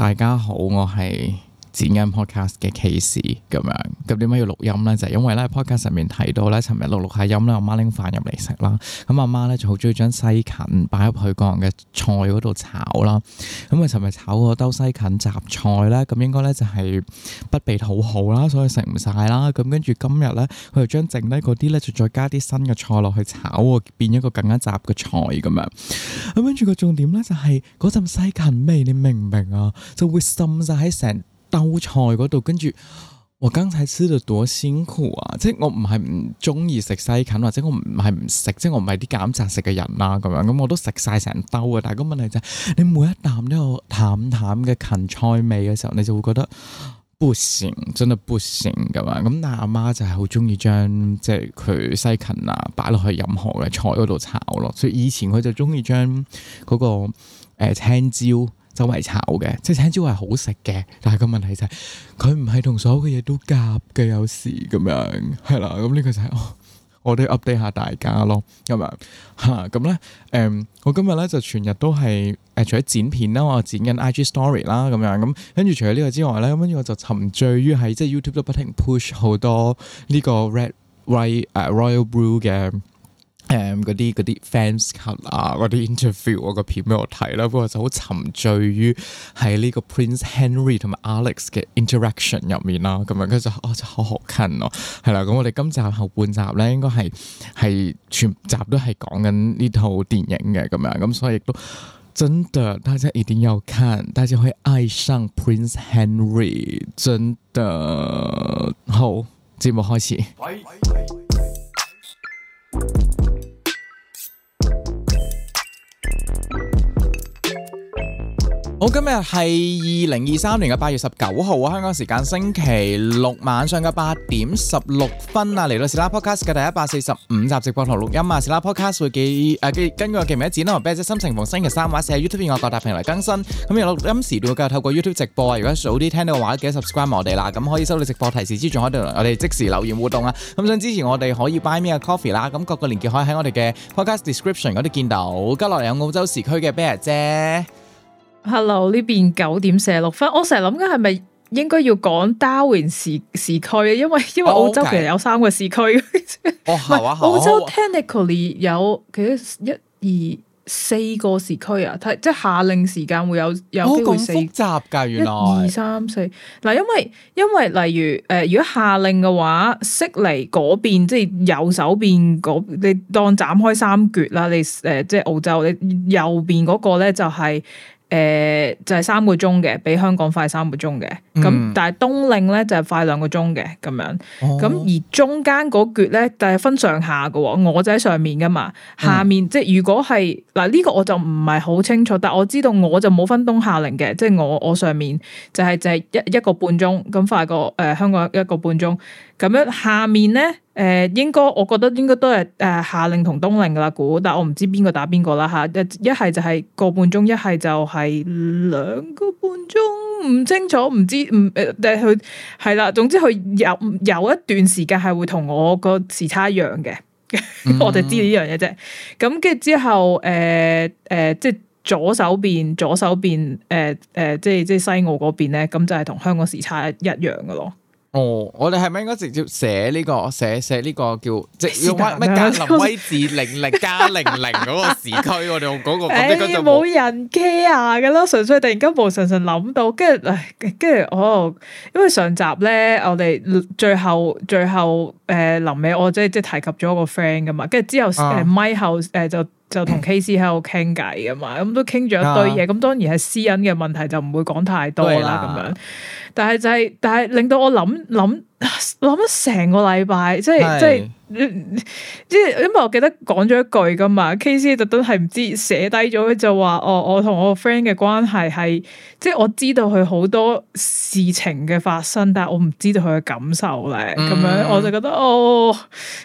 大家好，我係。剪緊 podcast 嘅 case 咁樣，咁點解要錄音呢？就係因為咧 podcast 上面睇到咧，尋日錄錄下音咧，阿媽拎飯入嚟食啦。咁、嗯、阿媽咧就好鍾意將西芹擺入去個人嘅菜嗰度炒啦。咁啊尋日炒嗰兜西芹雜菜咧，咁應該咧就係不被討好啦，所以食唔晒啦。咁跟住今日咧，佢就將剩低嗰啲咧，就再加啲新嘅菜落去炒喎，變一個更加雜嘅菜咁樣。咁跟住個重點咧，就係嗰陣西芹味，你明唔明啊？就會滲晒喺成豆菜嗰度，跟住我剛才食得多辛苦啊！即係我唔係唔中意食西芹，或者我唔係唔食，即係我唔係啲揀擇食嘅人啦、啊。咁樣，咁我都食晒成兜啊！但係個問題就係，你每一啖都有淡淡嘅芹菜味嘅時候，你就會覺得「不行，真係不行！」咁樣。咁但係阿媽就係好中意將即係佢西芹啊擺落去任何嘅菜嗰度炒咯。所以以前佢就中意將嗰個誒、呃、青椒。周圍炒嘅，即係青椒係好食嘅，但係個問題就係佢唔係同所有嘅嘢都夾嘅，有時咁樣係啦。咁呢、嗯，這個就是，我都要 update 下大家咯，咁樣吓咁咧。誒、嗯嗯，我今日咧就全日都係誒、呃，除咗剪片啦，我剪緊 IG story 啦，咁樣咁。跟住除咗呢個之外咧，咁跟住我就沉醉於喺即係 YouTube 都不停 push 好多呢個 Red, White、uh, Royal Blue 嘅。嗰啲嗰啲 fans club 啊，嗰啲 interview 啊、嗰個片俾我睇啦，不過就好沉醉於喺呢個 Prince Henry 同埋 Alex 嘅 interaction 入面啦，咁樣跟住就哦就好好近咯，啊，係啦，咁我哋今集後半集咧應該係係全集都係講緊呢套電影嘅咁樣，咁所以都真嘅大家一定要看，大家可以愛上 Prince Henry，真嘅好，節目開始。好，今日係二零二三年嘅八月十九號啊，香港時間星期六晚上嘅八點十六分啊，嚟到《史拉 Podcast》嘅第一百四十五集直播同錄音啊，《史拉 Podcast》會記誒，記根據我嘅名字啦，我係 bear 姐，心情逢星期三或者 YouTube 以外各大平台更新。咁如果錄音時都會繼續透過 YouTube 直播啊，如果早啲聽到嘅話，記得 subscribe 埋我哋啦。咁可以收到直播提示之餘，仲可以同我哋即時留言互動啊。咁想支持我哋可以 buy meacoffee 啦。咁各個連結可以喺我哋嘅 Podcast description 嗰度見到。咁嚟緊有澳洲時區嘅 bear 姐。Hello，呢邊九點四十六分，我成日諗緊係咪應該要講 Darwin 時時區，因為因為澳洲其實有三個時區。唔係，澳洲 technically 有其實一二四個時區啊？睇，哦，即係夏令時間會有有機會四、哦。複雜噶，原來二三四。嗱，因為因為例如誒，呃，如果夏令嘅話，悉尼嗰邊即係右手邊嗰，你當斬開三橛啦。你誒，呃，即係澳洲，你右邊嗰個咧就係、是。誒、呃，就係、是、三個鐘嘅，比香港快三個鐘嘅，咁、嗯、但係冬令咧，就係、是、快兩個鐘嘅咁樣，咁、哦、而中間嗰橛咧，就係分上下嘅，我就喺上面噶嘛。下面、嗯、即係如果係嗱呢個我就唔係好清楚，但係我知道我就冇分冬夏令嘅，即係我我上面就係、是、就係、是、一一個半鐘，咁快過誒香港一個半鐘，咁樣下面咧。誒、呃，應該我覺得應該都係誒、呃、夏令同冬令噶啦，估，但係我唔知邊個打邊個啦吓。是是一係就係個半鐘，一係就係兩個半鐘，唔清楚，唔知唔誒。但係佢係啦，總之佢有有一段時間係會同我個時差一樣嘅，嗯、 我就知呢樣嘢啫。咁跟住之後，誒、呃、誒、呃，即係左手邊，左手邊，誒、呃、誒，即係即係西澳嗰邊咧，咁就係同香港時差一樣噶咯。哦，我哋係咪應該直接寫呢，這個寫寫呢個叫即係用乜格林威治零零加零零嗰個時區？我哋用嗰個。誒、那個，冇，那個欸、人 care 啊，噶咯，純粹突然間無神神諗到，跟住，跟，哎，住，我，因為上集咧，我哋最後最後誒臨、呃、尾，我即係即係提及咗個 friend 噶嘛，跟住之後咪後誒就就同 KC 喺度傾偈噶嘛，咁都傾咗一堆嘢，咁，啊，當然係私隱嘅問題就唔會講太多啦，咁樣。但係就係，但係令到我諗諗諗咗成個禮拜，即係是 即係，即係因為我記得講咗一句噶嘛是，K C 特登係唔知寫低咗就話，哦，我同我個 friend 嘅關係係，即係我知道佢好多事情嘅發生，但係我唔知道佢嘅感受咧，咁、嗯、樣我就覺得哦，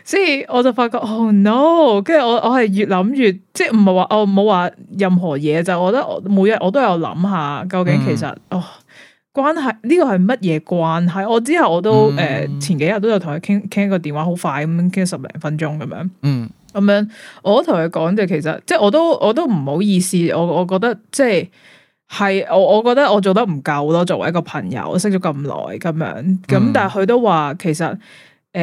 所以我就發覺哦 no，跟住我我係越諗越，即係唔係話我唔好話任何嘢，就是、我覺得我每日我都有諗下究竟其實哦。嗯關係呢個係乜嘢關係？我之後我都誒、嗯、呃，前幾日都有同佢傾傾個電話，好快咁傾十零分鐘咁樣，咁、嗯、樣，我我都同佢講就其實即係我都我都唔好意思，我我覺得即係係我我覺得我做得唔夠咯，作為一個朋友識咗咁耐咁樣，咁但係佢都話其實。誒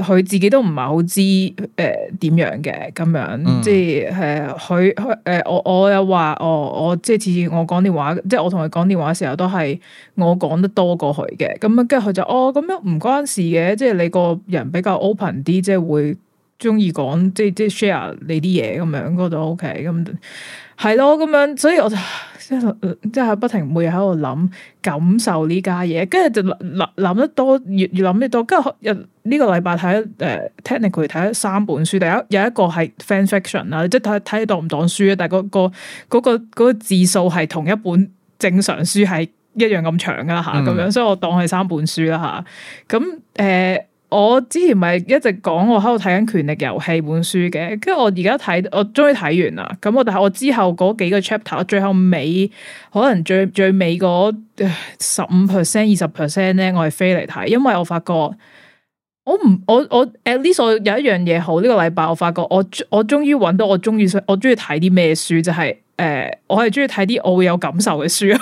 佢、呃、自己都唔係好知誒點樣嘅咁樣， 即係誒佢誒我我有話、哦、我我即係次次我講電話，即係我同佢講電話嘅時候都係我講得多過佢嘅咁啊。跟住佢就哦咁樣唔關事嘅，即係你個人比較 open 啲，即係會中意講即即 share 你啲嘢咁樣，嗰度 OK 咁、嗯、係、嗯、咯咁樣，所以我就。即係即係不停每日喺度諗感受呢家嘢，跟住就諗諗得多越越諗越多。跟住呢個禮拜睇誒、呃，technically 睇咗三本書，第一有一個係 fan fiction 啦，即係睇睇當唔當書啊？但係、那、嗰個、那個、那個那個那個字數係同一本正常書係一樣咁長噶吓，咁、嗯、樣所以我當係三本書啦吓。咁、啊、誒。我之前咪一直講我喺度睇緊《權力遊戲》本書嘅，跟住我而家睇，我終於睇完啦。咁我但係我之後嗰幾個 chapter，最後尾可能最最尾嗰十五 percent、二十 percent 咧，我係飛嚟睇，因為我發覺我唔我我，我 at least 我有一樣嘢好，呢個禮拜我發覺我我終於揾到我中意我中意睇啲咩書，就係，誒，呃，我係中意睇啲我會有感受嘅書。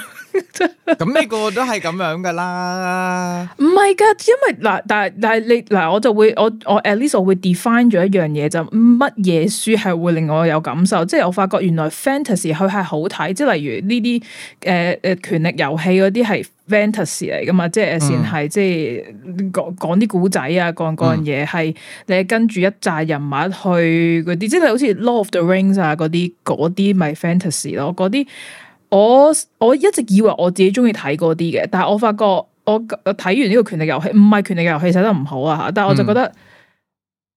咁呢 個都係咁樣噶啦，啦，唔係噶，因為嗱，但係但係你嗱，我就會我我 at least 我會 define 咗一樣嘢，就乜嘢書係會令我有感受，即係我發覺原來 fantasy 佢係好睇，即係例如呢啲誒誒權力遊戲嗰啲係 fantasy 嚟噶嘛，即係誒先係、嗯、即係講講啲古仔啊，講嗰樣嘢係你跟住一紮人物去嗰啲，即係好似 Lord of the Rings 啊嗰啲嗰啲咪 fantasy 咯，嗰啲。我我一直以為我自己中意睇嗰啲嘅，但係我發覺我睇完呢個權力遊戲，唔係權力遊戲寫得唔好啊吓，但係我就覺得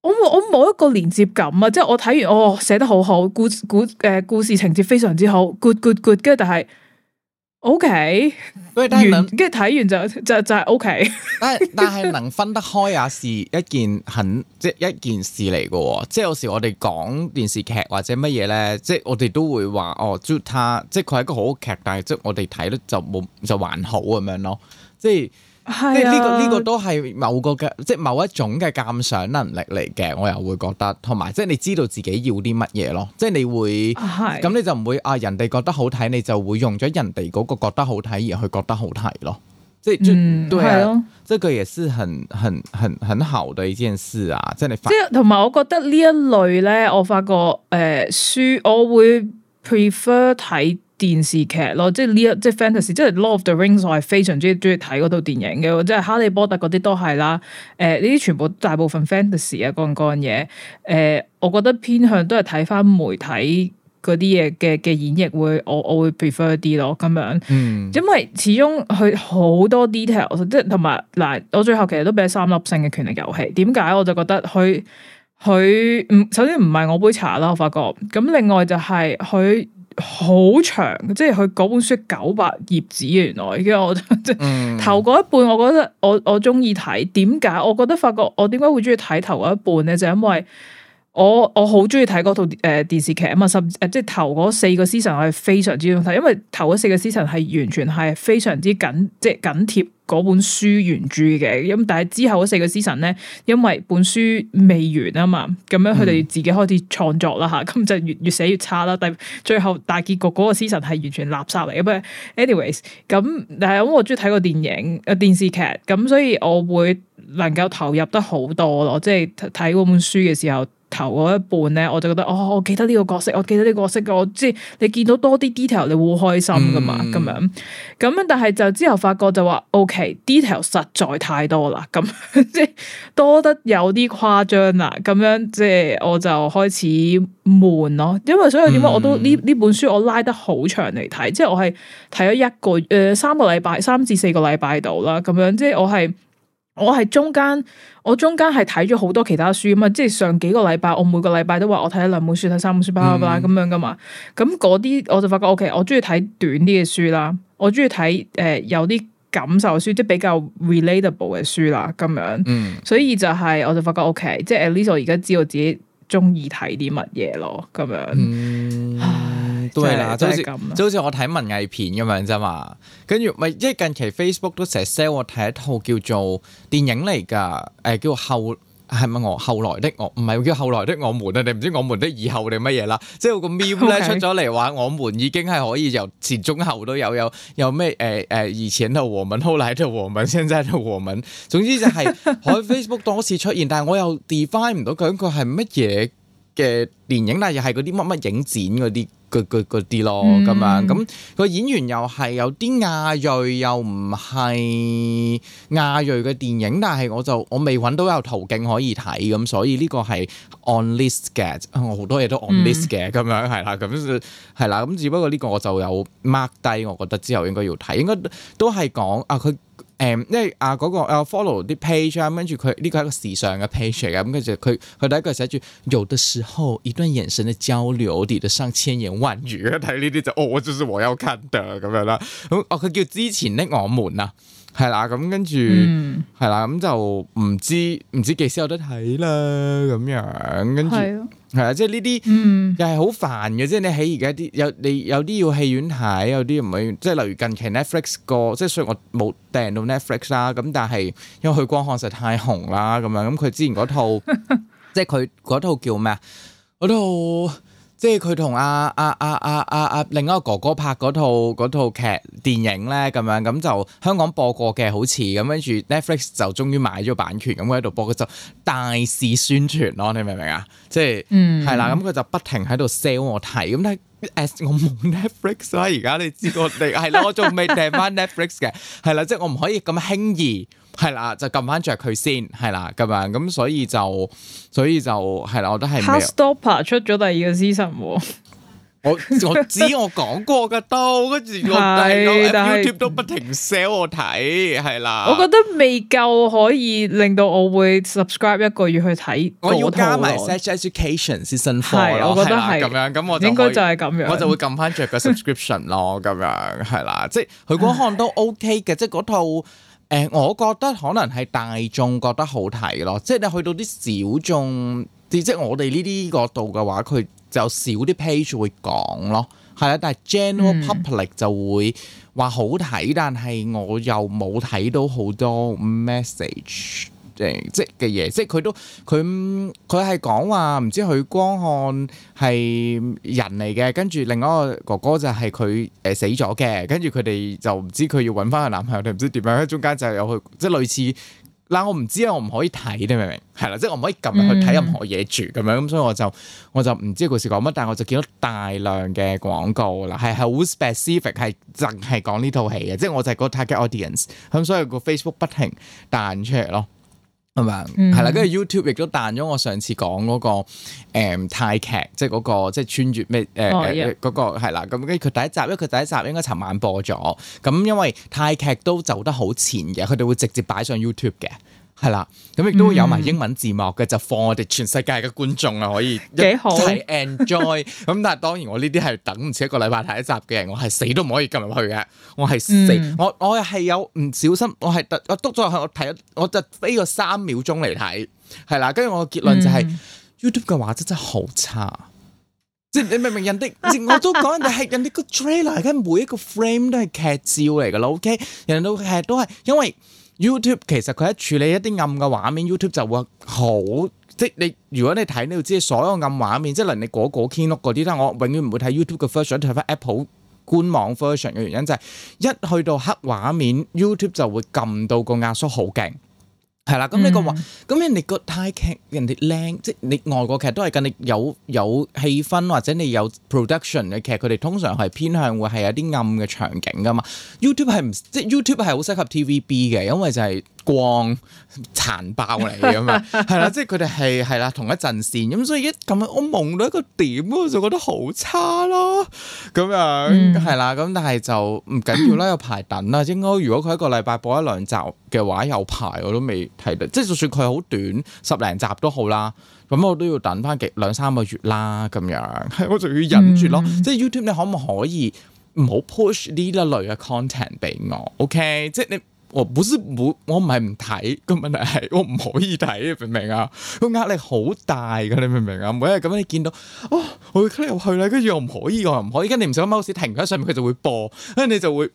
我我冇一個連接感啊，嗯、即係我睇完哦，寫得好好，故故誒故事情節非常之好，good good good，跟住但係。O K，跟住睇完就就就係 O K，但但係能分得開也是一件很即一件事嚟嘅喎，即係有時我哋講電視劇或者乜嘢咧，即係我哋都會話哦，Juta，即係佢係一個好，好劇，但係即係我哋睇咧就冇就還好咁樣咯，即係。係呢、啊，這個呢、這個都係某個嘅，即係某一種嘅鑑賞能力嚟嘅，我又會覺得，同埋即係你知道自己要啲乜嘢咯，即係你會咁、啊、你就唔會啊，人哋覺得好睇，你就會用咗人哋嗰個覺得好睇而去覺得好睇咯，即係都係咯，即係佢也是很很很很好的一件事啊，即係。即係同埋我覺得呢一類咧，我發覺誒、呃、書我會 prefer 睇。電視劇咯，即係呢一即係 fantasy，即係《Lord of the Rings》我係非常中意中意睇嗰套電影嘅，即係《哈利波特》嗰啲都係啦。誒、呃，呢啲全部大部分 fantasy 啊，嗰樣嗰樣嘢。誒、呃，我覺得偏向都係睇翻媒體嗰啲嘢嘅嘅演繹會，我我會 prefer 啲咯。咁樣，嗯，因為始終佢好多 detail，即係同埋嗱，我最後其實都俾咗三粒星嘅《權力遊戲》。點解我就覺得佢佢唔首先唔係我杯茶啦，我發覺咁，另外就係佢。好長，即係佢嗰本書九百頁紙原來，跟住我即係 頭嗰一半我我我，我覺得我我中意睇，點解？我覺得發覺我點解會中意睇頭嗰一半咧，就是，因為。我我好中意睇嗰套誒電視劇啊嘛，甚至即係頭嗰四個 season，我係非常之中意睇，因為頭嗰四個 season 係完全係非常之緊，即係緊貼嗰本書原著嘅。咁但係之後嗰四個 season 咧，因為本書未完啊嘛，咁樣佢哋自己開始創作啦吓，咁、嗯、就越越寫越差啦。但最後大結局嗰、嗰個 season 係完全垃圾嚟嘅。不 anyways，咁但係咁我中意睇個電影誒電視劇，咁所以我會能夠投入得好多咯，即係睇嗰本書嘅時候。頭嗰一半咧，我就覺得哦，我記得呢個角色，我記得呢個角色，我即係你見到多啲 detail，你會開心噶嘛，咁樣咁樣。但係就之後發覺就話，OK，detail 實在太多啦，咁即係多得有啲誇張啦，咁樣即係我就開始悶咯。因為所以點解我都呢呢、嗯、本書我拉得好長嚟睇，即、就、係、是、我係睇咗一個誒、呃、三個禮拜，三至四個禮拜度啦，咁樣即係、就是、我係。我係中間，我中間係睇咗好多其他書啊嘛，即係上幾個禮拜，我每個禮拜都話我睇兩本書，睇三本書包啦咁樣噶嘛，咁嗰啲我就發覺，OK，我中意睇短啲嘅書啦，我中意睇誒有啲感受書，即係比較 relatable 嘅書啦，咁樣，嗯、所以就係我就發覺，OK，即係 at least 我而家知道自己中意睇啲乜嘢咯，咁樣。嗯都係啦，就好似就好似我睇文藝片咁樣啫嘛。跟住咪即係近期 Facebook 都成日 sell 我睇一套叫做電影嚟噶，誒、呃、叫後係咪我後來的我唔係叫後來的我們啊定唔知我們的以後定乜嘢啦。即係個 meme 咧出咗嚟話我們已經係可以由前中後都有有有咩誒誒以前的王敏後來的王敏現在的王敏，總之就係喺 Facebook 多次出現， 但係我又 define 唔到究竟佢係乜嘢。嘅電影啦，但又係嗰啲乜乜影展嗰啲，嗰啲咯咁樣。咁個演員又係有啲亞裔，又唔係亞裔嘅電影，但係我就我未揾到有途徑可以睇，咁所以呢個係 on list 嘅。我好多嘢都 on list 嘅，咁、mm. 樣係啦，咁係啦。咁只不過呢個我就有 mark 低，我覺得之後應該要睇，應該都係講啊佢。因為啊嗰個 follow 啲 page 啊，跟住佢呢個係一個時尚嘅 page 嘅，咁跟住佢佢第一個寫住，有的時候一段眼神嘅交流，抵得上千言萬語。睇呢啲就哦，我就是我要看的咁樣啦。咁哦，佢叫之前的我們啊。係啦，咁跟住係啦，咁、嗯、就唔知唔知幾時有得睇啦，咁樣跟住係啊，即係呢啲又係好煩嘅，即係你喺而家啲有你有啲要戲院睇，有啲唔係，即係例如近期 Netflix 個，即係雖然我冇訂到 Netflix 啦，咁但係因為佢光看實太紅啦，咁樣，咁佢之前嗰套 即係佢嗰套叫咩啊？嗰套。即係佢同阿阿阿阿阿阿另一個哥哥拍嗰套嗰套劇電影咧，咁樣，咁就香港播過嘅好似，咁跟住 Netflix 就終於買咗版權，咁喺度播嘅就大肆宣傳咯，你明唔明啊？即係係啦，咁佢就不停喺度 sell 我睇，咁但係、欸、我冇 Netflix 啦，而家你知我哋係啦，我仲未訂翻 Netflix 嘅，係啦 即係我唔可以咁輕易。係啦，就撳翻着佢先，係啦咁樣，咁所以就，所以就係啦，我都係。c a s t o p 出咗第二個 season，我我知我講過噶都，跟住我睇咯，YouTube 都不停 sell 我睇，係啦。我覺得未夠可以令到我會 subscribe 一個月去睇。我要加埋 Sex Education Season Four 咯，係咁樣，咁我應該就係咁樣，我就會撳翻着個 subscription 咯，咁樣，係啦，即係佢嗰項都 OK 嘅，即係嗰套。誒、呃，我覺得可能係大眾覺得好睇咯，即係你去到啲小眾，即係我哋呢啲角度嘅話，佢就少啲 page 會講咯，係啊，但係 general public、嗯、就會話好睇，但係我又冇睇到好多 message。誒即嘅嘢，即係佢都佢佢係講話唔知佢光漢係人嚟嘅，跟住另外一個哥哥就係佢誒死咗嘅，跟住佢哋就唔知佢要揾翻個男朋友定唔知點樣？中間就有去即係類似嗱，我唔知啊，我唔可以睇，你明唔明？係啦，即係我唔可以撳入去睇任何嘢住咁樣，咁所以我就我就唔知故事講乜，但係我就見到大量嘅廣告啦，係係好 specific，係淨係講呢套戲嘅，即係我就係個 target audience，咁所以個 Facebook 不停彈出嚟咯。係嘛？係啦，跟住 YouTube 亦都彈咗我上次講嗰、那個誒、呃、泰劇，即係嗰、那個即係穿越咩誒嗰個係啦。咁跟住佢第一集，因為佢第一集應該尋晚播咗。咁因為泰劇都走得好前嘅，佢哋會直接擺上 YouTube 嘅。係啦，咁亦都有埋英文字幕嘅，嗯、就放我哋全世界嘅觀眾啊，可以一齊 enjoy。咁多好 但係當然我呢啲係等唔切一個禮拜睇一集嘅人，我係死都唔可以撳入去嘅。我係死，嗯、我我係有唔小心，我係我督咗去，我睇，我就飛咗三秒鐘嚟睇，係啦。跟住我嘅結論就係、是嗯、YouTube 嘅畫質真係好差。 即係你明唔明人？人哋 我都講，但係人哋個 trailer 嘅每一個 frame 都係劇照嚟噶啦。O、okay? K，人哋都實都係因為。YouTube 其實佢一處理一啲暗嘅畫面，YouTube 就會好，即係你如果你睇你要知所有暗畫面，即係例如你嗰個 Keynote 嗰啲啦，我永遠唔會睇 YouTube 嘅 version，睇翻 Apple 官網 version 嘅原因就係、是、一去到黑畫面，YouTube 就會撳到個壓縮好勁。係啦，咁你個話，咁、嗯、人哋個泰劇，人哋靚，即係你外國劇都係咁，你有有氣氛或者你有 production 嘅劇，佢哋通常係偏向會係一啲暗嘅場景噶嘛。YouTube 係唔，即係 YouTube 係好適合 TVB 嘅，因為就係、是。光殘爆嚟㗎嘛，係啦， 即係佢哋係係啦同一陣線，咁所以一咁樣我夢到一個點，我就覺得好差咯，咁啊、嗯、係啦，咁但係就唔緊要啦，有排等啦。應該如果佢一個禮拜播一兩集嘅話，有排我都未睇到，即係就算佢好短十零集都好啦，咁我都要等翻幾兩三個月啦，咁樣係我仲要忍住咯。嗯、即係 YouTube，你可唔可以唔好 push 呢一類嘅 content 俾我？OK，即係你。我本身冇，我唔係唔睇，個問題係我唔可以睇，明唔明啊？個壓力好大㗎，你明唔明啊？每日咁樣你見到哦，我入去啦，跟住我唔可以，我唔可以，跟住你唔想踎屎停喺上面，佢就會播，跟住你就會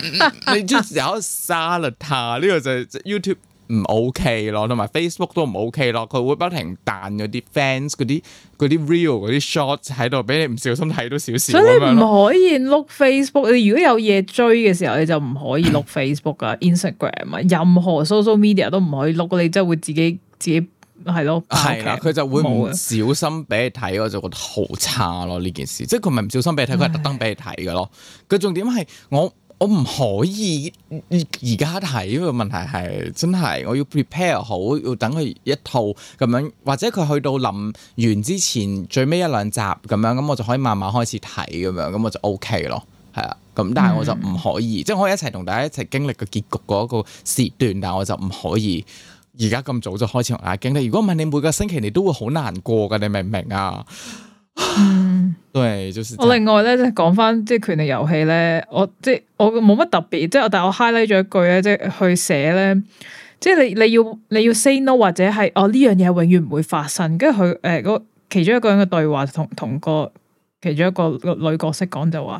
你即係有一個沙律塔，呢、這個就係 YouTube。唔 OK 咯，同埋 Facebook 都唔 OK 咯，佢會不停彈嗰啲 fans 嗰啲啲 reel 嗰啲 shorts 喺度俾你唔小心睇到少少。所以你唔可以碌 Facebook，你如果有嘢追嘅時候，你就唔可以碌 Facebook 啊 ，Instagram 啊，任何 social media 都唔可以碌，你真會自己自己係咯。係啊，佢就會唔小心俾你睇，我就覺得好差咯呢件事。即係佢唔係唔小心俾你睇，佢係特登俾你睇嘅咯。佢的重點係我。我唔可以而家睇，呢個問題係真係我要 prepare 好，要等佢一套咁樣，或者佢去到臨完之前最尾一兩集咁樣，咁我就可以慢慢開始睇咁樣，咁我就 OK 咯，係啊，咁但係我就唔可以，嗯、即係可以一齊同大家一齊經歷個結局嗰一個時段，但係我就唔可以而家咁早就開始同大家經歷。如果唔係你每個星期你都會好難過㗎，你明唔明啊？對，我另外咧，即係講翻即係權力遊戲咧，我即係我冇乜特別，即係我但我 highlight 咗一句咧，即係去寫咧，即係你你要你要 say no 或者係哦呢樣嘢永遠唔會發生，跟住佢誒個其中一個人嘅對話同同個其中一個女角色講就話，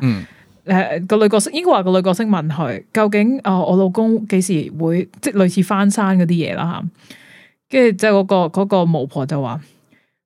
誒個女角色應該話個女角色問佢究竟哦我老公幾時會即係類似翻山嗰啲嘢啦吓，跟住即嗰個嗰個巫婆就話。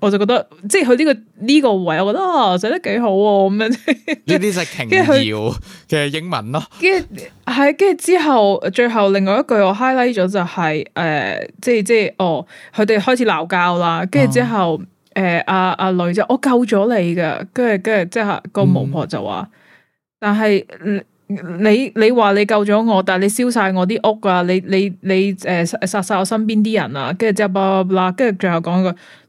我就覺得，即係佢呢個呢個位，我覺得，我覺得啊寫得幾好啊咁樣。呢啲就係瓊瑤嘅英文咯。跟住係，跟住之後最後另外一句我 highlight 咗就係誒、uh, 就是，即係即係哦，佢哋開始鬧交啦。跟住之後誒阿阿女就我救咗你噶，跟住跟住即係個巫婆就話，但係，um, 你你你話你救咗我，但係你燒晒我啲屋啊，你你你誒殺殺晒我身邊啲人啊，跟住之後，跟住最後講一句。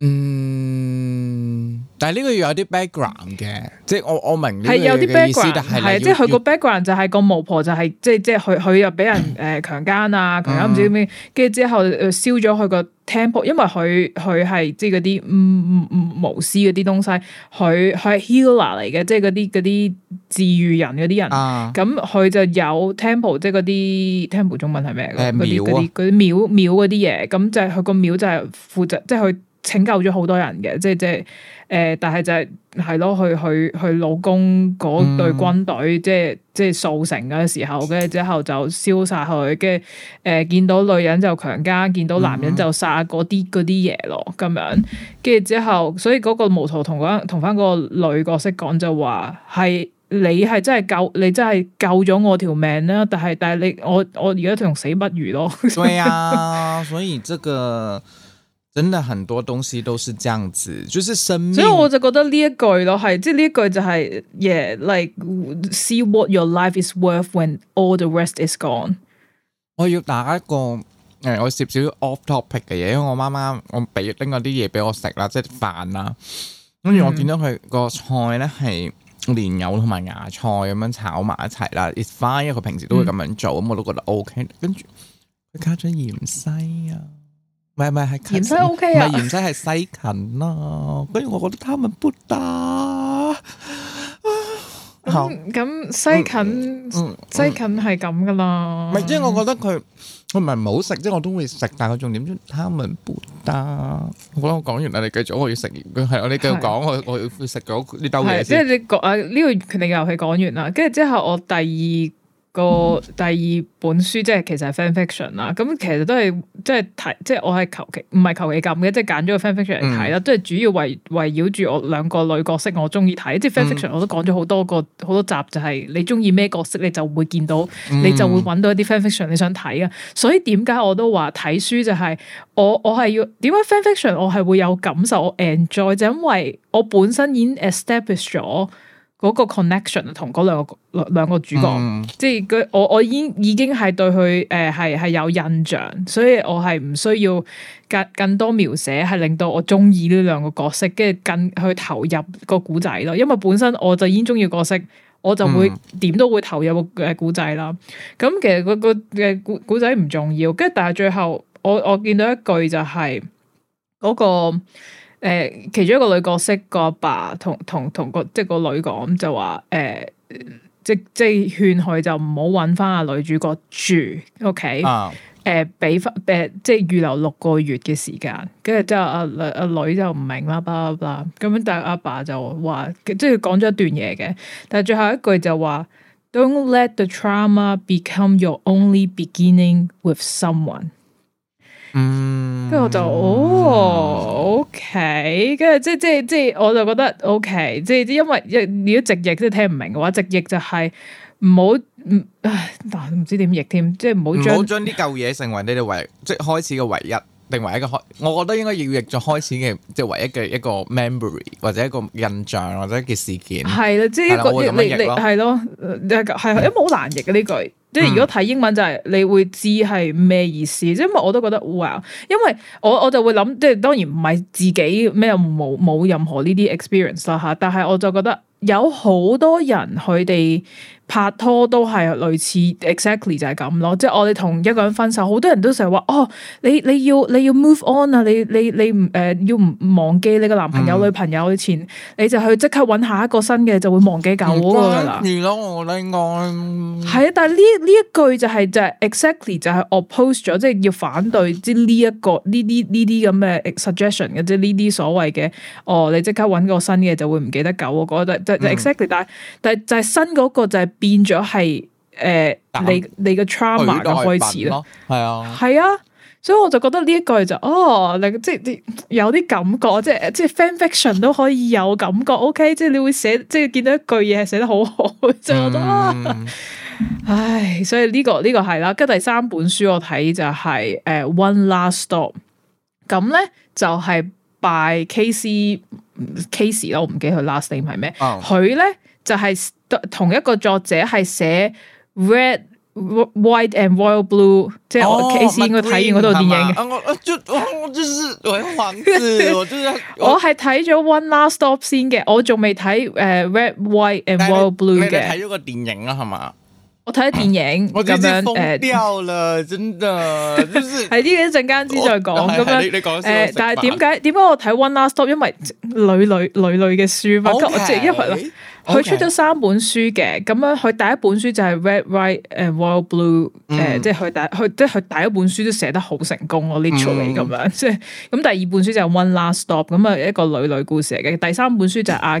嗯，但係呢個要有啲 background 嘅，即係我我明係有啲 background，係啊，即係佢個 background 就係、是、個巫婆就係即係即係佢佢又俾人誒強奸啊，強奸唔知咩，跟住之後誒燒咗佢個 temple，因為佢佢係即係嗰啲巫巫師嗰啲東西，佢佢係 healer 嚟嘅，即係嗰啲嗰啲治愈人嗰啲人，咁佢、嗯、就有 temple，即係嗰啲 temple 中文係咩？誒廟啊，嗰啲廟廟啲嘢，咁些妙、啊、就係佢個廟就係負責，即係佢。拯救咗好多人嘅，即係即係誒，但係就係係咯，去去去，老公嗰隊軍隊，即係即係掃城嗰時候，跟住之後就燒殺佢，跟住誒見到女人就強奸，見到男人就殺嗰啲啲嘢咯，咁樣，跟住之後，所以嗰個巫婆同翻同翻個女角色講就話係你係真係救你真係救咗我條命啦、啊，但係但係你我我而家同死不如咯。對啊， 所以這個。.真的很多東西都是這樣子，就是生命。所以我就覺得呢一句咯，係即係呢一句就係、是、，yeah，like see what your life is worth when all the rest is gone。我要打一個誒、呃，我涉少 off topic 嘅嘢，因為我媽媽我俾拎嗰啲嘢俾我食啦，即係飯啦。跟住我見到佢個菜咧係蓮藕同埋芽菜咁樣炒埋一齊啦 S,、嗯、It's fine。佢平時都會咁樣做，咁、嗯、我都覺得 OK 跟。跟住佢加咗芫茜啊。唔係唔係，芫荽 OK 啊？唔係芫荽係西芹啊，跟住我覺得他們不搭。咁西芹，西芹係咁噶啦。唔係即係我覺得佢，佢唔係唔好食，即係我都會食，但係我重點他們不搭。好啦，我講完啦，你繼續，我要食，係啊，你繼續講的，我要我要食咗呢兜嘢先。即係你講啊，呢、這個決定嘅遊戲講完啦，跟住之後我第二。個第二本書即係其實係 fan fiction 啦，咁其實都係即係睇，即係我係求其唔係求其咁嘅，即係揀咗個 fan fiction 嚟睇啦。即係、嗯、主要圍圍繞住我兩個女角色，我中意睇，即係 fan fiction 我都講咗好多個好多集，就係、是、你中意咩角色，你就會見到，你就會揾到一啲 fan fiction 你想睇啊。所以點解我都話睇書就係、是、我我係要點解 fan fiction 我係會有感受，我 enjoy 就因為我本身已經 establish 咗。嗰個 connection 同嗰兩個兩個主角，嗯、即係佢我我已經已經係對佢誒係係有印象，所以我係唔需要更更多描寫係令到我中意呢兩個角色，跟住更去投入個古仔咯。因為本身我就已經中意角色，我就會點、嗯、都會投入個誒古仔啦。咁其實、個、個古古仔唔重要，跟住但係最後我我見到一句就係、係、嗰、個。誒，uh, 其中一個女角色個阿爸同同同個即個女講就話，誒，即即係勸佢就唔好揾翻阿女主角住，OK，誒、uh. 呃，俾翻誒即係預留六個月嘅時間，跟住之後阿阿、啊女，啊、女就唔明啦，blah blah blah，咁樣，但係阿爸就話，即係講咗一段嘢嘅，但係最後一句就話，Don't let the trauma become your only beginning with someone。嗯，跟住我就哦 O K，跟住，即即即我就覺得 OK，即因為一如果直譯即聽唔明嘅話，直譯就係唔好唔知點譯添，即唔唔好將啲舊嘢成為你哋唯即開始嘅唯一，定為一個學，我覺得應該要譯咗開始嘅即唯一嘅一個 memory 或者一個印象或者一件事件係啦，即呢的個嚟嚟係咯，係啊你誒，因為好難譯嘅呢句。即係如果睇英文就係你會知係咩意思，即係因為我都覺得哇，因為我我就會諗，即係當然唔係自己咩冇冇任何呢啲 experience 啦吓，但係我就覺得有好多人佢哋。拍拖都係類似 exactly 就係咁咯，即係我哋同一個人分手，好多人都成日話哦，你你要你要 move on 啊，你你你唔誒要唔忘記你個男朋友、嗯、女朋友前，你就去即刻揾下一個新嘅就會忘記舊噶啦。嗯、我另外係啊，但係呢呢一句就係、是、就係、是、exactly 就係 oppose 咗，即、就、係、是、要反對即呢一個呢啲呢啲咁嘅 suggestion 嘅，即係呢啲所謂嘅哦，你即刻揾個新嘅就會唔記得舊嗰個就是、exactly、嗯、但係但係就係新嗰個就係。變咗係誒，你你個 trauma 嘅開始咯，係啊，係啊，所以我就覺得呢一句就哦，即係有啲感覺，即係即係 fan fiction 都可以有感覺，OK，即係你會寫，即係見到一句嘢係寫得好好，就我覺得，嗯、 唉，所以呢、這個呢、這個係啦。跟第三本書我睇就係、是、誒、呃、One Last Stop，咁咧就係、是、by Casey, Casey 啦，我唔記得佢 last name 係咩，佢咧、嗯、就係、是。同一個作者係寫 Red、White and Royal Blue，即係我先我應該睇完嗰套電影嘅。我我係睇咗 One Last Stop 先嘅，我仲未睇誒 Red、White and Royal Blue 嘅。睇咗個電影啊，係嘛？我睇咗電影，我咁樣誒，掉啦，真係，呢一陣間先再講咁樣。你講先，但係點解點解我睇 One Last Stop？因為女女女女嘅書，我即係因為。佢 Okay. 出咗三本書嘅，咁樣佢第一本書就係 Red White Blue,、mm. 呃、White、And Royal Blue，誒，即係佢第佢即係佢第一本書都寫得好成功咯 literally 咁樣，即係咁第二本書就係 One Last Stop，咁啊一個女女故事嚟嘅，第三本書就係阿。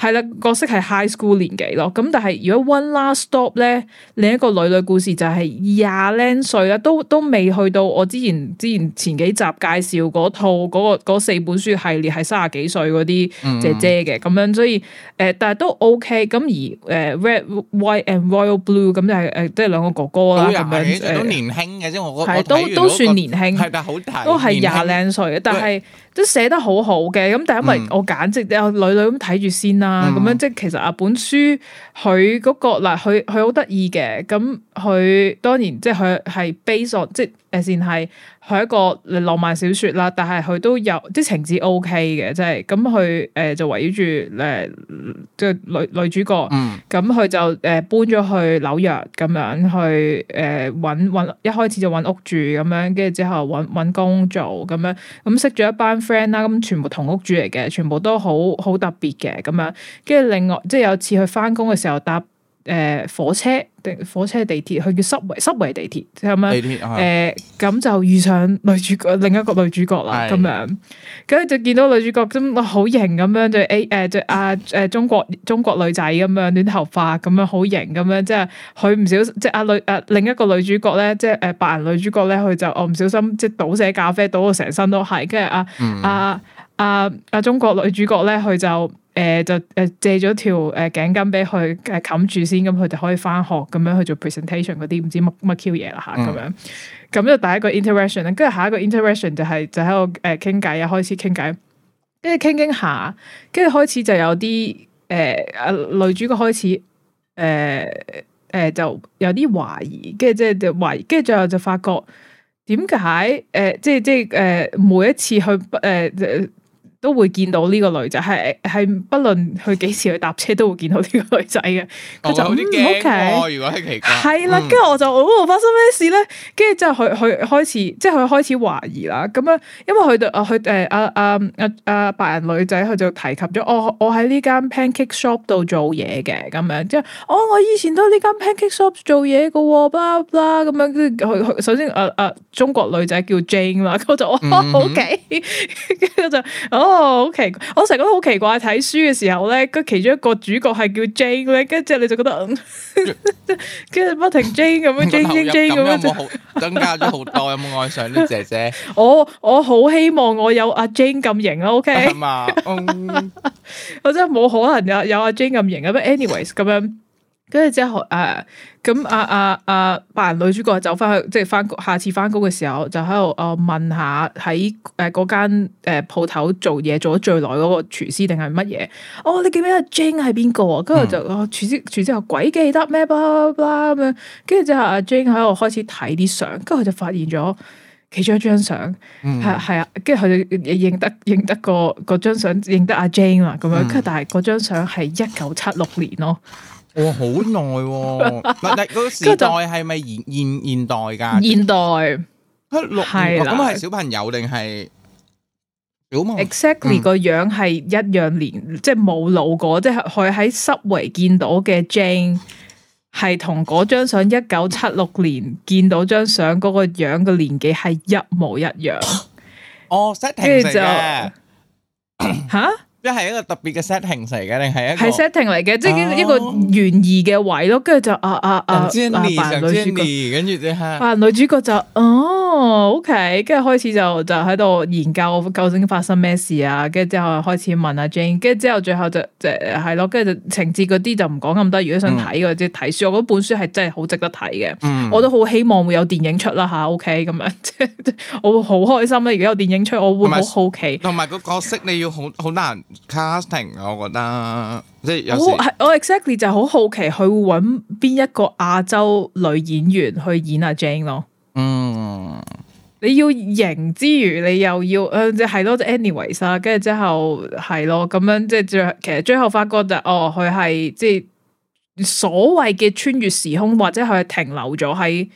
係啦，角色係 high school 年紀咯。咁但係如果 One Last Stop 咧，另一個女女故事就係廿零歲啦，都都未去到我之前之前前幾集介紹嗰套嗰、嗰個、四本書系列係卅幾歲嗰啲姐姐嘅咁、嗯、樣。所以誒、呃，但係都 OK 咁而誒 Red White and Royal Blue 咁就係、是、誒、呃、都係兩個哥哥啦咁樣誒。的都都年輕嘅啫，我覺得都都算年輕，係但係好都係廿零歲，但係。都寫得好好嘅，咁但係因為我簡直有、嗯、女女咁睇住先啦，咁樣即其實啊本書佢嗰、嗰個嗱，佢佢好得意嘅，咁佢當然 on，即佢係 based，即、呃、誒先係。係一個浪漫小說啦，但係佢都有啲情節 O K 嘅，即係咁佢誒就圍繞住誒嘅女女主角，咁佢、嗯、就誒、呃、搬咗去紐約咁樣去誒搵搵，一開始就搵屋住咁樣，跟住之後搵搵工做咁樣，咁、嗯、識咗一班 friend 啦，咁全部同屋住嚟嘅，全部都好好特別嘅咁樣，跟住另外即係有次佢翻工嘅時候搭。誒、呃、火車定火車地鐵，佢叫濕維濕維地鐵。之後咩？誒咁鐵、呃、就遇上女主角另一個女主角啦，咁是的 樣，跟住就見到女主角真哇好型咁樣，樣哎呃、就誒誒就阿誒中國中國女仔咁樣，短頭髮咁樣好型咁樣，即係佢唔小心，即係、啊、阿女誒、啊、另一個女主角咧，即係誒白人女主角咧，佢就我唔小心即係倒瀉咖啡倒到成身都係，跟住阿阿。啊啊啊啊啊啊啊啊啊！中國女主角咧，佢就誒、呃、就誒借咗條誒頸巾俾佢誒冚住先，咁佢就可以翻學咁樣去做 presentation 嗰啲唔知乜乜 Q 嘢啦吓，咁樣咁就、嗯、第一個 interaction 啦，跟住下一個 interaction 就係、是、就喺度誒傾偈啊，開始傾偈，跟住傾傾下，跟住開始就有啲誒啊女主角開始誒誒、呃呃、就有啲懷疑，跟住即係就懷疑，跟住最後就發覺點解誒即係即係誒、呃、每一次去誒誒。呃呃呃都會見到呢個女仔，係係不論佢幾時去搭車，都會見到呢個女仔嘅。佢就、oh, 嗯、好啲驚。Okay, 如果係奇怪，係啦的，跟住，mm. 我就，哦，發生咩事咧？跟住之後佢佢開始，即係佢開始懷疑啦。咁樣，因為佢對佢誒，阿阿阿阿白人女仔，佢就提及咗，哦，我喺呢間 pancake shop 度做嘢嘅，咁樣。即係，哦，我以前都喺呢間 pancake shop 做嘢噶，咁樣。跟住佢首先，阿、啊、阿、啊、中國女仔叫 Jane 嘛，咁就，哦，OK，跟住就，哦哦，好奇，我成日覺得好奇怪，睇書嘅時候咧，佢其中一個主角係叫 Jane 咧，跟住你就覺得，跟住不停 Jane 咁樣，Jane Jane 咁樣，有冇好增加咗好多？有冇愛上呢？姐姐，我我好希望我有阿 Jane 咁型啊，OK 啊嘛，我真係冇可能有有阿 Jane 咁型啊，咁樣，anyways 咁樣。跟住之後誒，咁阿阿阿扮女主角走翻去，即係翻工，下次翻工嘅時候，就喺度誒問下喺誒嗰間誒鋪頭做嘢做咗最耐嗰個廚師定係乜嘢？哦，你記唔記得阿、啊、Jane 係邊個？跟住就、嗯哦、廚師廚師話鬼記得咩？吧吧咁樣。跟住之後阿、啊、Jane 喺度開始睇啲相，跟住佢就發現咗其中一張相，係係啊。跟住佢就認得認得個嗰張相認得阿 Jane 啊，咁樣。嗯、但係嗰張相係一九七六年咯。好耐，唔係嗰個時代係咪現現現代噶？現代，現代七六，咁係的、哦、小朋友定係？Exactly 個、嗯、樣係一樣年，即係冇老過，即係佢喺 Subway 見到嘅 Jane，係同嗰張相一九七六年見到張相嗰個樣嘅年紀係一模一樣。 哦 setting 成嘅吓？ 一係一個特別嘅 setting 嚟嘅，定係一個 setting 嚟嘅，即係一個一個懸疑嘅位咯。跟住就啊啊啊，啊，阿 Jenny 上跟住就啊女主角，女主角就哦、啊。哦、oh，OK，跟住開始就就喺度研究究竟發生咩事啊，跟住之後開始問阿、啊、Jane，跟住之後最後就即係咯，跟住就，就情節嗰啲就唔講咁多。如果想睇嘅即睇書，我本書係真係好值得睇嘅，嗯、我都好希望會有電影出啦吓、啊，OK 咁樣，即 我我好開心咧。如果有電影出，我會好好奇。同埋個角色你要好好難 casting，我覺得即係有我。我 exactly 就好好奇佢會搵邊一個亞洲女演員去演阿、啊、Jane 咯。嗯，你要贏之餘，你又要誒，即係咯，就 anyways 啦，跟住之後係咯，咁樣即係最，其實最後發覺就哦，佢係即係所謂嘅穿越時空，或者佢係停留咗喺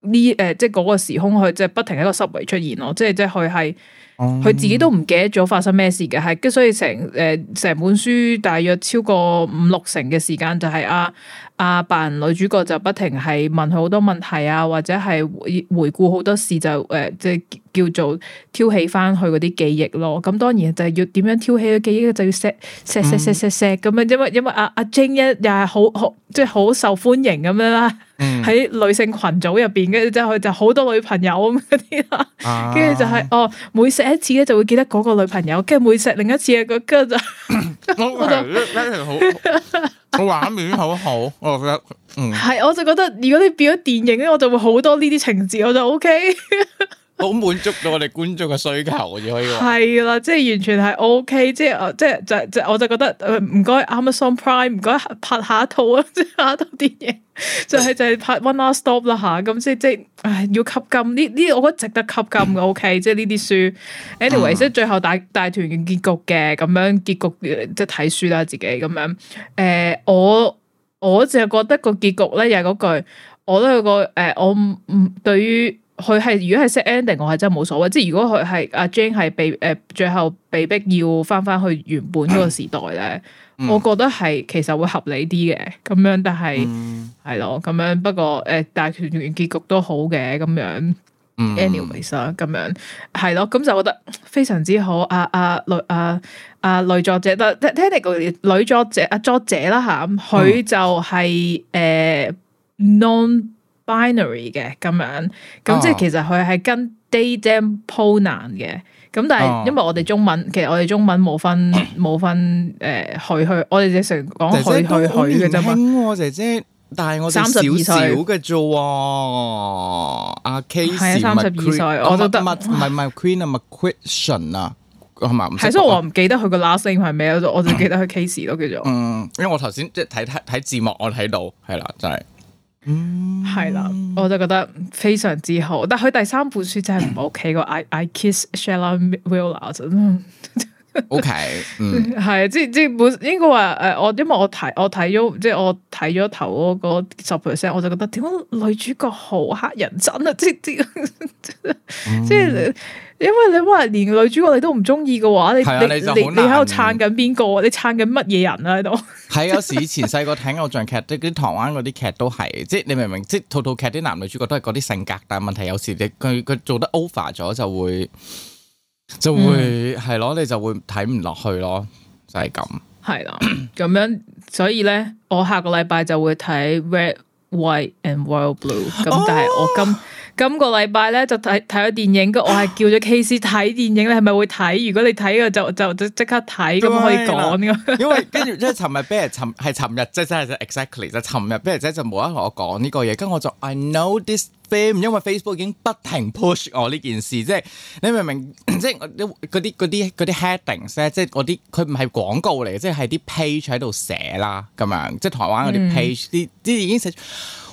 呢誒，即係嗰個時空，佢即係不停喺個 subway 出現咯，即係即係佢係。佢自己都唔記得咗發生咩事嘅，係跟所以成誒成本書大約超過五六成嘅時間就係阿阿白人女主角就不停係問佢好多問題啊，或者係回，回顧好多事就誒即係叫做挑起翻佢嗰啲記憶咯。咁當然就係要點樣挑起個記憶，就要錫錫錫錫錫咁樣，因為因為阿阿 Jane 一又係好好即係好受歡迎咁樣啦，喺、嗯、女性群組入邊，跟住之後佢就好、是、多女朋友咁嗰啲啦，跟住、啊、 就係、是、哦每一次咧就會記得嗰個女朋友，跟住每食另一次一個姜就，我覺得呢條好，個畫面好好，我覺得嗯係，我就覺得 如果你變咗電影咧，我就會好多呢啲情節，我就 O、ok、K。 好滿足到我哋觀眾嘅需求，只可以話係啦，即係完全係 OK，即係即係就就，就我就覺得唔該 Amazon Prime，唔該拍下一套啊，即係下一套電影，就係就係拍 One Last Stop 啦吓，咁、啊、即係即係唉要吸金呢呢，我覺得值得吸金嘅 OK，即係呢啲書，Anyway， 即係最後大大團圓結局嘅咁樣結局，即係睇書啦自己咁樣誒、呃，我我就覺得個結局咧又係嗰句，我都有個誒，我唔唔對於。佢係如果係 set ending，我係真係冇所謂。即係如果佢係阿 Jane 係被誒、呃、最後被逼要翻翻去原本嗰個時代咧，嗯、我覺得係其實會合理啲嘅。咁樣，但係係咯咁樣。不過誒，但係團圓結局都好嘅咁樣。Anyways 啊、嗯，咁樣係咯。咁就覺得非常之好。阿、啊、阿、啊、女阿阿、啊啊、女作者，但係 Tiffany 女作者啊作者啦吓，佢就係、是、誒、嗯呃、non。binary 嘅咁樣，咁即係其實佢係跟 they them pronoun 嘅，咁但係因為我哋中文，其實我哋中文冇分冇 分誒、呃、去去，我哋直成講去去去嘅啫。我姐姐，、啊、姐姐，但係我三十二歲嘅啫。阿 Casey 係啊，三十二歲，我都覺得，唔係係 Queen 啊，唔係 Question 啊，係咪？係， 所以我唔記得佢個 last name 係咩，我就我記得佢 Casey 咯，叫 做、 啊。 嗯，因為我頭先即係睇睇睇字幕，我睇到係啦，就係。真嗯，係啦、mm hmm.，我就覺得非常之好，但係佢第三本書真係唔 OK 個 I I Kissed Shara Wheeler 就 OK，嗯、mm，係即即本應該話誒，我因為我睇我睇咗即係我睇咗頭嗰十 percent，我就覺得點解女主角好黑人憎啊，即即即係。Mm hmm. 因為你話連女主角你都唔中意嘅話，你、啊、你你喺度撐緊邊個？你撐緊乜嘢人啊？喺度係啊！有時以前細個睇偶像劇啲台灣嗰啲劇都係，即係你明唔明？即係套套劇啲男女主角都係嗰啲性格，但係問題有時你佢佢做得 over 咗就會就會係咯、嗯啊，你就會睇唔落去咯，就係、是、咁。係啦、啊，咁 樣所以咧，我下個禮拜就會睇 Red、White and Royal Blue，咁但係我今。哦今個禮拜咧就睇睇咗電影，我係叫咗 K C 睇電影你係咪會睇？如果你睇嘅就就即刻睇，咁可以講噶。了 因為跟住即係尋日，譬如尋係尋日，即即係即 exactly，就尋日，譬如姐就冇得同我講呢、這個嘢，咁我就 I know this film，因為 Facebook 已經不停 push 我呢件事，即係你明唔明？即係嗰啲嗰啲嗰啲 headings 咧，即係嗰啲佢唔係廣告嚟嘅，即係喺啲 page 喺度寫啦，咁樣即係台灣嗰啲 page 啲啲已經寫。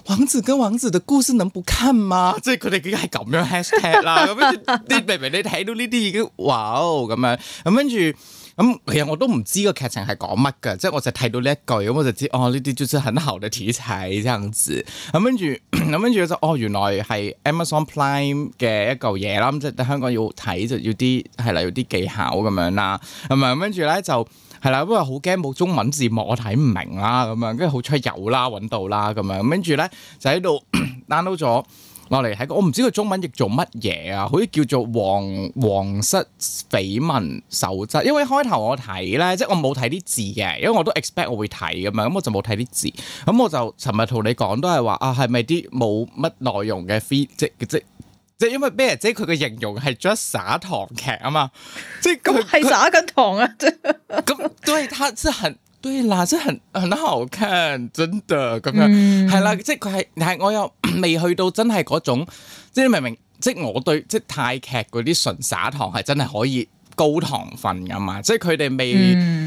王子跟王子的故事能不看嗎？即係佢哋已經係咁樣 hashtag 啦？咁跟住，你明你睇到呢啲已經哇哦咁樣，咁跟住，咁其實我都唔知個劇情係講乜噶。即係我就睇到呢一句，咁我就知哦呢啲就係很好嘅題材，這樣子。咁跟住，咁跟住就哦原來係 Amazon Prime 嘅一嚿嘢啦。咁即係香港要睇就要啲係啦，要啲技巧咁樣啦，咁跟住咧就。係啦，不過好驚冇中文字幕，我睇唔明啦咁樣，跟住好彩有啦，揾到啦咁樣，跟住咧就喺度 download 咗落嚟喺個，我唔知佢中文譯做乜嘢啊，好似叫做皇皇室緋聞守則，因為開頭我睇咧，即係我冇睇啲字嘅，因為我都 expect 我會睇噶嘛，咁我就冇睇啲字，咁我就尋日同你講都係話啊，係咪啲冇乜內容嘅即即。即即係因為咩啊？即係佢嘅形容係 just 耍糖劇啊嘛，即係咁係耍緊糖啊，咁 對、嗯，他是很對啦，真係很好看，真的咁樣係、嗯、啦，即係佢係，但係我又未去到真係嗰種，即係你明明即係我對即係泰劇嗰啲純耍糖係真係可以。高糖分㗎嘛，即係佢哋未，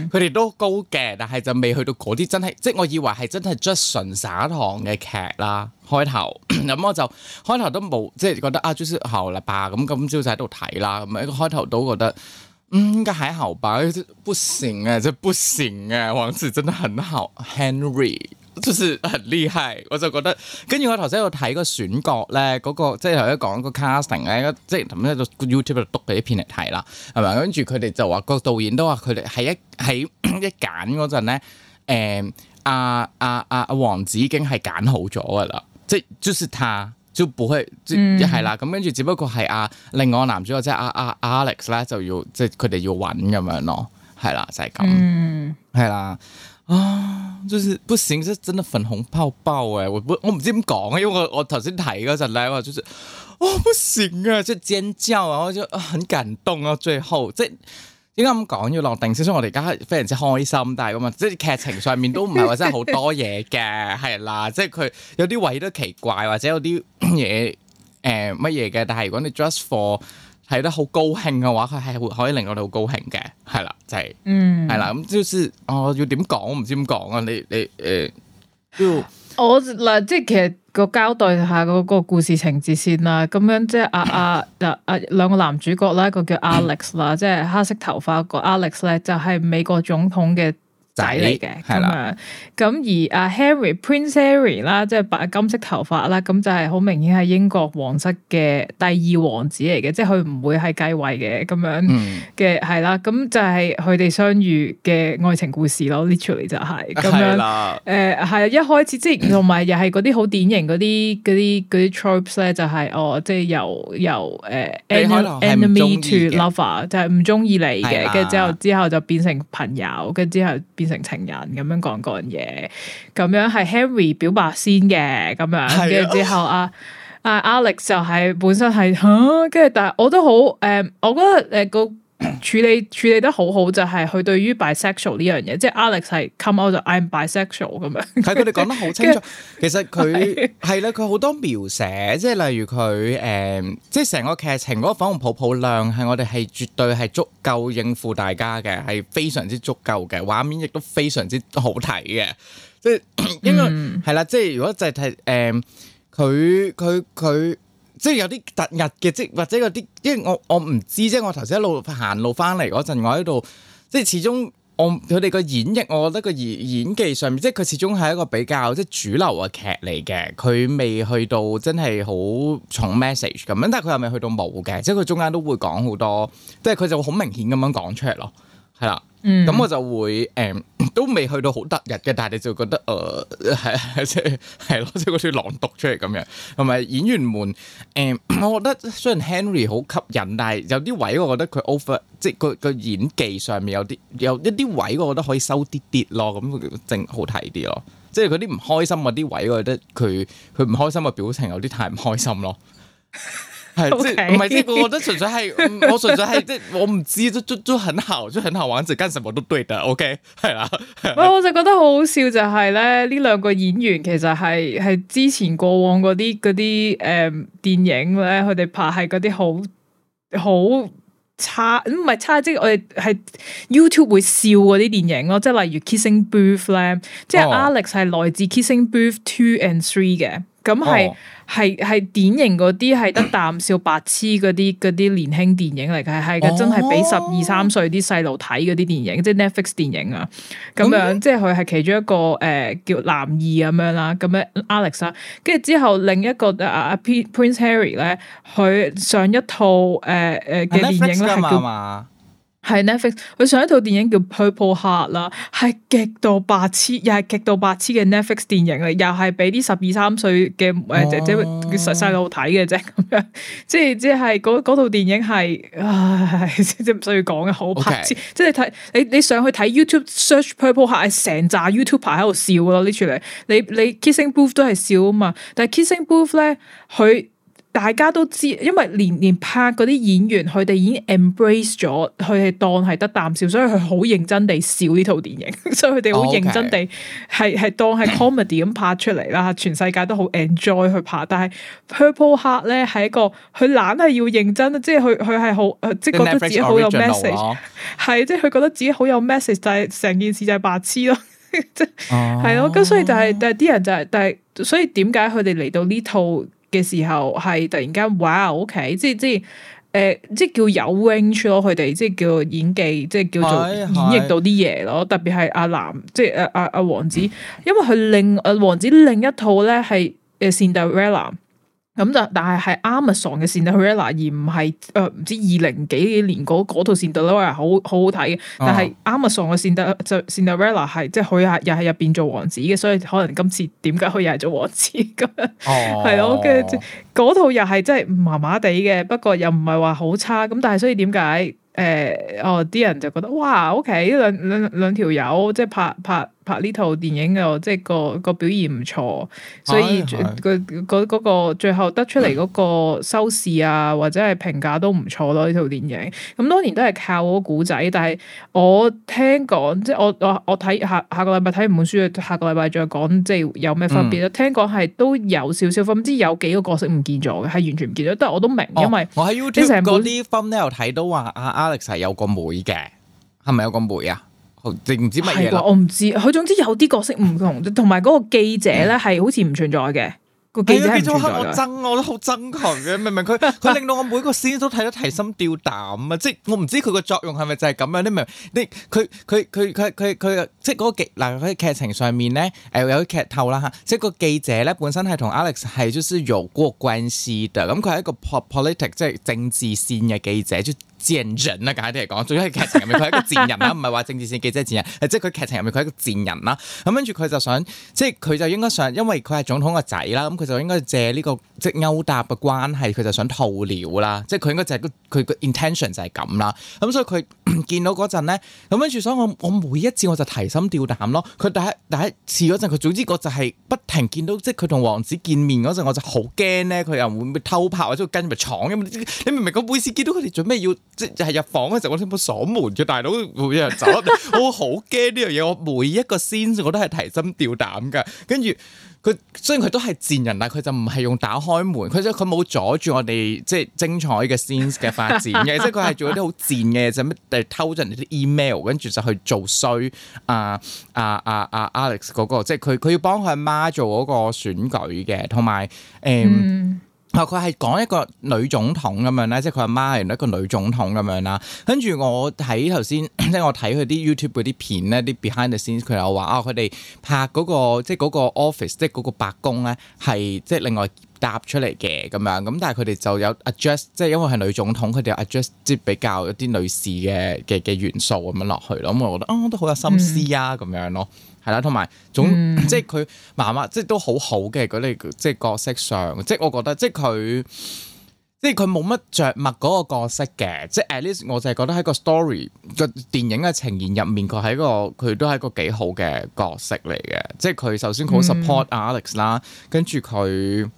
佢哋、嗯、都高嘅，但係就未去到嗰啲真係，即係我以為係真係 just i 純撒糖嘅劇啦。開頭咁我就開頭都冇，即係覺得啊，just 好啦吧。咁今朝就喺度睇啦，咁一個開頭都覺得，嗯，應該係好吧。哎、欸，不行哎、啊，真係不行哎、啊，王子、啊、真係很好，Henry。就是很厲害，我就覺得。跟住我頭先有睇個選角咧，嗰、那個即係頭先講個 casting 咧，即係同咧 YouTube 度讀嘅一篇嚟睇啦，係咪？跟住佢哋就話個導演都話佢哋喺一喺一揀嗰陣咧，誒阿阿阿阿王子已經係揀好咗㗎啦，即係就是他就唔會係啦。咁跟住只不過係阿、啊、另外個男主角即係阿阿 Alex 咧就要即係佢哋要揾咁樣咯，係啦，就係、是、咁，係啦。啊，就是不行，即真的粉紅泡泡誒！我我唔知點講，因為我我頭先睇嗰陣咧，我就是，我、哦、不行啊！即係尖叫啊！我就、啊、很感動啊！最後即係應該咁講，要落定先。所以我哋而家非常之開心，但係咁啊，即係劇情上面都唔係話真係好多嘢嘅，係啦， 即係佢有啲位都奇怪，或者有啲嘢誒乜嘢嘅。但係如果你 just for 係得好高興嘅話，佢係會可以令我哋好高興嘅，係啦，就係、是，係啦、嗯，咁、嗯、即、就是、哦、要我要點講，唔知點講啊，你你誒，呃、我嗱，即係其實個交代下嗰個故事情節先啦，咁樣即係阿阿嗱阿兩個男主角啦，一個叫 Alex 啦， 即係黑色頭髮個 Alex 咧，就係美國總統嘅。仔嚟嘅咁樣，咁而阿 Harry Prince Harry 啦，即係白金色頭髮啦，咁就係好明顯係英國皇室嘅第二王子嚟嘅，即係佢唔會係繼位嘅咁樣嘅係啦，咁、嗯、就係佢哋相遇嘅愛情故事咯，literally 就係、是、咁樣，誒係啊，一開始即係同埋又係嗰啲好典型嗰啲嗰啲嗰啲 tropes 咧， 就係、是、哦，即係由由誒、uh, enemy to lover，就係唔中意你嘅，跟住之後之後就變成朋友，跟住之後。 變成情人咁樣講嗰樣嘢，咁樣係 Henry 表白先嘅，咁樣跟住之後啊 啊 Alex 就係本身係跟住但係我都好誒，我覺得誒、呃那個。處理處理得好好，就係、是、佢對於 bisexual 呢樣嘢，即係 Alex 係 come out 就 I'm bisexual 咁樣。係佢哋講得好清楚。其實佢係啦，佢好是多描寫，即係例如佢誒、嗯，即係成個劇情嗰個粉紅泡泡量係我哋係絕對係足夠應付大家嘅，係非常之足夠嘅。畫面亦都非常之好睇嘅，即係、嗯、因為係啦，即係如果就係睇誒，佢佢佢。即係有啲突兀嘅，即或者有啲，因為我我唔知啫。我頭先一路行路翻嚟嗰陣，我喺度，即係始終我佢哋個演繹，我覺得個演演技上面，即係佢始終係一個比較即係主流嘅劇嚟嘅，佢未去到真係好重 message 咁樣，但係佢又未去到冇嘅，即係佢中間都會講好多，即係佢就好明顯咁樣講出嚟咯。係啦，咁 我就會誒、嗯，都未去到好得日嘅，但係你就覺得誒，係即係咯，即係好似朗讀出嚟咁樣。同埋演員們，誒、嗯，我覺得雖然 Henry 好吸引，但係有啲位我覺得佢 over，即係佢個演技上面有啲有一啲位，我覺得可以收啲啲咯，咁正好睇啲咯。即係佢啲唔開心嘅啲位，我覺得佢佢唔開心嘅表情有啲太唔開心咯。係，唔係呢個，我都純粹係，我純粹係即係，我唔知，都都都很好，就很好。玩，王子幹什麼都對的，OK，係啦。我 我就覺得好好笑就係咧，呢兩個演員其實係係之前過往嗰啲嗰啲誒電影咧，佢哋拍係嗰啲好好差唔係、嗯、差即係我哋係 YouTube 會笑嗰啲電影咯，即係例如 Kissing Booth 咧，Bo 哦、即係 Alex 係來自 Kissing Booth Two and Three 嘅，咁係。係係典型嗰啲係得啖笑白痴嗰啲嗰啲年輕電影嚟嘅，係嘅、哦，真係俾十二三歲啲細路睇嗰啲電影，即係 Netflix 電影啊，咁樣、嗯、即係佢係其中一個誒、呃、叫男二咁樣啦，咁樣 Alex 啊，跟住之後另一個阿阿、啊、Prince Harry 咧，佢上一套誒誒嘅電影咧嘛？係 Netflix 佢上一套電影叫《Purple 客》啦，係極度白痴，又係極度白痴嘅 Netflix 電影啊，又係俾啲十二三歲嘅誒姐姐細細路睇嘅啫，咁、啊呃呃、樣即係即係嗰套電影係，即、哎、唔需要講嘅好白痴，即係睇你你上去睇 YouTube search Purple 客係成扎 YouTube 排喺度笑咯呢出嚟，你你 Kissing Booth 都係笑啊嘛，但係 Kissing Booth 咧佢。大家都知，因為年年拍嗰啲演員，佢哋已經 embrace 咗，佢係當係得啖笑，所以佢好認真地笑呢套電影，所以佢哋好認真地係係當係 comedy 咁拍出嚟啦。全世界都好 enjoy 去拍，但係 Purple Heart 咧係一個佢懶係要認真，即係佢佢係好即係覺得自己好有 message，係 Netflix 即係佢覺得自己好有 message，就係成件事就係白痴咯，即係係咯。咁、oh. 所以就係、是、但係啲人就係、是、但係，所以點解佢哋嚟到呢套？嘅時候係突然間，哇、wow, OK，即係即係，誒即係、呃、叫有 range 咯，佢哋即係叫演技，即係叫做演繹到啲嘢咯，是是特別係阿南，即係阿阿阿王子，因為佢另阿王子另一套咧係誒《善待威咁就但係係 Amazon 嘅《Cinderella》、呃，而唔係誒唔知二零幾年嗰嗰套《Cinderella》、哦好好好睇嘅，但係 Amazon 嘅《Cinderella》係即係佢係又係入邊做王子嘅，所以可能今次點解佢又係做王子咁？係咯、哦，跟住嗰套又係真係麻麻地嘅，不過又唔係話好差咁，但係所以點解誒哦啲人就覺得哇 OK 兩兩兩條友即係拍拍。拍拍呢套電影又即係個個表現唔錯，所以佢嗰嗰個，個最後得出嚟嗰個收視啊，或者係評價都唔錯咯呢套電影。咁當年都係靠嗰個古仔，但係我聽講，即係我我我睇下下個禮拜睇完本書，下個禮拜，拜再講，即係有咩分別咧？嗯、聽講係都有少少分，唔知有幾個角色唔見咗嘅，係完全唔見咗。但係我都明，因為、哦、我喺 YouTube 呢份咧又睇到話、啊、阿 Alex 係有個妹嘅，係咪有個妹啊？唔知乜嘢係啩？我唔知，佢總之有啲角色唔同，同埋嗰個記者咧係好似唔存在嘅。個記者咗我憎，我都好憎佢嘅。 明唔明？佢佢令到我每個線都睇得提心吊膽啊！即係我唔知佢個作用係咪就係咁樣？你明？你佢佢佢佢佢佢即係、嗰個嗱，佢劇情上面咧誒，有劇透啦吓。即係個記者咧本身係同 Alex 係就是有嗰個關係的。咁佢係一個 politic，即係政治線嘅記者。賤人啦，簡單啲嚟講，總之係劇情入面，佢係一個賤人啦，唔係話政治線記者賤人，即係佢劇情入面佢係一個賤人啦。咁跟住佢就想，即係佢就應該想，因為佢係總統個仔啦，咁佢就應該借呢、這個即係勾搭嘅關係，佢就想套料啦。即係佢應該就係、是、佢個 intention 就係咁啦。咁所以佢見到嗰陣咧，咁跟住所以我我每一次我就提心吊膽咯。佢第一第一次嗰陣，佢總之我就係不停見到，即係佢同王子見面嗰陣，我就好驚咧。佢又會唔會偷拍或者會跟埋廠？因為你明唔明個背後見到佢哋做咩要？即係入房嘅時候，我先冇鎖門嘅，大佬會有人走，我好驚呢樣嘢。我每一個 scene 我都係提心吊膽噶。跟住佢雖然佢都係賤人，但佢就唔係用打開門，佢即係佢冇阻住我哋即係精彩嘅 scene 嘅發展嘅。 即係佢係做一啲好賤嘅，就咩偷人哋啲 email，跟住就去做衰。啊啊啊啊 Alex 嗰個，即係佢佢要幫佢阿媽做嗰個選舉嘅，同埋誒。嗯嗯佢係講一個女總統咁樣咧，即係佢阿媽係一個女總統咁樣啦。跟住我睇頭先，即係我睇佢啲 YouTube 嗰啲片咧，啲 behind the scenes 佢又話啊，佢、哦、哋拍嗰、嗰個即係嗰個 office，即係嗰個白宮咧，係即係另外搭出嚟嘅咁樣。咁但係佢哋就有 adjust，即係因為係女總統，佢哋有 adjust 即係比較一啲女士嘅嘅嘅元素咁樣落去咯。咁我覺得啊，哦、都好有心思啊咁、嗯、樣咯。係啦，同埋總、嗯、即係佢媽媽即係都好好嘅嗰啲即係角色上，即係我覺得即係佢即係佢冇乜着墨嗰個角色嘅，即係 at least 我就係覺得喺個 story 個電影嘅呈現入面，佢係一個佢都係一個幾好嘅角色嚟嘅，即係佢首先佢好 support Alex 啦、嗯，跟住佢。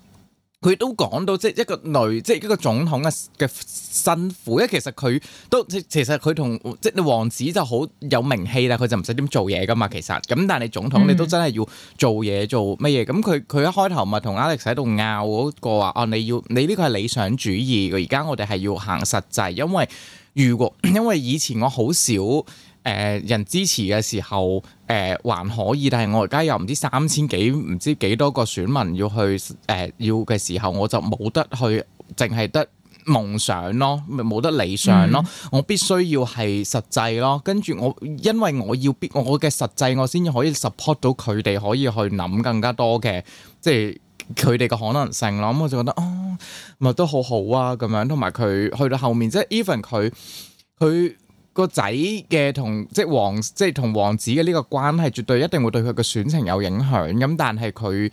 佢都講到即一個女，即一個總統嘅嘅辛苦。因為其實佢都即其實佢同即你王子就好有名氣啦，佢就唔使點做嘢㗎嘛。其實咁，但係你總統你都真係要做嘢、嗯、做乜嘢。咁佢佢一開頭咪同 Alex 喺度拗嗰個話，哦你要你呢個係理想主義，而家我哋係要行實際。因為如果因為以前我好少誒、呃、人支持嘅時候。誒、呃、還可以，但係我而家又唔知三千幾，唔知幾多個選民要去誒、呃、要嘅時候，我就冇得去，淨係得夢想咯，咪冇得理想咯。嗯、我必須要係實際咯，跟住我因為我要必我嘅實際，我先至可以 support 到佢哋可以去諗更加多嘅，即係佢哋嘅可能性咯。咁、嗯、我就覺得哦，咪都好好啊咁樣，同埋佢去到後面，即係 even 佢佢。個仔嘅同即皇即同王子嘅呢個關係，絕對一定會對佢嘅選情有影響。咁但係佢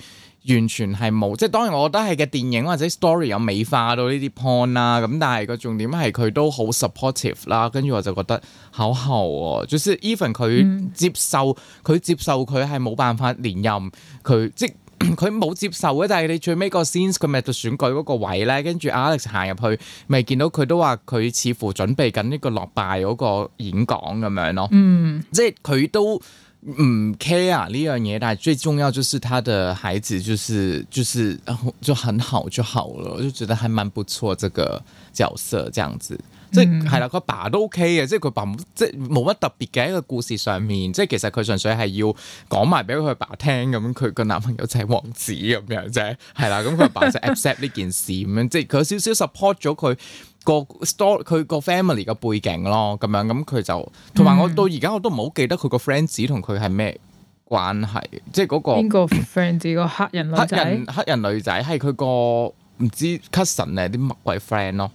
完全係冇，即當然我覺得係嘅電影或者 story 有美化到呢啲 point 啦。咁但係個重點係佢都好 supportive 啦。跟住我就覺得好後、啊，即、就、使、是、even 佢接受佢、嗯、接受佢係冇辦法連任佢即。佢冇接受嘅，但係你最尾個 scene 佢咪就選舉嗰個位咧，跟住 Alex 行入去，咪見到佢都話佢似乎準備緊呢個落敗嗰個演講咁樣咯。嗯，即係佢都唔 care 呢樣嘢，但係最重要就是他的孩子就是就是就很好就好了，我就覺得還蠻不錯，這個角色這樣子。即係啦，佢、嗯、爸都 OK 嘅，即係佢爸即係冇乜特別嘅一個故事上面，即係其實佢純粹係要講埋俾佢爸聽咁，佢個男朋友就係王子咁樣啫，係啦，咁佢爸就 accept 呢 件事咁樣，即係佢有少少 support 咗佢個 story，佢個 family 嘅背景咯，咁樣咁佢就同埋我到而家我都唔好記得佢個 friends 同佢係咩關係，即係嗰、嗰個邊個 friends 個黑人女仔，黑人黑人女仔係佢個唔知 cousin 定係啲乜鬼 friend 咯。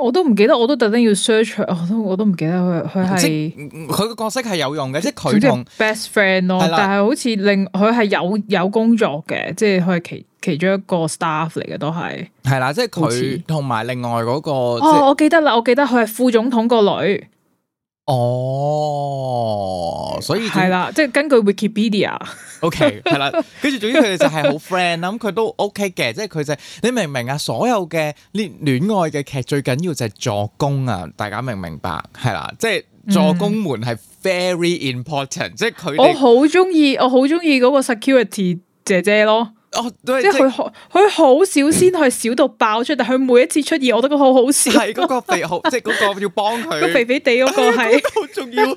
我都唔記得，我都特登要 search，我都我都唔記得佢佢係佢嘅角色係有用嘅，即係佢同 best friend 咯的。但係好似令佢係有有工作嘅，即係佢係其其中一個 staff 嚟嘅都係。係啦，即係佢同埋另外嗰、那個。像哦，我記得啦，我記得佢係副總統個女。哦，所以係啦，即係根據 Wikipedia，OK 係啦，跟 住、okay, 總之佢哋就係好 friend 咁佢 都 OK 嘅，即係佢就係、你明唔明啊？所有嘅戀戀愛嘅劇最緊要就係助攻啊！大家明唔明白？係啦，即係助攻門係 very important，、嗯、即係佢。我好中意，我好中意嗰個 security 姐姐咯。哦，即係佢好，佢好少先去小到爆出，但係佢每一次出現，我都覺得好好笑。係個肥，即係嗰個要幫佢。個肥肥地嗰個係好重要。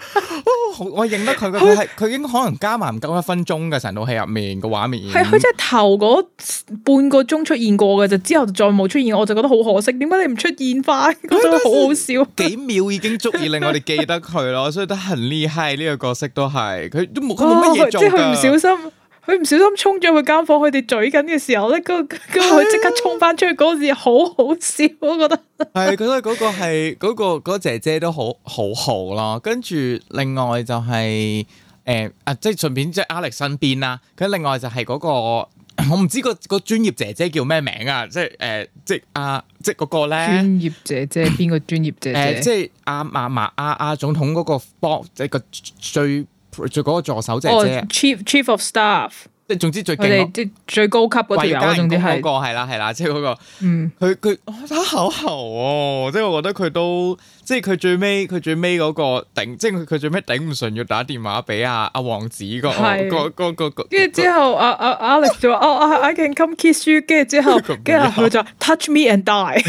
我認得佢佢係佢已經可能加埋唔夠一分鐘嘅，成套戲入面嘅畫面。係佢即係頭嗰半個鐘出現過嘅，就之後就再冇出現，我就覺得好可惜。點解你唔出現返？我覺得好好笑。幾秒已經足以令我哋記得佢咯，所以都很厲害，呢個角色都係佢都冇乜嘢做。即係佢唔小心。佢唔小心衝咗去間房間，佢哋嘴緊嘅時候咧，嗰、那個嗰即、那個、刻衝翻出去嗰時，好是、啊、好笑，我覺得。係、那個，覺得嗰個係嗰、那個姐姐都好好好咯。跟住另外就係誒啊，即係順便即係 Alex 身邊啦。佢另外就係嗰、那個，我唔知、那個、那個專業姐姐叫咩名、呃、啊？即係誒，即係阿即係嗰個咧。專業姐姐邊個專業姐姐？姐姐呃、即係阿嫲、嫲阿阿總統嗰個 Bob，即係個最。最做嗰個助手姐姐，chief chief of staff，即係，總之最我最高級嗰條友啦，總之係嗰個係啦係啦，即係嗰個，嗯，佢佢，他好厚哦，即係我覺得佢都，即係佢最尾佢最尾嗰個頂，即係佢最尾頂唔順要打電話俾阿阿王子個，個個個，跟住之後阿阿 Alex 就話，哦，I can come kiss you，跟住之後，跟住佢就 touch me and die，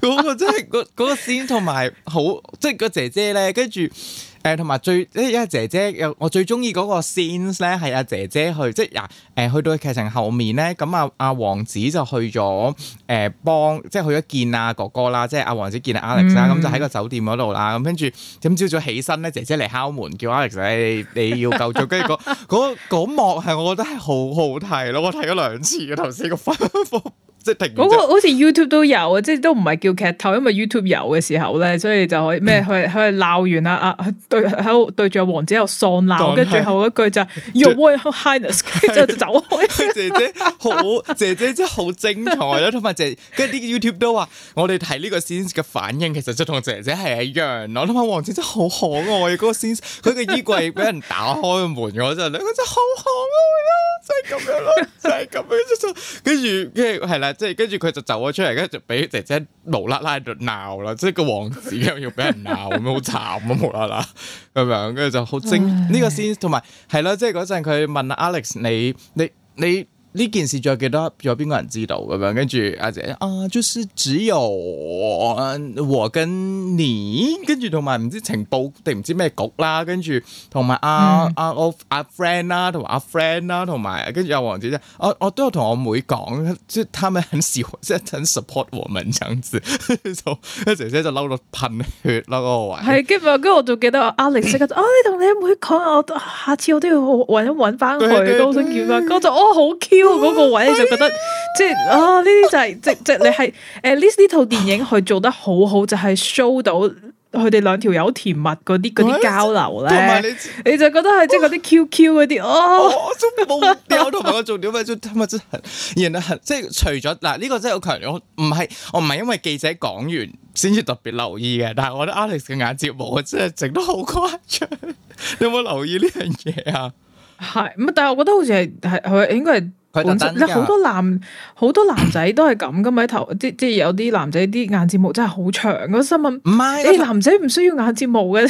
嗰個真係嗰嗰個 scene 同埋好，即係個姐姐咧，跟住。同埋、呃、最，因為姐姐有我最中意嗰個 scenes 咧，係阿、啊、姐姐去，即係呀誒去到劇情後面咧，咁啊啊王子就去咗誒、呃、幫，即係去咗見阿、啊、哥哥啦，即係阿、啊、王子見阿 Alex 啦、嗯，咁就喺個酒店嗰度啦，咁跟住咁朝早上起身咧，姐姐嚟敲門，叫 Alex、哎、你，你要救咗，跟住嗰嗰幕係我覺得係好好睇咯，我睇咗兩次嘅頭先個分佈。 即嗰個好似 YouTube 都有啊，即係都唔係叫劇透，因為 YouTube 有嘅時候咧，所以就可以咩佢佢鬧完啦啊，對喺對住王子又喪鬧，跟住是最後一句就是、Your 對 Royal Highness，跟住的就走開。姐姐好， 姐姐真係好, 好精彩啦！同埋姐，跟住啲 YouTube 都話我哋睇呢個 scene 嘅反應，其實就同姐姐係一樣。我諗下王子真係好可愛，嗰、那個佢嘅衣櫃俾人打開門嗰陣咧，佢真係好可愛咯，就係、是、咁樣咯，就係、是、咁樣跟住跟住係啦。就是 即係跟住佢就走咗出嚟，跟住就俾姐姐無啦啦喺度鬧啦，即係個王子又要俾人鬧，咁樣好慘啊，無啦啦咁樣，跟住就好精呢 個 scene，同埋係咯，即係嗰陣佢問 Alex 你你你。你呢件事仲有幾多？仲有邊個人知道咁樣？跟住阿姐啊，就是只有我跟你，跟住同埋唔知情報定唔知咩局啦。跟住同埋阿阿我阿、啊、friend 啦、啊，同埋阿 friend 啦、啊，同埋跟住阿黃姐姐，啊、我我都同我妹講，即係他咪，很喜歡，即係很 support 我們，樣子。呵呵時時跟住姐姐就嬲到噴血咯、這個位。係跟住，跟我就記得 Alex 哦你同你妹講，我下次我都要揾一揾翻佢，都想叫翻。就 oh, oh, 哦好，哦好 cute, cute, cute 到嗰個位你就覺得即係啊呢啲就係、是、 即即你係誒呢呢套電影佢做得好好 就係 show 到佢哋兩條友甜蜜嗰啲嗰啲交流同埋你 且你就覺得係即係嗰啲 Q Q 嗰啲哦， 哦，我都冇交，同做啲咩，真即係除咗嗱，呢個真係好強烈，唔係我唔係因為記者講完先至特別留意嘅，但係我覺得 Alex 嘅眼睫毛真係整得好誇張， 你有冇留意呢樣嘢啊？係咁啊！但係我覺得好似係係係應該係。好多男好 多男仔都係咁噶嘛？頭 即即有啲男仔啲眼睫毛真係好長。個新聞唔係，你、欸、他男仔唔需要眼睫毛嘅。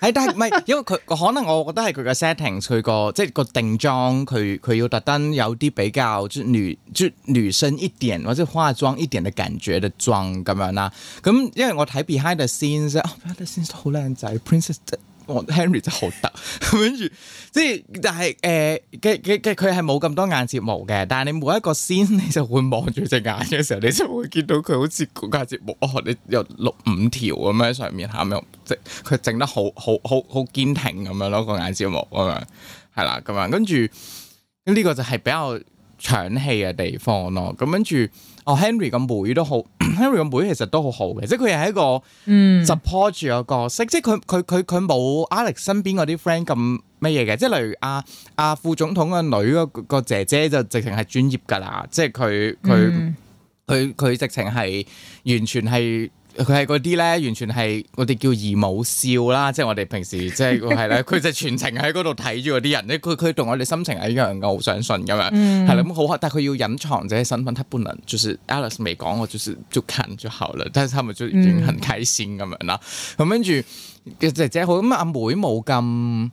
係， 但係唔係，因為佢可能我覺得係佢嘅 setting，佢個即個定妝，佢佢要特登有啲比較即女即女生一點或者化妝一點嘅感覺嘅妝咁樣啦。咁因為我睇 behind the scenes，behind the scenes 都好靚仔，princess。哦 我 Henry 真係好得，跟住即係，但係誒，佢佢佢佢係冇咁多眼睫毛嘅，但係你每一個 scene 你就會望住隻眼嘅時候，你就會見到佢好似個眼睫毛，哦，你有六五條咁喺上面下面、嗯，即係佢整得好好好好堅挺咁樣攞個眼睫毛咁樣，係啦咁樣，跟住呢個就係比較搶戲嘅地方咯，咁跟住。哦、oh，Henry 個妹都好 ，Henry 個妹其實都好好嘅，即係佢係一個 support 住個角色，嗯、即係佢佢佢佢冇 Alex 身邊嗰啲 friend 咁乜嘢嘅，即係例如阿、啊、阿、啊、副總統個女個姐姐就直情係專業㗎啦，即係佢佢佢佢直情係完全係。佢係嗰啲咧，完全係我哋叫姨母笑啦，即係我哋平時，即係係啦，佢 就全程喺嗰度睇住嗰啲人咧，佢佢同我哋心情係一樣，我想、嗯、好想信咁樣，係啦咁好啊，但係佢要隱藏自己身份，他不能。就是 Alice 未講，我就是捉近就好了，但是他咪就已經很開心咁樣啦。咁跟住姐姐好，咁阿妹冇咁。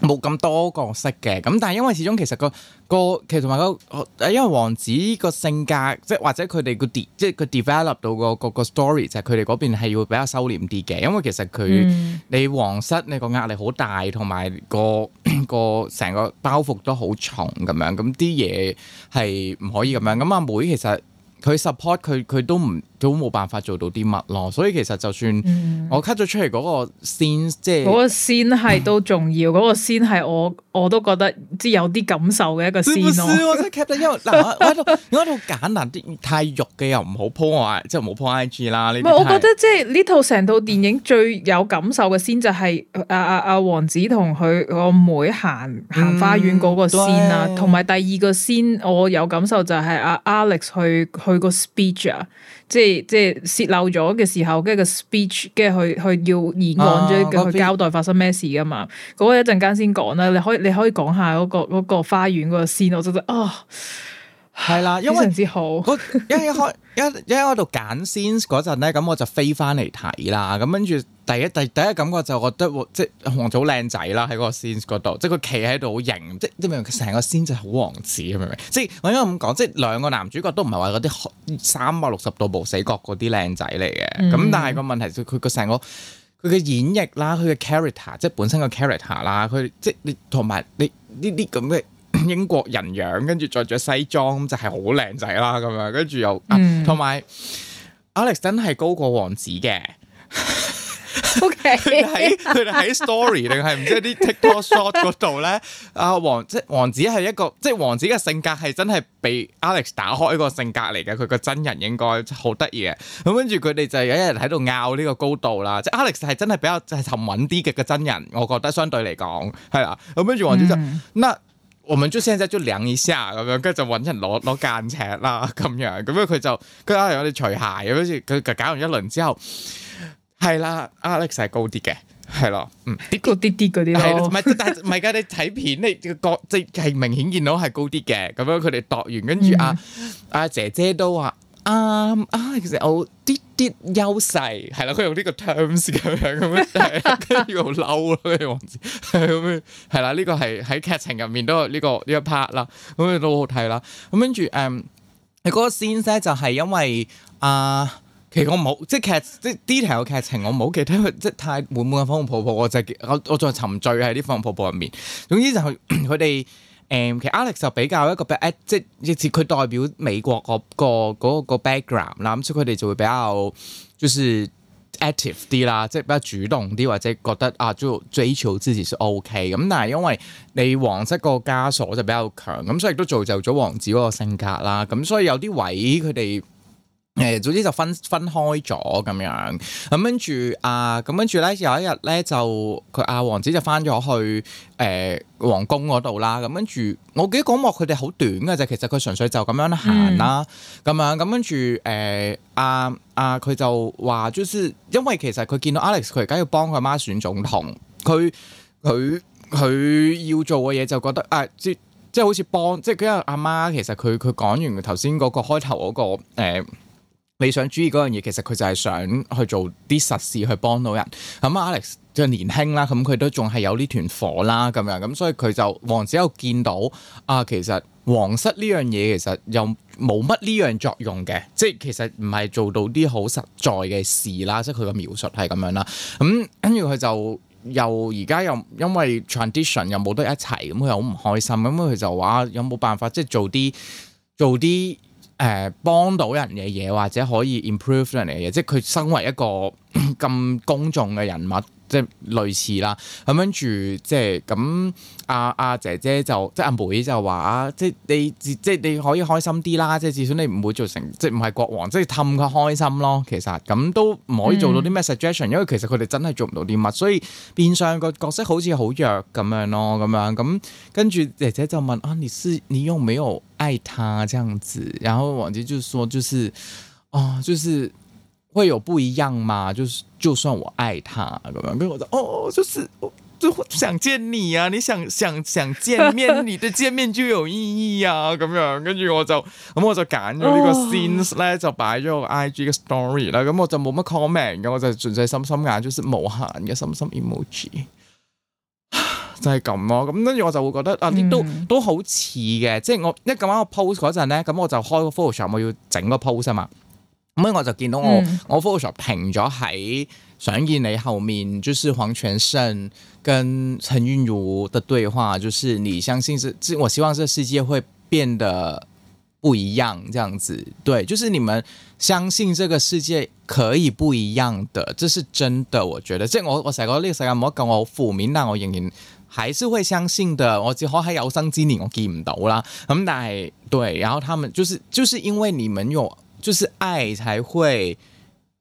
冇咁多角色嘅，咁但係因為始終其實個個其實同埋個因為王子個性格，即係或者佢哋個即係佢 develop 到個個，個 story 就係佢哋嗰邊係要比較收斂啲嘅，因為其實佢、嗯、你皇室你個壓力好大，同埋個個成個，個包袱都好重咁樣，咁啲嘢係唔可以咁樣，咁阿妹其實。佢 support 佢佢都唔都冇辦法做到啲乜咯，所以其實就算我 cut 咗出嚟嗰個線，即係嗰個線係都重要，嗰 個線係我我都覺得即係有啲感受嘅一個先咯。我真係 cut 咗，因為嗱我喺度喺度簡單啲，太肉嘅又唔好 po 我，即係唔好 po IG 啦。唔係，我覺得即係呢套成套電影最有感受嘅先就係阿阿阿王子同佢個妹行行花園嗰個線啊、嗯，同埋第二個先我有感受就係阿、啊、Alex 去。佢個 speech 啊，即係即係泄露咗嘅時候，跟住個 speech，跟住去佢要演講咗，佢、啊、交代發生咩事噶嘛？嗰個、啊、一陣間先講啦，你可以你可以講下嗰、那個、那個花園嗰個 s 我就得啊，係啦，因為非常之好。因為我,我一開一一喺度揀 s 嗰陣咧，咁我就飛翻嚟睇啦，咁跟住。第一第一第一感覺就覺得即王子好靚仔啦，喺個 scene 嗰度，即佢企喺度好型，即明樣成個 scene 就係好王子咁明唔明。即我應該咁講，即兩個男主角都唔係話嗰啲三百六十度無死角嗰啲靚仔嚟嘅。咁、嗯、但係個問題，佢佢個成個佢嘅演繹啦，佢嘅 character，即本身個 character 啦，佢即你同埋你呢啲咁嘅英國人樣，跟住着着西裝就係好靚仔啦。咁樣跟住又同埋、嗯啊、Alex 真係高過王子嘅。 OK，喺佢哋喺 story，定係唔知啲 TikTok shot 嗰度咧？阿、啊、王即王子係一個即王子嘅性格係真係被 Alex 打開一個性格嚟嘅，佢個真人應該好得意嘅。咁跟住佢哋就有一日喺度拗呢個高度啦，即 Alex 係真係比較係沉穩啲嘅個真人，我覺得相對嚟講係啦。咁跟住王子就，嗱、嗯，我們就先生就量一下咁樣，跟住就揾人攞攞間尺啦，咁樣咁樣佢就，跟住我哋除鞋跟住佢搞完一輪之後。係啦，Alex 係高啲嘅，係咯，嗯，啲高啲啲嗰啲咯，係咯，唔係，但唔係噶，你睇片你覺即係明顯見到係高啲嘅，咁樣佢哋度完，跟住阿阿姐姐都話啱啊，其實有啲啲優勢，係啦，佢用呢個 terms 咁樣，咁樣跟住好嬲咯，跟住王子，係咁啦，呢、 這個係喺劇情入面都呢、這個呢一 part 啦，咁、這個、樣都好睇啦，咁跟住誒，你、嗯、嗰、那個 scene 就係因為阿。呃其實我冇，即劇即 detail 嘅劇情我冇記得，其實因為即太滿滿嘅粉紅泡泡，我就我我仲沉醉喺啲粉紅泡泡入面。總之就佢哋誒，其實 Alex 就比較一個誒，即直是佢代表美國、嗰個、嗰個嗰個 background 啦，咁所以佢哋就會比較就是 active 啲啦，即比較主動啲，或者覺得啊，追追求自己是 OK 咁。但係因為你皇室個枷鎖就比較強，咁所以都造就咗王子嗰個性格啦。咁所以有啲位佢哋。誒，總之、呃、就分分開咗咁樣，咁跟住啊，咁跟住咧，有一日咧就佢阿、啊、王子就翻咗去誒、呃、皇宮嗰度啦，咁跟住我記得講幕佢哋好短噶啫，其實佢純粹就咁樣行啦，咁、嗯呃、啊，咁跟住誒啊，阿、啊、佢就話，就是因為其實佢見到 Alex 佢而家要幫佢阿媽選總統，佢佢佢要做嘅嘢，就覺得啊，即即係好似幫，即係因為阿媽，媽其實佢佢講完頭先嗰個開頭嗰、嗰個誒。呃理想主義嗰樣嘢，其實佢就係想去做啲實事去幫到人。咁、嗯、Alex 即係年輕啦，咁佢都仲係有呢團火啦，咁樣咁、嗯，所以佢就王子又見到啊，其實皇室呢樣嘢其實又冇乜呢樣作用嘅，即係其實唔係做到啲好實在嘅事啦，即係佢個描述係咁樣啦。咁跟住佢就又而家又因為 tradition 又冇得一齊，咁佢又好唔開心。咁、嗯、佢就話有冇辦法即係做啲做啲。誒、呃、幫到人嘅嘢，或者可以 improve 人嘅嘢，即係佢身為一個咁 公眾嘅人物。即係類似啦，咁跟住即係咁阿阿姐姐就即係阿妹就話啊，即係你即係你可以開心啲啦，即係至少你唔會做成即係唔係國王，即係氹佢開心咯。其實咁都唔可以做到啲咩 suggestion，因為其實佢哋真係做唔到啲乜，所以變相個角色好似好弱咁樣咯。咁樣咁跟住姐姐就問啊，你是你有沒有愛他？這樣子，然後王子就說就是啊，就是。會有不一樣嘛？就是就算我愛他咁樣，跟住我就哦，就是就是就是、想見你啊！你想想想見面， 你對見面就有意義啊！咁樣跟住我就咁我就揀咗呢個 scenes 咧，就擺咗個 IG 嘅 story 啦。咁我就冇乜 comment 嘅，我就純粹心心眼，就是無限嘅心心 emoji，就係咁咯。咁跟住我就會覺得啊，都都好似嘅，即係我一咁啱我 pose 嗰陣咧，咁我就開個 Photoshop，我要整個 pose 啊嘛。咁我就見到我我副席平咗喺尚艷你後面，就是黃泉勝跟陳韻如的對話，就是你相信是，是我希望這世界會變得不一樣，這樣子，對，就是你們相信這個世界可以不一樣的，這是真的，我覺得，即我我成個呢個世界冇咁我負面，但我仍然還是會相信的，我只好喺有生之年我記唔到啦。咁、嗯、但係，對，然後他們就是，就是因為你們有。就是愛才會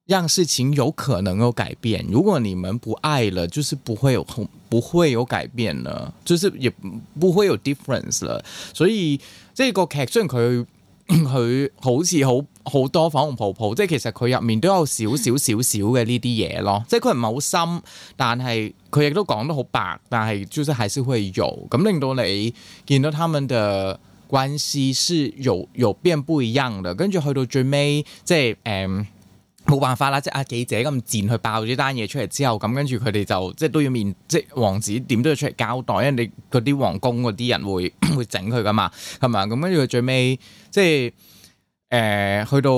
讓事情有可能有改變。如果你們不愛了，就是不會有不會有改變了，就是也不會有 difference 了，所以，即係個劇雖然佢佢好似好好多粉紅泡泡，即係其實佢入面都有少少少少嘅呢啲嘢咯。即係佢唔係好深，但係佢亦都講得好白，但係就是還是會有，咁令到你見到他們的。關係是有有變不一樣嘅。跟住去到最尾，即係誒，嗯、冇辦法啦！即係阿記者咁賤去爆咗單嘢出嚟之後，咁跟住佢哋就即係都要面，即係王子點都要出嚟交代，因為你嗰啲皇宮嗰啲人會會整佢噶嘛，係咪啊？咁跟住佢最尾即係誒、呃，去到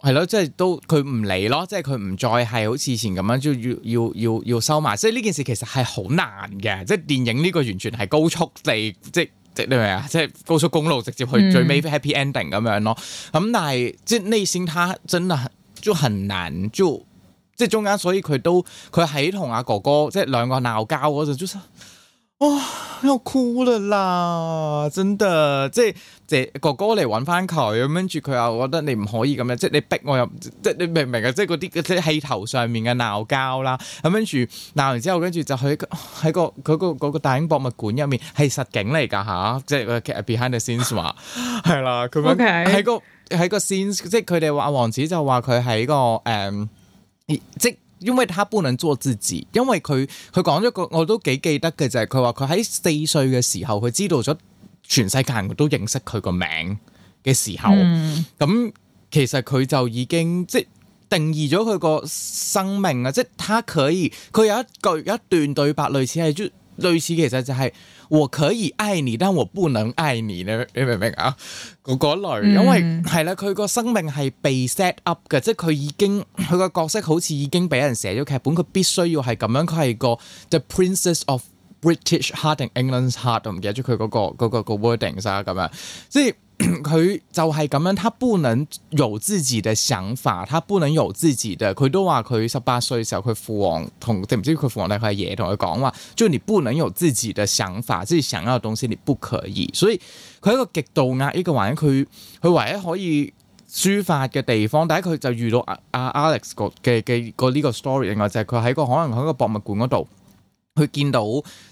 係咯，即係都佢唔理咯，即係佢唔再係好似以前咁樣，就要要要要要收埋。所以呢件事其實係好難嘅，即係電影呢個完全係高速地即你明啊？即係高速公路直接去最尾 happy ending 咁樣咯。咁、嗯、但係即係內心，他真係就很難，就即係中間，所以佢都佢喺同阿哥哥即係兩個鬧交嗰陣，就。哇！又、哦、哭了啦，真的，即係借哥哥嚟揾翻佢，咁跟住佢又覺得你唔可以咁樣，即係你逼我又，即係你明唔明啊？即係嗰啲即係氣頭上面嘅鬧交啦，咁跟住鬧完之後，跟住就去喺個嗰個個，個，個大英博物館入面，係實景嚟噶吓，即係 behind the scenes 話係 啦，咁樣喺 Okay. 個喺個 scene 即係佢哋話王子就話佢喺個誒、嗯、即。因為他不能做自己，因為佢佢講咗個我都幾記得嘅就係佢話佢喺四歲嘅時候佢知道咗全世界人都認識佢個名嘅時候，咁、嗯嗯、其實佢就已經即定義咗佢個生命啊！即係他可以佢有一句有一段對白，類似係。類似其實就係我可以愛你，但我不能愛你咧，你明唔明啊？嗰類，因為係啦，佢個、mm hmm. 生命係被 set up 嘅，即係佢已經佢個角色好似已經俾人寫咗劇本，佢必須要係咁樣，佢係個 The Princess of British Heart and England's Heart，我唔記得咗佢嗰個嗰、嗰個、嗰個 wordings 啊，咁、嗰個、樣，即係。佢 就係咁樣，他不能有自己嘅想法，他不能有自己嘅。佢都話佢十八歲時候，佢父王同定唔知佢父王定佢爺同佢講話，就是、你不能有自己嘅想法，即、就、己、是、想要嘅東西你不可以。所以佢係一個極度壓抑嘅環境，佢佢唯一可以抒發嘅地方，第一佢就遇到阿、啊啊、Alex 嘅嘅個呢個 story，另外就係佢喺個可能喺個博物館嗰度。佢見到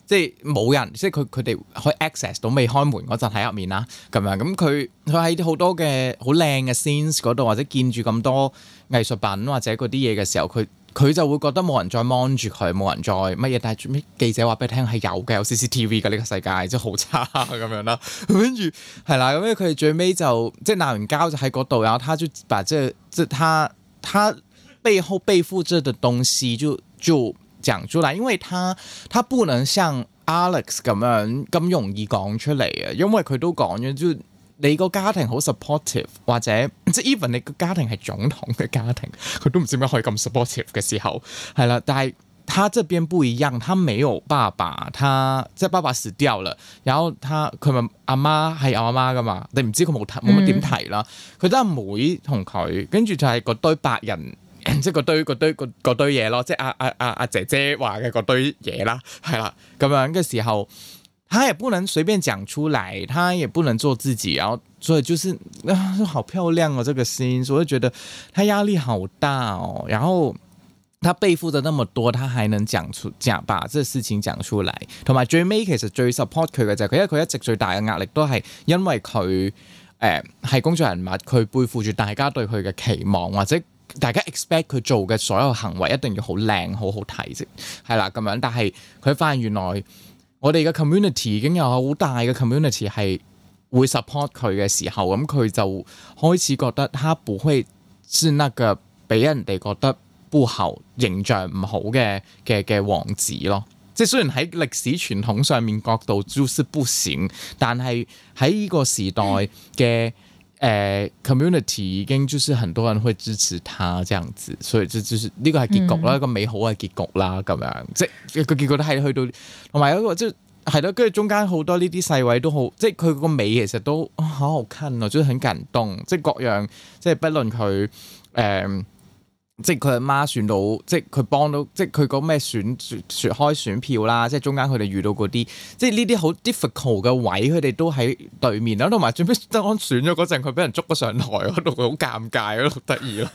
即係冇人，即係佢佢哋可以 access 到未開門嗰陣喺入面啦，咁樣咁佢佢喺好多嘅好靚嘅 scenes 嗰度，或者見住咁多藝術品或者嗰啲嘢嘅時候，佢佢就會覺得冇人再 mon 住佢，冇人再乜嘢，但係最尾記者話俾你聽係有嘅，有 CCTV 嘅呢個世界，即係好差咁樣，樣，樣啦。跟住係啦，咁樣佢最尾就即係鬧完交就喺嗰度，然他即係即係他他，他背後背負著嘅東西就就。講出嚟，因為他他不能像 Alex 咁樣咁容易講出嚟嘅，因為佢都講咗，就你個家庭好 supportive，或者即係 even 你個家庭係總統嘅家庭，佢都唔知咩可以咁 supportive 嘅時候，係啦。但係他呢邊不一樣，他沒有爸爸，他即係爸爸死掉了，然後佢咪阿媽係我阿媽㗎嘛，你唔知佢冇冇乜點提啦。佢都阿妹同佢，跟住就係嗰堆白人。即係堆個堆個堆嘢咯，即係阿阿阿阿姐姐話嘅個堆嘢啦，係啦，咁樣嘅時候，佢也不能隨便講出來，佢也不能做自己，然後所以就是，好漂亮啊，這個聲音，我就覺得佢壓力好大哦，然後佢背負咗那麼多，佢還能講出講把這事情講出來，同埋最尾其實最 support 佢嘅就係、是、佢因為佢一直最大嘅壓力都係因為佢誒係公眾人物，佢背負住大家對佢嘅期望或者。大家 expect 佢做嘅所有行為一定要好靚好好睇啫，係啦咁樣，但係佢發現原來我哋嘅 community 已經有好大嘅 community 係會 support 佢嘅時候，咁佢就開始覺得佢唔會先甩腳，俾人哋覺得不好形象唔好嘅嘅嘅王子咯。即係雖然喺歷史傳統上面角度就係不閃，但係喺呢個時代嘅、嗯。誒、uh, community 已經就是很多人會支持他，這樣子，所以就就，就、這個、是呢個係結局啦，嗯、一個美好嘅結局啦，咁樣，即係個結局都係去到，同埋一個即係咯，跟住中間好多呢啲細位都好，即係佢個尾其實都好好看啊，即、就、係、是、很感動，即係各樣，即係不論佢誒。呃即係佢阿媽選到，即係佢幫到，即係佢講咩選選，選開選票啦。即係中間佢哋遇到嗰啲，即係呢啲好 difficult 嘅位，佢哋都喺對面啦。同埋最尾當選咗嗰陣，佢俾人捉咗上台，嗰度好尷尬，嗰度得意咯。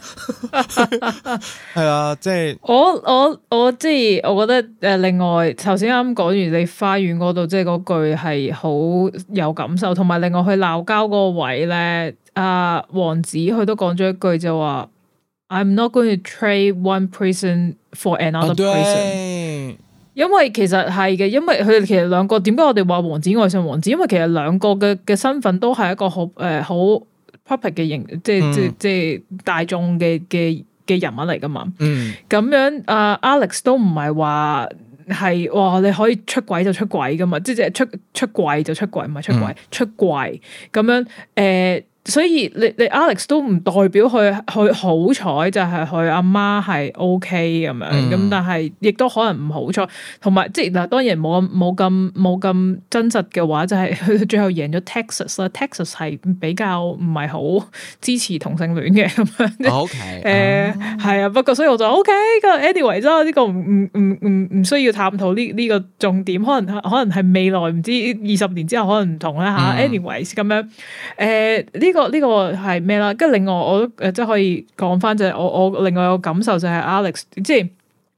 係 啊，即、就、係、是、我我我即係我覺得誒、呃，另外頭先啱講完你花園嗰度，即係嗰句係好有感受，同埋另外去鬧交嗰個位咧。阿、呃、王子佢都講咗一句就話。I'm not going to trade one person for another person，啊、因為其實係嘅，因為佢哋其實兩個，點解我哋話王子愛上王子？因為其實兩個嘅嘅身份都係一個好誒好 public 嘅型，即係即係即係大眾嘅嘅嘅人物嚟噶嘛。咁、嗯、樣啊、呃、Alex 都唔係話係哇，你可以出軌就出軌噶嘛，即係出出櫃就出軌，唔係出軌，嗯、出櫃咁樣誒。呃所以你你 Alex 都唔代表佢，佢好彩就係佢阿媽係 OK 咁樣咁，嗯、但係亦都可能唔好彩，同埋即係嗱，當然冇冇咁冇咁真實嘅話，就係、是、佢最後贏咗 Texas 啦。Texas 係比較唔係好支持同性戀嘅咁樣。OK，誒係啊，不過所以我就 O、okay, K、anyway, 個 anyway 啦，呢個唔唔唔唔唔需要探討呢呢個重點。可能可能係未來唔知二十年之後可能唔同啦吓。啊嗯、anyway 咁樣誒呢？呃這個呢、這個呢、這個係咩啦？跟住另外我誒，即係可以講翻就係我我另外個感受就係 Alex，即係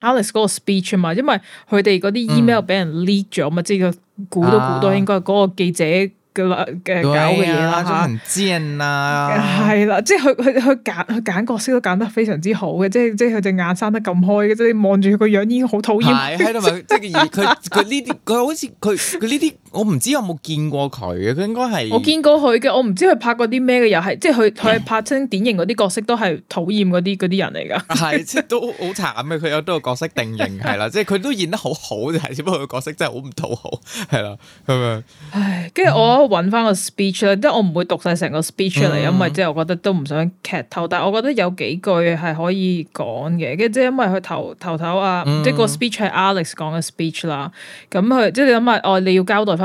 Alex 嗰個 speech 嘛，因為佢哋嗰啲 email 俾人 lead 咗嘛，嗯、即係佢估都估到應該係嗰個記者嘅嘅、啊、搞嘅嘢啦，、啊嗯、啦，即係很賤啦，係啦，即係佢佢佢揀佢揀角色都揀得非常之好嘅，即係即係佢隻眼生得咁開嘅，即係望住佢個樣已經好討厭，喺度咪即係佢佢呢啲佢好似佢佢呢啲。我唔知有冇見過佢嘅，佢應該係我見過佢嘅。我唔知佢拍過啲咩嘅，又係即係佢佢拍清典型嗰啲角色 都係討厭嗰啲嗰啲人嚟㗎。係即都好慘嘅，佢有多個角色定型係啦，即係佢都演得好好就係，只不過佢角色真係好唔討好係啦咁樣。唉，跟住我揾翻個 speech 咧、嗯，即係我唔會讀晒成個 speech 出嚟、嗯，因為即係我覺得都唔想劇透。嗯、但係我覺得有幾句係可以講嘅，跟住即係因為佢頭頭頭啊，嗯、即係個 speech 係 Alex 講嘅 speech 啦、嗯。咁佢即係你諗下，哦，你要交代翻。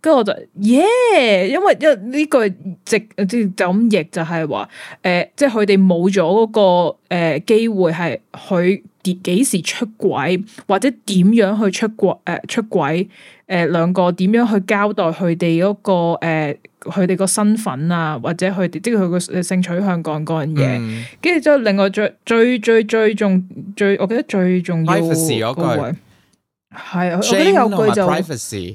跟住我就，耶、yeah，因為一呢句直即係就咁譯就係話，誒、呃，即係佢哋冇咗嗰個誒、呃、機會係佢幾時出軌或者點樣去出軌誒、呃、出軌誒、呃、兩個點樣去交代佢哋嗰個誒佢哋個身份啊或者佢哋即係佢個性取向嗰樣嘢，跟住之後另外最最最最重最我記得最重要 privacy 嗰句係我記得有句就。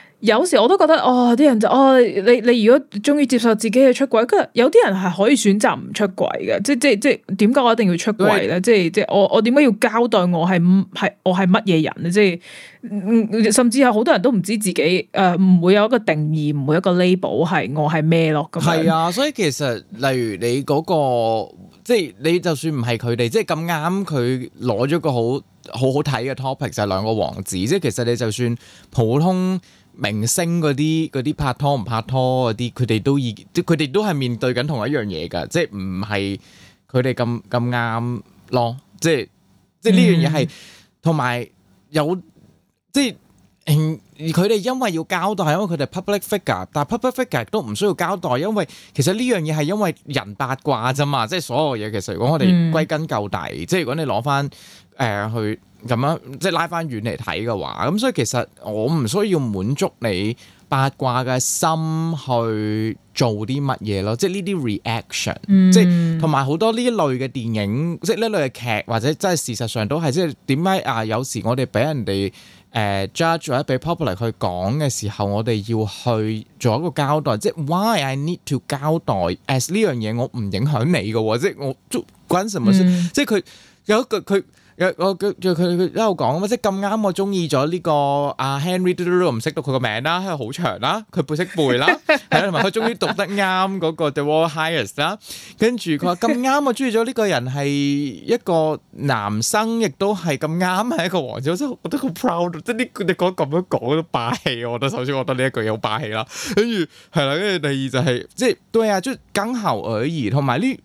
有時我都覺得哦，啲人就哦，你你如果鍾意接受自己嘅出軌，跟住有啲人係可以選擇唔出軌嘅，即即即點解我一定要出軌咧你？即即我我點解要交代我係唔我係乜嘢人咧？即甚至有好多人都唔知自己誒唔會有一個定義，唔會一個 label 係我係咩咯？咁係啊，所以其實例如你嗰個即你就算唔係佢哋，即咁啱佢攞咗個好好好睇嘅 topic 就係兩個王子，即，即其實你就算普通明星嗰啲嗰啲拍拖唔拍拖嗰啲，佢哋都已，即佢哋都係面對緊同一樣嘢噶，即係唔係佢哋咁咁啱咯，即係即係呢樣嘢係同埋有，有即係，佢哋因為要交代，因為佢哋 public figure，但 public figure 都唔需要交代，因為其實呢樣嘢係因為人八卦啫嘛，即係所有嘢其實，如果我哋歸根究底，嗯、即係如果你攞翻，誒去。咁樣即係拉翻遠嚟睇嘅話，咁、嗯、所以其實我唔需要滿足你八卦嘅心去做啲乜嘢咯。即係呢啲 reaction、嗯、即係同埋好多呢類嘅電影，即係呢類嘅劇，或者真係事實上都係即係點解啊？有時我哋俾人哋誒、呃、judge 或者俾 public 去講嘅時候，我哋要去做一個交代，即係 why I need to 交代？As 呢樣嘢我唔影響你嘅，即係我關事咪先？嗯、即係佢有一個佢。佢佢佢喺度講即係咁啱我中意咗呢個阿、啊、Henry 嘟嘟嘟唔識讀佢個名啦，喺度好長啦，佢背識背啦，係啦， 同埋佢終於讀得啱嗰、嗰個 The World Highest 啦、 嗰個，est，跟住佢話咁啱我中意咗呢個人係一個男生，亦都係咁啱係一個王子，我真係覺得好 proud，即係呢你講咁樣講都霸氣，我覺得首先我覺得呢一句有霸氣啦，跟住係啦，跟住第二就係、係、即係對啊，就剛好而已，同埋呢。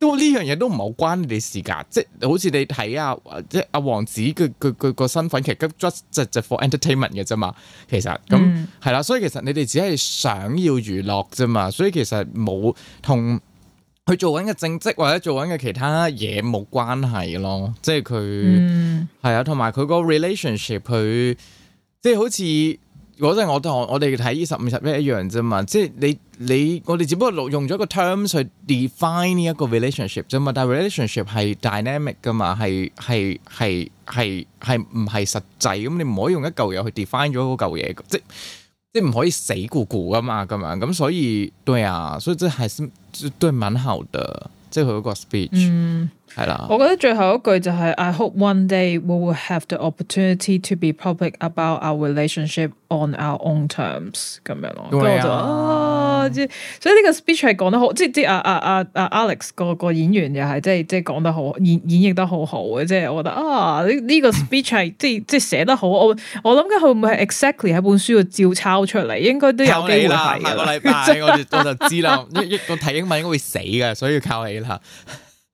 都呢樣嘢都唔係好關你哋事噶，即係好似你睇啊，即係、啊、阿王子佢佢佢個身份其實 just just for entertainment 嘅啫嘛，其實咁係啦，所以其實你哋只係想要娛樂啫嘛，所以其實冇同佢做緊嘅正職或者做緊嘅其他嘢冇關係咯，即係佢係啊，同埋佢、嗯、個 relationship 佢即係好似。嗰陣我同我哋睇呢十五十咧一樣啫嘛，即係你你我哋只不過錄用咗個 terms 去 define 呢一個 relationship 啫嘛，但係 relationship 係 dynamic 噶嘛，係係係係係唔係實際咁，你唔可以用一嚿嘢去 define 咗嗰嚿嘢，即即係唔可以死固固噶嘛，咁樣咁所以對啊，所以即係都係蠻好嘅，即係佢嗰個 speech。嗯。係是啦，我覺得最後一句就係、是、I hope one day we will have the opportunity to be public about our relationship on our own terms 咁樣咯。跟住我就啊，即、啊、所以呢個 speech 係講得好，即係即係啊啊啊啊 Alex 個個演員又係即係即係講得好，演演繹得好好嘅，即係我覺得啊呢呢、呢個 speech 係 即係即係寫得好，我我諗緊佢會唔會係 exactly 喺本書度照抄出嚟？應該都有機會啦。下個禮拜我就知啦，一一個睇英文應該會死嘅，所以要靠你啦。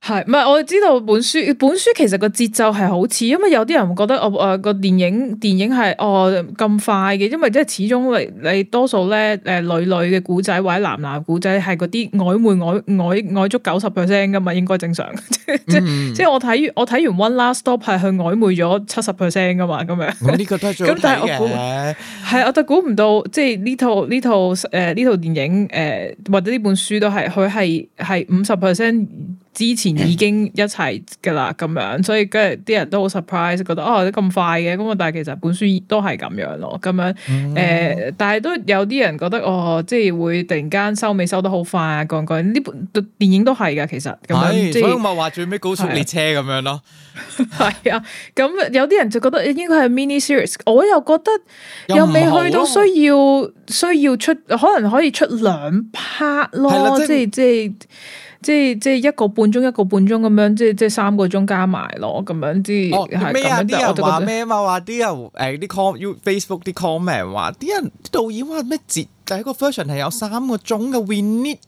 係唔係？我知道本書本書其實個節奏係好似，因為有啲人會覺得我誒個電影電影係哦咁快嘅，因為即係始終你，你多數咧誒女女嘅古仔或者男男古仔係嗰啲曖昧曖曖曖，曖足九十 percent 嘅嘛，應該正常。嗯嗯即即即，即我睇我睇完 One Last Stop 係去曖昧咗七十 percent 噶嘛，咁樣。我呢、嗯、個都係最緊要嘅。係、啊、我就估唔到，即係呢套呢套誒呢套，套電影誒或者呢本書都係佢係係五十 percent。之前已經一齊噶啦，咁樣，所以跟住啲人都好 surprise，覺得哦，你咁快嘅，咁但係其實本書都係咁樣咯，咁樣，誒、嗯呃，但係都有啲人覺得哦，即係會突然間收尾收得好快啊，講講呢本電影都係噶，其實咁樣，是樣所以咪話最尾高速列車咁樣咯？係啊，咁、 啊、有啲人就覺得應該係 mini series，我又覺得又未去到需要需要出，可能可以出兩 part 咯，即係即係。就是 即係即係一個半鐘一個半鐘咁樣，即係即係三個鐘加埋咯，咁樣啲。哦，咩啊？啲覺、啊啊哎、人話咩嘛？話啲人啲 Facebook 啲 comment 話啲人導演話咩？節第一個 version 係有三個鐘嘅、嗯、，we need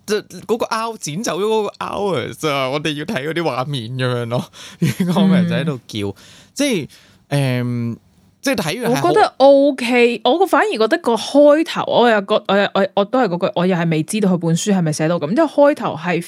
嗰個 out 剪走咗嗰個 hours 啊！我哋要睇嗰啲畫面咁樣咯。啲 comment、 嗯、就喺度叫，即係誒、嗯，即係睇完。我覺得 OK，我個反而覺得個開頭、那個，我又覺，我我我都係嗰句，我又係未知道佢本書係咪寫到咁，因為開頭係。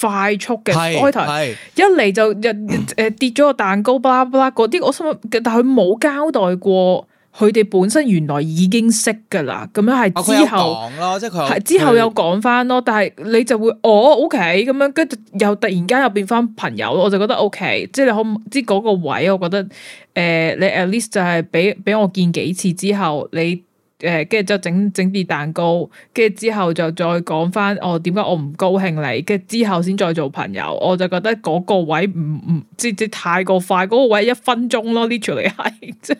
快速嘅開頭始，是一嚟就日誒是、呃、跌咗個蛋糕，巴拉巴拉嗰啲，我心諗但佢冇交代過，佢哋本身原來已經識㗎喇，咁樣係之後咯、哦，即佢係之後又講翻咯，是但係你就會哦，O K 咁樣跟住又突然間又變翻朋友咯，我就覺得 O、okay, K，即係你可唔知嗰個位，我覺得誒、呃、你 at least 就係俾俾我見幾次之後你。誒，跟住就整整啲蛋糕，跟住之後就再講翻、哦、我點解我唔高興你，跟住之後先再做朋友，我就覺得嗰個位唔唔即即太過快，嗰、那個位一分鐘咯 literally 係，誒、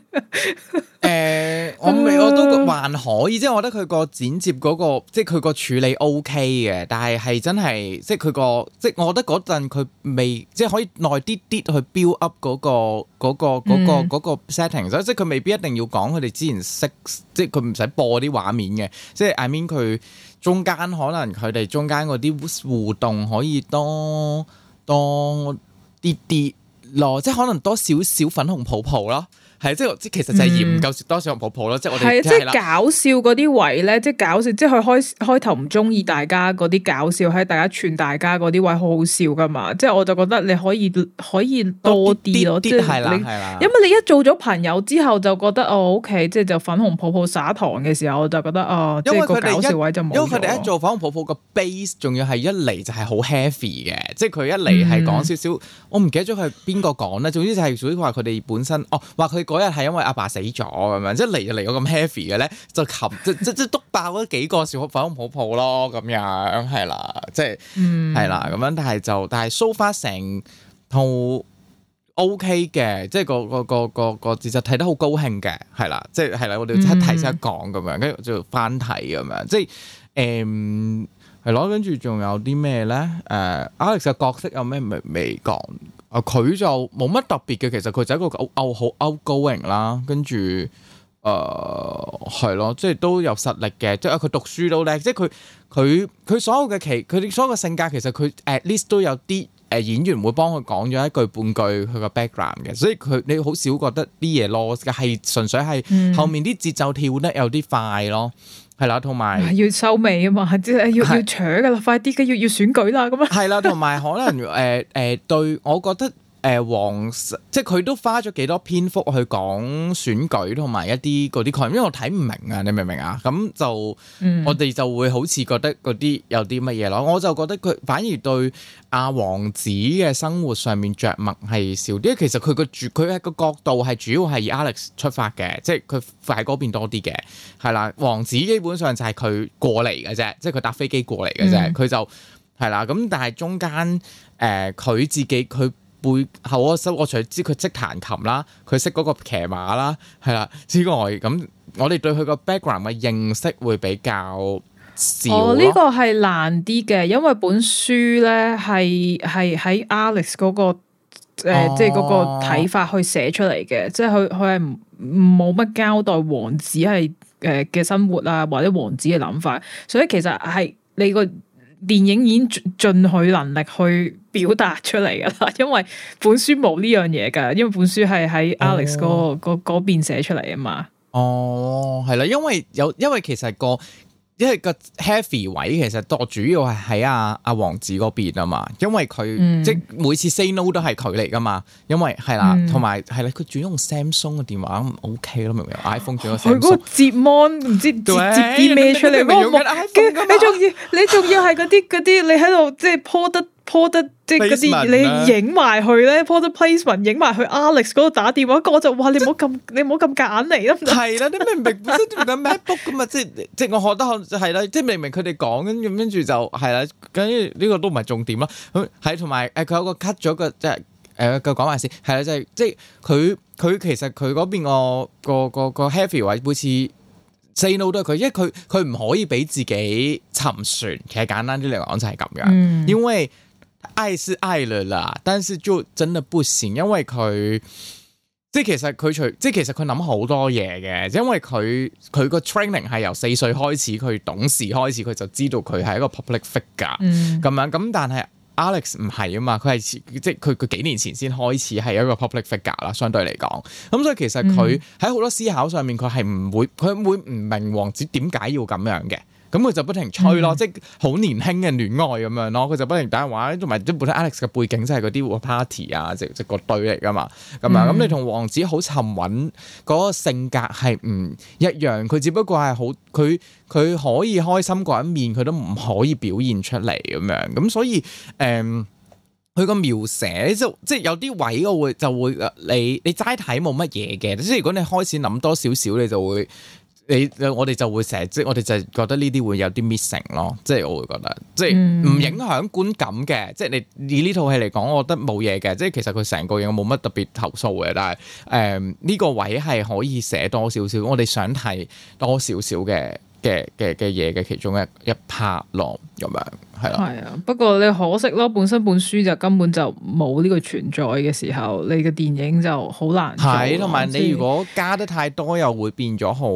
呃，我未我都還可以，即係、呃、我覺得佢個剪接嗰、那個，即係佢個處理 O K 嘅，但係係真係，即係佢個，即係我覺得嗰陣佢未，即係可以耐啲啲去 build up 嗰、那個嗰、嗯那個嗰、那個嗰、那個 setting，所以即係佢未必一定要講佢哋之前識，即係佢。唔使播啲畫面嘅，即係 I mean 佢中間可能佢哋中間嗰啲互動可以多多啲啲咯，即係可能多少少粉紅泡泡咯。係即即其實就係嫌唔夠多小朋抱抱咯。即我我係即係搞笑嗰啲位咧，即係搞笑，即係開開頭唔中意大家嗰啲搞笑，喺大家串大家嗰啲位好好笑噶嘛。即係我就覺得你可以可以多啲咯。哦、即係你，因為你一做咗朋友之後，就覺得哦，OK，即係就粉紅泡泡撒糖嘅時候，我就覺得啊，因為佢搞笑位就冇。因為佢哋一做粉紅泡泡個 base，仲要係一嚟就係好 heavy 嘅，即係佢一嚟係講少少，嗯、我唔記得咗佢係邊個講咧。總之就係總之話佢哋本身哦，話佢。嗰日係因為阿爸，爸死咗咁樣，即係嚟就嚟到咁 happy 嘅咧，就琴，即即即篤爆咗幾個小粉紅堡鋪咯，咁樣係啦，即係係、嗯、啦咁樣，但係就但係 so far 成套 OK 嘅，即係個個個個字就睇得好高興嘅，係啦，即係係啦，我哋即刻提醒一講咁樣、嗯嗯，跟住就翻睇咁樣，即係誒係咯，跟住仲有啲咩咧？誒 Alex 嘅角色有咩未未講？啊！佢就冇乜特別嘅，其實佢就一個 out 好 outgoing 啦，跟住誒係咯，即係都有實力嘅，即係佢讀書都叻，即係佢佢佢所有嘅其佢哋所有嘅性格，其實佢 at least 都有啲誒、呃、演員會幫佢講咗一句半句佢個 background 嘅，所以佢你好少覺得啲嘢 lost 係純粹係後面啲節奏跳得有啲快咯。嗯嗯。係啦，同埋、嗯、要收尾啊嘛，即係要的要搶噶啦，的快啲嘅要要選舉啦咁樣！係啦，同埋可能誒誒、 呃呃，對我覺得。誒、呃、王即係佢都花咗幾多篇幅去講選舉同埋一啲嗰啲概念，因為我睇唔明啊，你明唔明啊？咁就、嗯、我哋就會好似覺得嗰啲有啲乜嘢咯。我就覺得佢反而對阿王子嘅生活上面着墨係少啲。因為其實佢個主佢個角度係主要係以 Alex 出發嘅，即係佢快嗰邊多啲嘅，係啦。王子基本上就係佢過嚟嘅啫，即係佢搭飛機過嚟嘅啫。佢、嗯、就係啦。咁但係中間誒佢、呃、自己佢。背後我所我除知佢識彈琴啦，佢識嗰個騎馬啦，係啦之外，咁我哋對佢個 background 嘅認識會比較少。哦、呢、這個係難啲嘅，因為本書咧係係喺 Alex 嗰、那個誒、即、呃、係、就是、個睇法去寫出嚟嘅。哦、即係佢佢係冇乜交代王子係誒嘅生活啊，或者王子嘅諗法，所以其實係你、那個。電影已經盡佢能力去表達出嚟噶啦，因為本書冇呢樣嘢噶，因為本書係喺 Alex 嗰個嗰邊寫出嚟啊嘛。哦，係啦，因為有，因為其實個。因為個 heavy 位其實多主要係喺阿阿王子嗰邊啊嘛，因為佢、嗯、即係每次 say no 都係佢嚟噶嘛，因為係啦，同埋係啦，佢轉、嗯、用 Samsung 嘅電話 O K 咯，明唔明？iPhone 轉咗 Samsung 個折芒唔知折啲咩出嚟，你仲要你仲要係嗰啲嗰啲，你喺度 即係 po 得。 po 得即係嗰啲你影埋去咧，po 得 placement 影埋去 Alex 嗰度打電話，個即我就話你唔好咁你唔好咁夾硬嚟咯，係啦、嗯， 你明唔明？本身用緊 MacBook 噶嘛，即係即係我學得學就係啦，即係明明佢哋講，跟住跟住就係啦，咁呢個都唔係重點啦。咁係同埋誒，佢有個 cut 咗個即係誒個講話先。係啦，即係即係佢佢其實佢嗰邊個那邊、那個個個 heavy 位每次 say no 都係佢，no、him, 因為佢佢唔可以俾自己沉船，其實簡單啲嚟講就係咁樣，因為。愛是愛了啦，但是就真的不行，因為佢即係其實佢除即係其實佢諗好多嘢嘅，因為佢佢個 training 係由四歲開始，佢懂事開始，佢就知道佢係一個 public figure 咁樣。咁但係 Alex 唔係啊嘛，佢係即係佢佢幾年前先開始係一個 public figure 啦，相對嚟講。咁所以其實佢喺好多思考上面，佢係唔會佢會唔明王子點解要咁樣嘅。咁佢就不停吹咯，嗯、即係好年輕嘅戀愛咁樣咯。佢就不停打電話，同埋即係本身 Alex 嘅背景即係嗰啲 party 啊，即即個堆嚟噶嘛，咁啊。咁你同王子好沉穩嗰、嗰個性格係唔一樣，佢只不過係好佢佢可以開心嗰一面，佢都唔可以表現出嚟咁樣。咁所以誒，佢、嗯、個描寫就即、係、係、就係、有啲位我會就會你你齋睇冇乜嘢嘅，即係如果你開始諗多少少，你就會。你我哋就會成日即，我哋就覺得呢啲會有啲 missing 咯，即係我會覺得即係唔影響觀感嘅。嗯、即係你以呢套戲嚟講，我覺得冇嘢嘅。即係其實佢成個嘢冇乜特別投訴嘅。但係誒呢個位係可以寫多少少，我哋想睇多少少嘅。嘅嘅嘅嘢嘅其中一一 part 咁樣係咯，係啊。不過你可惜咯，本身本書就根本就冇呢個存在嘅時候，你嘅電影就好難睇。同埋你如果加得太多，嗯、又會變咗好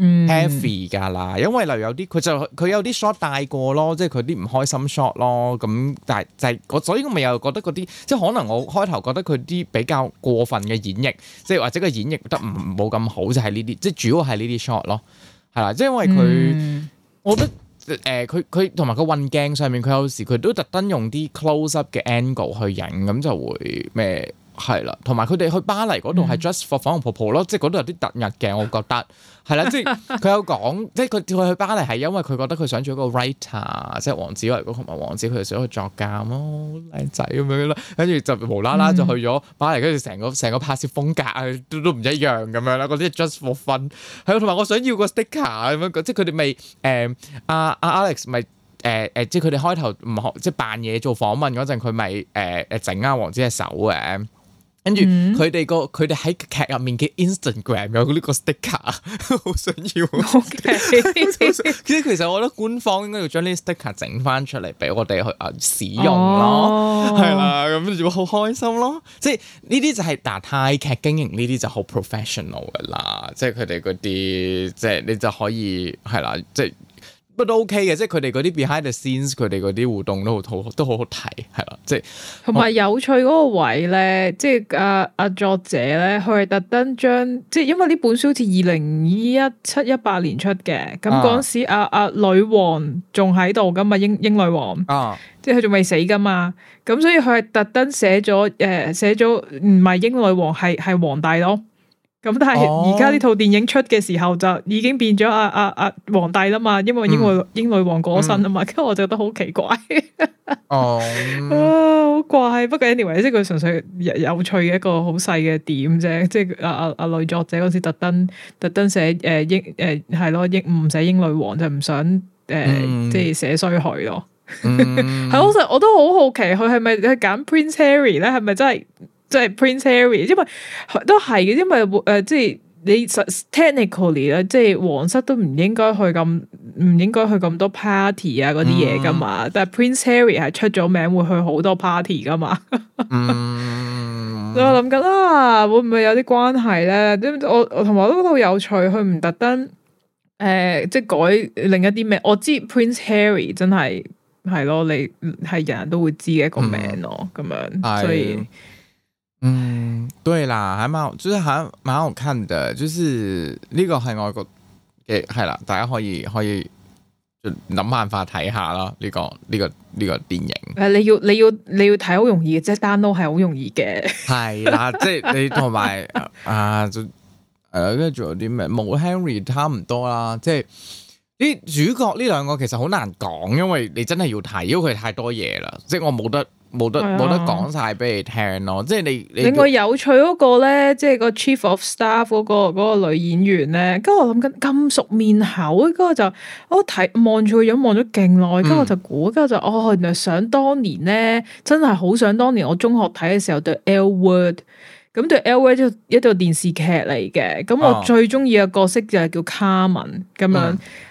heavy 㗎喇。因為例如有啲佢就佢有啲 shot 大過咯，即係佢啲唔開心 shot 咯。咁但係就係，我所以我咪又覺得嗰啲即係可能我開頭覺得佢啲比較過分嘅演繹，即係或者佢演繹得唔冇咁好，就係呢啲即係主要係呢啲 shot 咯。係啦，即係因為佢，嗯、我覺得誒，佢佢同埋個運鏡上面，佢有時佢都特登用啲 close up 嘅 angle 去影，咁就會咩？係啦，同埋佢哋去巴黎嗰度係 just for 訪婆婆咯，即係嗰度有啲突兀嘅，我覺得係啦。即係佢有講，即係佢佢去巴黎係因為佢覺得佢想做一個 writer，即係王子維同埋王子佢想去作家咁，好靚仔咁樣啦。跟住就無啦啦就去咗巴黎，跟住成個成個拍攝風格、啊、都都唔一樣咁樣啦。嗰啲 just for fun，係咯，同埋我想要個 sticker 咁樣，即係佢哋咪誒阿阿 Alex 咪誒誒，即係佢哋開頭唔學即係扮嘢做訪問嗰陣，佢咪誒誒整阿王子隻手嘅。跟住佢哋個佢哋喺劇入面嘅 Instagram 有呢個 sticker，好 想要。即係 Okay. 其實我覺得官方應該要將呢啲 sticker 整翻出嚟俾我哋去啊使用咯。係啦咁，如果好開心咯。即係呢啲就係，但係泰劇經營呢啲就好 professional 噶啦，即係佢哋嗰啲，即係你就可以係啦，即係。不過都 OK 嘅，即係佢哋嗰啲 behind the scenes，佢哋嗰啲互動都好，都好都好好睇，係啦，即係同埋有趣嗰個位咧，即係阿阿作者咧，佢係特登將，即係因為呢本書好似二零二一七一八年出嘅，咁嗰時阿、啊、阿、啊、女王仲喺度噶嘛，英英女王，啊，即係佢仲未死噶嘛，咁所以佢係特登寫咗，誒、呃，寫咗唔係英女王，係係皇帝咯。咁但係而家呢套電影出嘅時候就已經變咗阿阿阿皇帝啦嘛，因為英女英女王過身啦嘛，跟住我就覺得好奇怪哦，好怪，不過 Anyway 即係佢純粹有趣嘅一個好細嘅點啫，即係阿阿阿女作者嗰時特登特登寫誒英誒係咯英唔寫英女王就唔想誒即係寫衰佢咯，係好實我都好好奇佢係咪去揀 Prince Harry 咧，係咪真係？即係 Prince Harry，因為都係嘅，因為誒即係你，technically 咧，即係皇室都唔應該去咁唔應該去咁多 party 啊嗰啲嘢㗎嘛。嗯、但係 Prince Harry 係出咗名，會去好多 party 㗎嘛。 嗯， 我諗緊啊，會唔會有啲關係咧？我我同埋都好有趣，佢唔特登誒、呃、即係改另一啲咩？我知 Prince Harry 真係係咯，你係人人都會知嘅一、嗯、個名咯，咁樣所以。嗯，對啦，還蠻，就是還蠻好看的，就是呢個係外國嘅誒係啦，大家可以可以諗辦法睇下啦，呢、這個呢、這個呢、這個電影。誒，你要你要你要睇好容易嘅、就是， 即係 download 係好容易嘅。係、啊、啦、啊，即係你同埋啊，誒，跟住仲有啲咩冇 Henry 差唔多啦，即係呢主角呢兩個其實好難講，因為你真係要睇，因為佢太多嘢啦，即係我冇得。冇得冇、啊、得講晒俾你聽咯，即係你。你另外有趣嗰，那個咧，即、就、係、是、個 Chief of Staff 嗰，那個、那個女演員咧，跟住我諗緊咁熟面口，跟住就我睇望住佢樣望咗勁耐，跟住我就估，跟住就、嗯、我就哦，原來想當年咧，真係好想當年我中學睇嘅時候對 L Word 咁對 L Word 就一道電視劇嚟嘅，咁我最中意嘅角色就係叫卡文咁樣，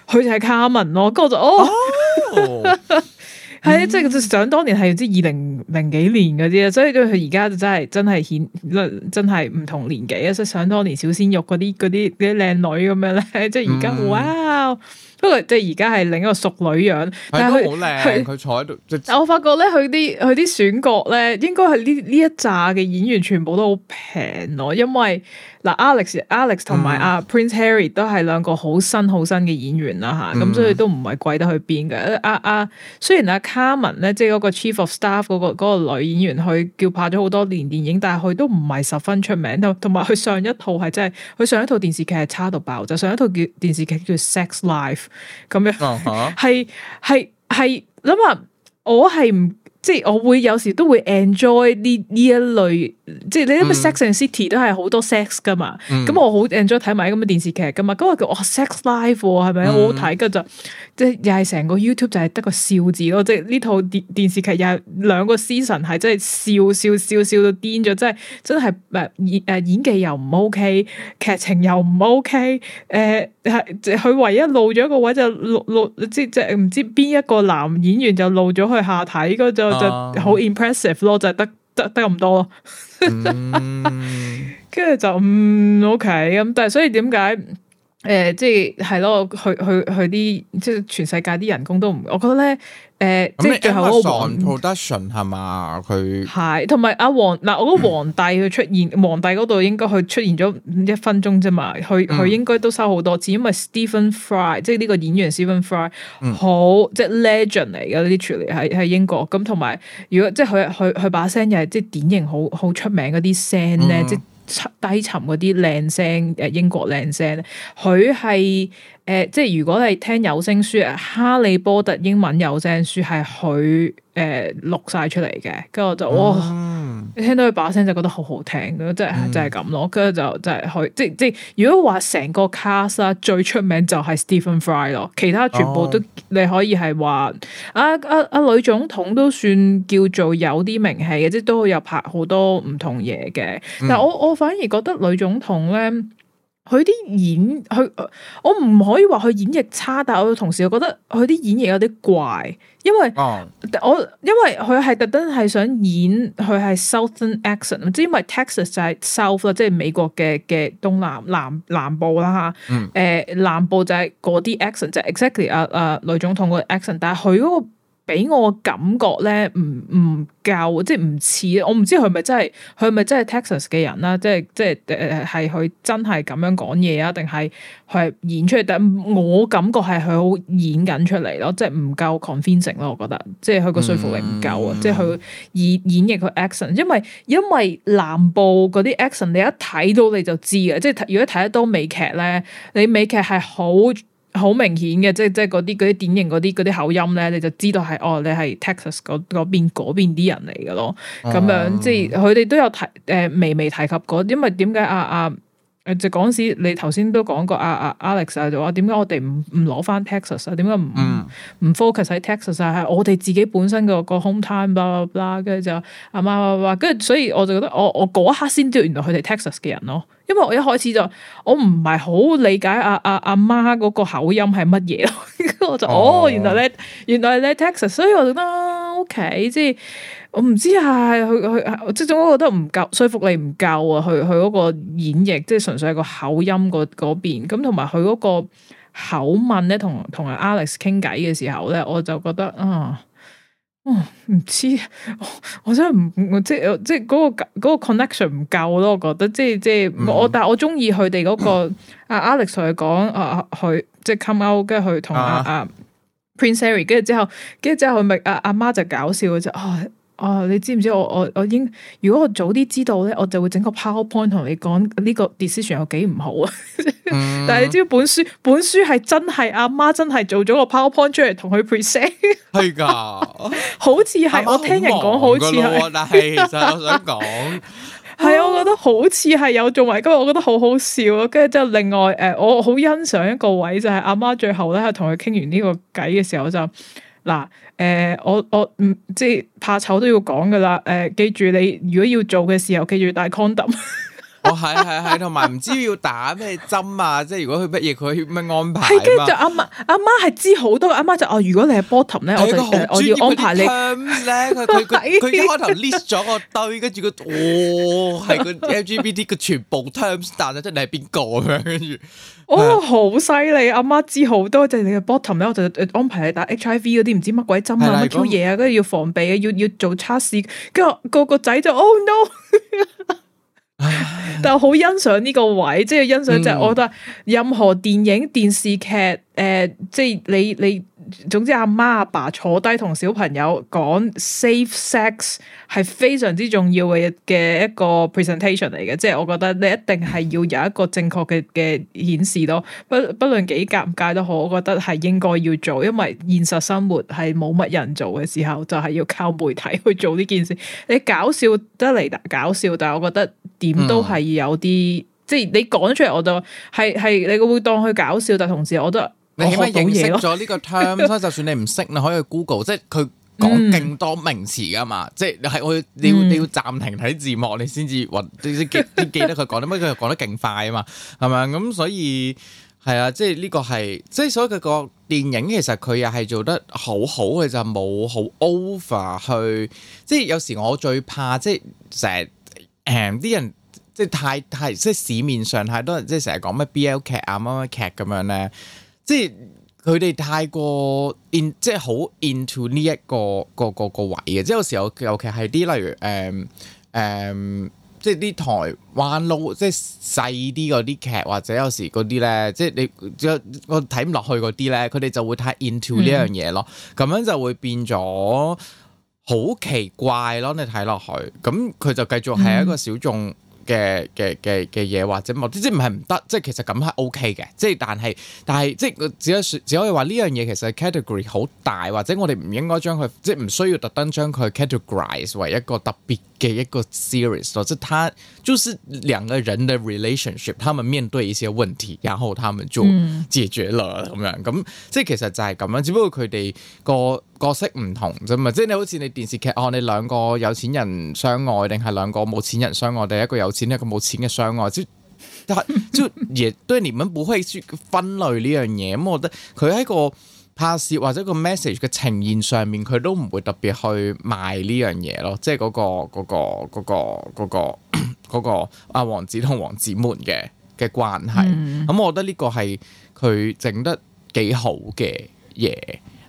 佢、嗯、就係卡文咯，跟住就哦。哦 係，即係想當年係啲二零零幾年嗰啲，所以佢而家就真係真係顯，真係唔同年紀。即係想當年小鮮肉嗰啲嗰啲啲靚女咁樣咧，即係而家，哇！ 嗯 嗯不過即係而家係另一個熟女樣，但係佢都好靚。佢坐喺度，但我發覺咧，佢啲佢啲選角咧，應該係呢呢一紮嘅 演員全部都好平咯。因為嗱 Alex、啊、Alex 同埋阿、啊、Prince Harry 都係兩個好新好新嘅演員啦嚇，咁、嗯啊嗯、所以都唔係貴得去邊嘅。阿、啊、阿、啊、雖然阿、啊、Carmen 咧，即係嗰個 Chief of Staff 嗰、嗰個嗰個女演員，佢叫拍咗好多年電影，但係佢都唔係十分出名。同埋佢上一套係真係佢上一套電視劇係差到爆，就上一套叫電視劇叫 Sex Life。咁樣，係係係諗下，我係唔即係，我會有時都會 enjoy 呢呢一類。即係你啲《Sex and City》都係好多 sex 噶嘛，咁、嗯、我好 enjoy 睇埋啲咁嘅電視劇噶嘛，咁我叫我《Sex Life、哦》係咪好好睇噶就即係又係成個 YouTube 就係得個笑字咯，即係呢套電電視劇又係兩個 season 係真係笑笑笑笑到癲咗，真係真係誒演技又唔 OK，劇情又唔 OK，誒係佢唯一露咗一個位就露露即係即唔知邊一個男演員就露咗佢下體嗰就就好 impressive 咯，就係得、嗯。得得咁多、 嗯，咯， 跟住就嗯 OK 咁，但係所以點解？誒、呃，即係咯，去去去啲，即係全世界啲人工都唔，我覺得咧，誒、呃，即係那麼 最後阿王 production 係嘛，佢係同埋阿王嗱、啊，我覺得皇帝佢出現，嗯、皇帝嗰度應該佢出現咗一分鐘啫嘛，佢佢應該都收好多錢，因為 Stephen Fry，即係呢個演員 Stephen Fry 好、嗯、即係 legend 嚟嘅，呢啲處理，喺係英國咁，同埋如果即係佢佢佢把聲又係即係典型好好出名嗰啲聲咧，即、嗯低沉嗰啲靚聲誒，英國靚聲咧，佢係誒，即係如果你聽有聲書啊，《哈利波特》英文有聲書係佢誒錄晒出嚟嘅，跟住我就哇！哦你聽到佢把聲就覺得好好聽咯，即係即係咁咯，跟住、嗯、就就係去，即即如果話成個 cast 最出名就係 Stephen Fry 咯，其他全部都你可以係話、哦、啊啊啊女總統都算叫做有啲名氣嘅，即係都會有拍好多唔同嘢嘅，嗯、但係我我反而覺得女總統咧。佢啲演，佢我唔可以話佢演繹差，但係我同時又覺得佢啲演繹有啲怪，因為、哦、我因為佢係特登係想演，佢係 Southern accent，唔知唔係 Texas 就係 South 啦，即係美國嘅嘅東南南南部啦吓，誒、嗯呃、南部就係啲 accent，即係 Exactly 啊啊女總統嘅 accent，但係佢、嗰個。俾我感覺咧，唔唔夠，即係唔似。我唔知佢係咪真係，佢係咪真係 Texas 嘅人啦？即係即係，誒、呃、誒，係佢真係咁樣講嘢啊？定係係演出嚟？但我感覺係佢好演緊出嚟咯，即係唔夠 convincing 咯。我覺得，即係佢個說服力唔夠啊！Mm hmm. 即係佢演演繹佢 accent，因為因為南部嗰啲 accent，你一睇到你就知嘅。即係如果睇得多美劇咧，你美劇係好。好明顯嘅，即即係嗰啲啲典型嗰啲啲口音咧，你就知道係哦，你係 Texas 嗰嗰邊啲人嚟嘅咯。咁樣即係佢哋都有提誒、呃、微微提及過，因為點解啊啊？啊。誒，就陣時你，你頭先都講過阿阿 Alex 啊，就話點解我哋唔唔攞翻 Texas 啊？點解唔唔 focus 喺 Texas 啊？係我哋自己本身個 home time，啦。跟住就阿媽，跟住所以我就覺得我，我我嗰一刻先知，原來佢哋 Texas 嘅人咯。因為我一開始就我唔係好理解阿阿阿媽嗰個口音係乜嘢，跟住我就哦，哦，原來咧，原來咧 Texas，所以我就覺得、啊、OK，即係。我唔知啊，佢佢即係總覺得唔夠說服力，唔夠啊！佢佢嗰個演繹即係純粹係個口音嗰嗰邊咁，同埋佢嗰個口吻咧，同同阿 Alex 傾偈嘅時候咧，我就覺得啊，哇、嗯、唔、哦、知我，我真係唔即係即係嗰、嗰個、嗰個 connection 唔夠咯，我覺得即係即係我但係我中意佢哋嗰個阿 Alex 佢講啊，佢、呃、即係 come out，跟住佢同阿阿 Prince Harry 跟住之後跟住之後佢咪阿阿媽就搞笑嘅啫，啊啊啊啊！你知唔知我我我已經，如果我早啲知道咧，我就會整個 PowerPoint 同你講呢個 decision 有幾唔好啊！嗯、但係你知道本書本書係真係阿媽真係做咗個 PowerPoint 出嚟同佢 present，係噶的， 好似係是我聽人講好似係。但係其實我想講，係、 啊、我覺得好似係有做埋，跟住我覺得好好笑啊！跟住之後另外誒、呃，我好欣賞一個位就係阿媽最後咧，同佢傾完呢個偈嘅時候就。我嗱，誒、呃，我我唔、嗯、即係怕醜都要講㗎喇，誒、呃，記住你如果要做嘅時候，記住要戴 condom。 我係係係，同埋唔知要打咩針啊！即係如果佢乜嘢，佢乜安排？跟住阿媽阿媽係知好多，阿媽就哦，如果你係 bottom 咧，我就個好專業嗰啲 terms 咧，佢佢佢一開頭 list 咗個堆，跟住佢哦，係個 LGBT 嘅全部 terms，但係即係你係邊個咁樣跟住？哦，好犀利！阿媽知好多，就你係 bottom 咧，我就安排你打 HIV 嗰啲唔知乜鬼針啊，乜嘢啊，跟住要防備，要要做測試。跟住個個仔就哦 no！ 但係好欣賞呢個位，即係欣賞就係，我覺得任何電影、電視劇，誒、呃，即係你你。你總之阿媽阿爸坐低同小朋友講 safe sex 係非常之重要嘅嘅一個 presentation 嚟嘅，即係我覺得你一定係要有一個正確嘅嘅顯示咯。不不論幾尷尬都好，我覺得係應該要做，因為現實生活係冇乜人做嘅時候，就係要靠媒體去做呢件事。你搞笑得嚟搞笑，但係我覺得點都係有啲，嗯、即係你講出嚟我都係係你會當佢搞笑，但同時我都。你點解認識咗呢個 term，所以就算你唔識，你可以 Google，即係佢講勁多名詞噶嘛。嗯、即係你係我要你要你要暫停睇字幕，你先至記得佢講啲乜。佢又 講得勁快啊嘛，係咪？咁所以係啊，即係呢個係即係所以佢個電影其實佢又係做得好好嘅，就冇好 over 去。即係有時我最怕即係成日誒啲人即係太太即係市面上太多人即係成日講咩 BL 劇啊乜乜劇咁樣咧。即係佢哋太過 in，即係好 into 呢、這、一個個個個位嘅。即係有時候尤其係啲例如誒誒、嗯嗯，即係啲台灣 low 即係細啲嗰啲劇或者有時嗰啲咧，即係你即我睇唔落去嗰啲咧，佢哋就會太 into 呢樣嘢咯。咁、嗯、樣就會變咗好奇怪咯。你睇落去，咁佢就繼續係一個小眾。嗯嘅嘅嘅嘅嘢或者某啲即唔係唔得，即係其實咁係 O K 嘅，即係但係但係即係只可以說只可以話呢樣嘢其實係 category 好大，或者我哋唔應該將佢即係唔需要特登將佢 categorize 為一個特別。嘅一個 series 咯，即係他，就是兩個人嘅 relationship，他們面對一些問題，然後他們就解決了，咁、嗯、樣咁，即係其實就係咁樣，只不過佢哋個角色唔同啫嘛，即係你好似你電視劇，哦，你兩個有錢人相愛，定係兩個冇錢人相愛，定係一個有錢一個冇錢嘅相愛，即係就亦都係連唔會去分類呢樣嘢，咁我覺得佢喺個。拍攝或者個 message 嘅呈現上面，佢都唔會特別去賣呢樣嘢咯，即係嗰、嗰個嗰、嗰個嗰、嗰個嗰、嗰個阿、嗰個、王子同王子們嘅嘅關係。咁、嗯嗯、我覺得呢個係佢整得幾好嘅嘢，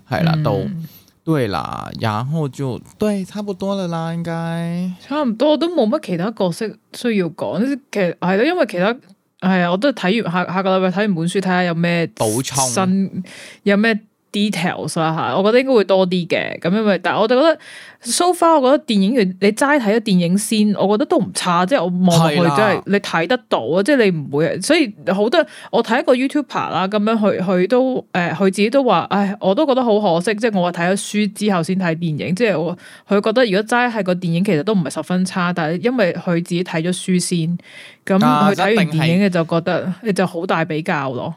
係啦，都都、嗯、對啦。然後就對，差唔多啦啦，應該差唔多我都冇乜其他角色需要講。其實係咯，因為其他係啊，我都睇完下下個禮拜睇完本書，睇下有咩補充，冲有咩？details 啦嚇，ail, 我覺得應該會多啲嘅，咁樣，但係我就覺得 so far，我覺得電影院你齋睇咗電影先，我覺得都唔差，即係我望落去，即係你睇得到啊，即係你唔會。所以好多我睇一個 YouTuber 啦，咁樣佢佢都誒，佢、呃、自己都話，唉，我都覺得好可惜，即係我睇咗書之後先睇電影，即係我佢覺得如果齋係個電影，其實都唔係十分差，但係因為佢自己睇咗書先，咁佢睇完電影嘅就覺得你就好大比較咯。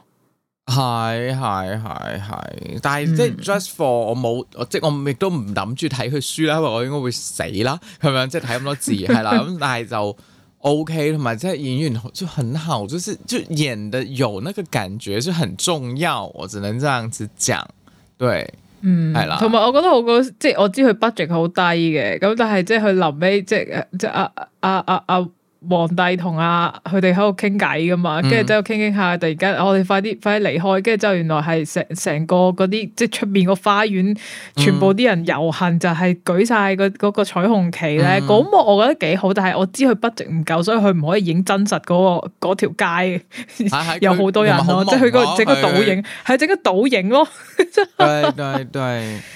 係係係係，但係即係 just for 我冇，即係我亦都唔諗住睇佢書啦，因為我應該會死啦，係咪即係睇咁多字，係啦， 咁但係就 O K 同埋即係演員就很好，就是就演得有那個感覺就很重要，我只能這樣子講。對，嗯，係啦的。同埋我覺得我個即係我知佢 budget 好低嘅，咁但係即係佢臨尾即係即係阿阿阿阿。啊啊啊啊皇帝同阿佢哋喺度傾偈噶嘛，跟住喺度傾傾下，突然間我哋快啲快啲離開，跟住就原來係成成個嗰啲即係出邊個花園，嗯、全部啲人遊行就係、係、舉晒、嗰個嗰個彩虹旗咧。嗰、嗯、幕我覺得幾好，但係我知佢 budget 唔夠，所以佢唔可以影真實嗰、嗰個嗰條、嗰個、街嘅， 有好多人咯，啊、即係佢個整個倒影係對整個倒影咯。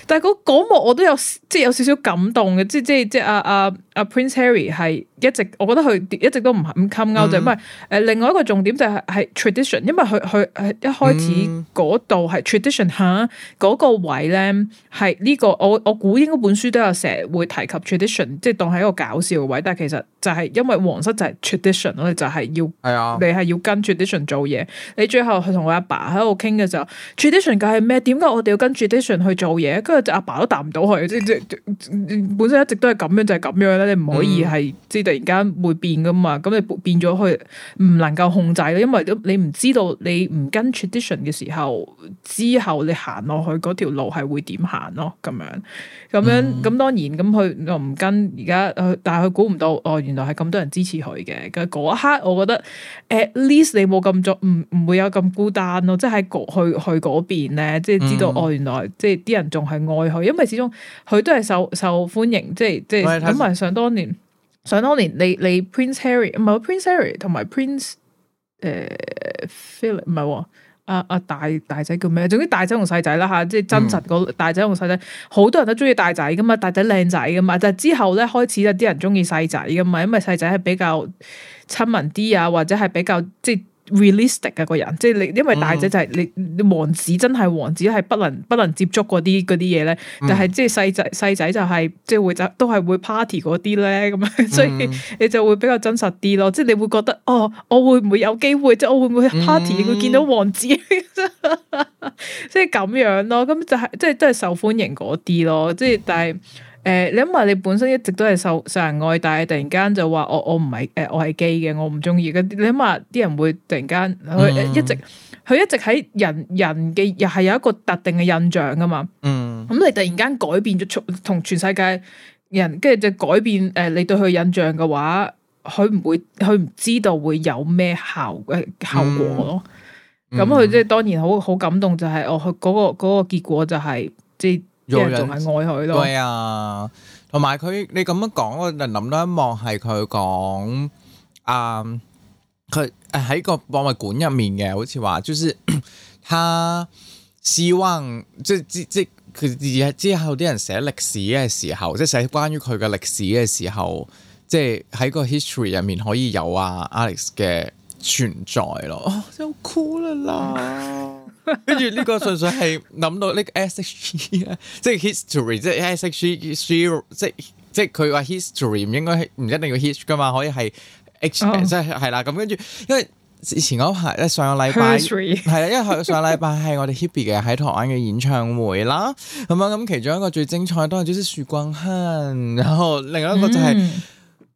但係嗰幕我都有即係有少少感動嘅，即係即係即係阿阿阿 Prince Harry 係一直我覺得佢。一直都唔唔襟拗就唔係，誒、呃、另外一個重點就係、是、係 tradition，因為佢佢一開始嗰度係 tradition 吓、嗯，嗰、那個位咧係呢、這個我我估應該本書都有成日會提及 tradition，即係當係一個搞笑嘅位，但係其實。就係因為皇室就係 tradition，我哋就係要，哎、呦你係要跟 tradition 做嘢。你最後佢同我阿爸喺度傾嘅時候，tradition 就係咩？點解我哋要跟 tradition 去做嘢？跟住阿爸都答唔到佢，即係即本身一直都係咁樣就係、是、咁樣咧，你唔可以係即突然間會變噶嘛？咁、嗯、你變咗去唔能夠控制，因為你唔知道你唔跟 tradition 嘅時候之後你行落去嗰條路係會點行咯？咁樣咁樣咁、嗯、當然咁佢又唔跟而家，但係佢估唔到哦。原來係咁多人支持佢嘅，咁嗰一刻我覺得，at least 你冇咁做，唔唔會有咁孤單咯、哦。即係喺嗰去去嗰邊咧，即係知道哦，原來、嗯、即係啲人仲係愛佢，因為始終佢都係受受歡迎，即係即係咁。唔係想當年，想當年你你 Prince Harry, Prince Harry 唔係 Prince Harry，、呃、同埋 Prince 誒 Philip 唔係喎。啊啊！大大仔叫咩？總之大仔同細仔啦吓、啊，即係真實個大仔同細仔，好、嗯、多人都中意大仔噶嘛，大仔靚仔噶嘛，就係之後咧開始有啲人中意細仔噶嘛，因為細仔係比較親民啲啊，或者係比較即係。realistic 啊個人，istic，即係你，因為大仔就係你、嗯、王子真係王子係不能不能接觸嗰啲嗰啲嘢咧，嗯、但係、就是、即係細仔細仔就係即係會就都係會 party 嗰啲咧咁樣， 所以你就會比較真實啲咯，即係你會覺得哦，我會唔會有機會即係我會唔會 party、嗯、會見到王子， 即係咁樣咯，咁就係、是、即係都係受歡迎嗰啲咯，即係但係。誒、呃，你諗下，你本身一直都係受受人愛戴，突然間就話我我唔係誒，我係 gay 嘅，我唔中意。咁你諗下，啲人會突然間佢、嗯、一直佢一直喺人人嘅又係有一個特定嘅印象噶嘛？嗯，咁你突然間改變咗全同全世界人，跟住就改變誒，你對佢印象嘅話，佢唔會佢唔知道會有咩效誒效果咯。咁佢即係當然好好感動、就是，就係我佢嗰個嗰、嗰個嗰個結果就係、是、即仲係愛佢咯，同埋佢你咁樣講，我就諗到一幕係佢講啊，佢喺個博物館入面嘅，好似話就是 他希望即係即即而係之後啲人寫歷史嘅時候，即係寫關於佢嘅歷史嘅時候，即係喺個 history 入面可以有啊 Alex 嘅存在咯，哦要哭了啦～ 跟住呢個純粹係諗到呢個 S H G 啦，即係 history，即係 S H G，即係即係佢話 history 應該係唔一定要 history 噶嘛，可以係即係係啦咁。跟住、oh. 因為以前嗰排上個禮拜係啦， 因為上個禮拜係我哋 hippie 嘅喺台灣嘅演唱會啦，咁啊咁其中一個最精彩當然就是徐光香，然後另外一個就係。嗯嗯嗯嗯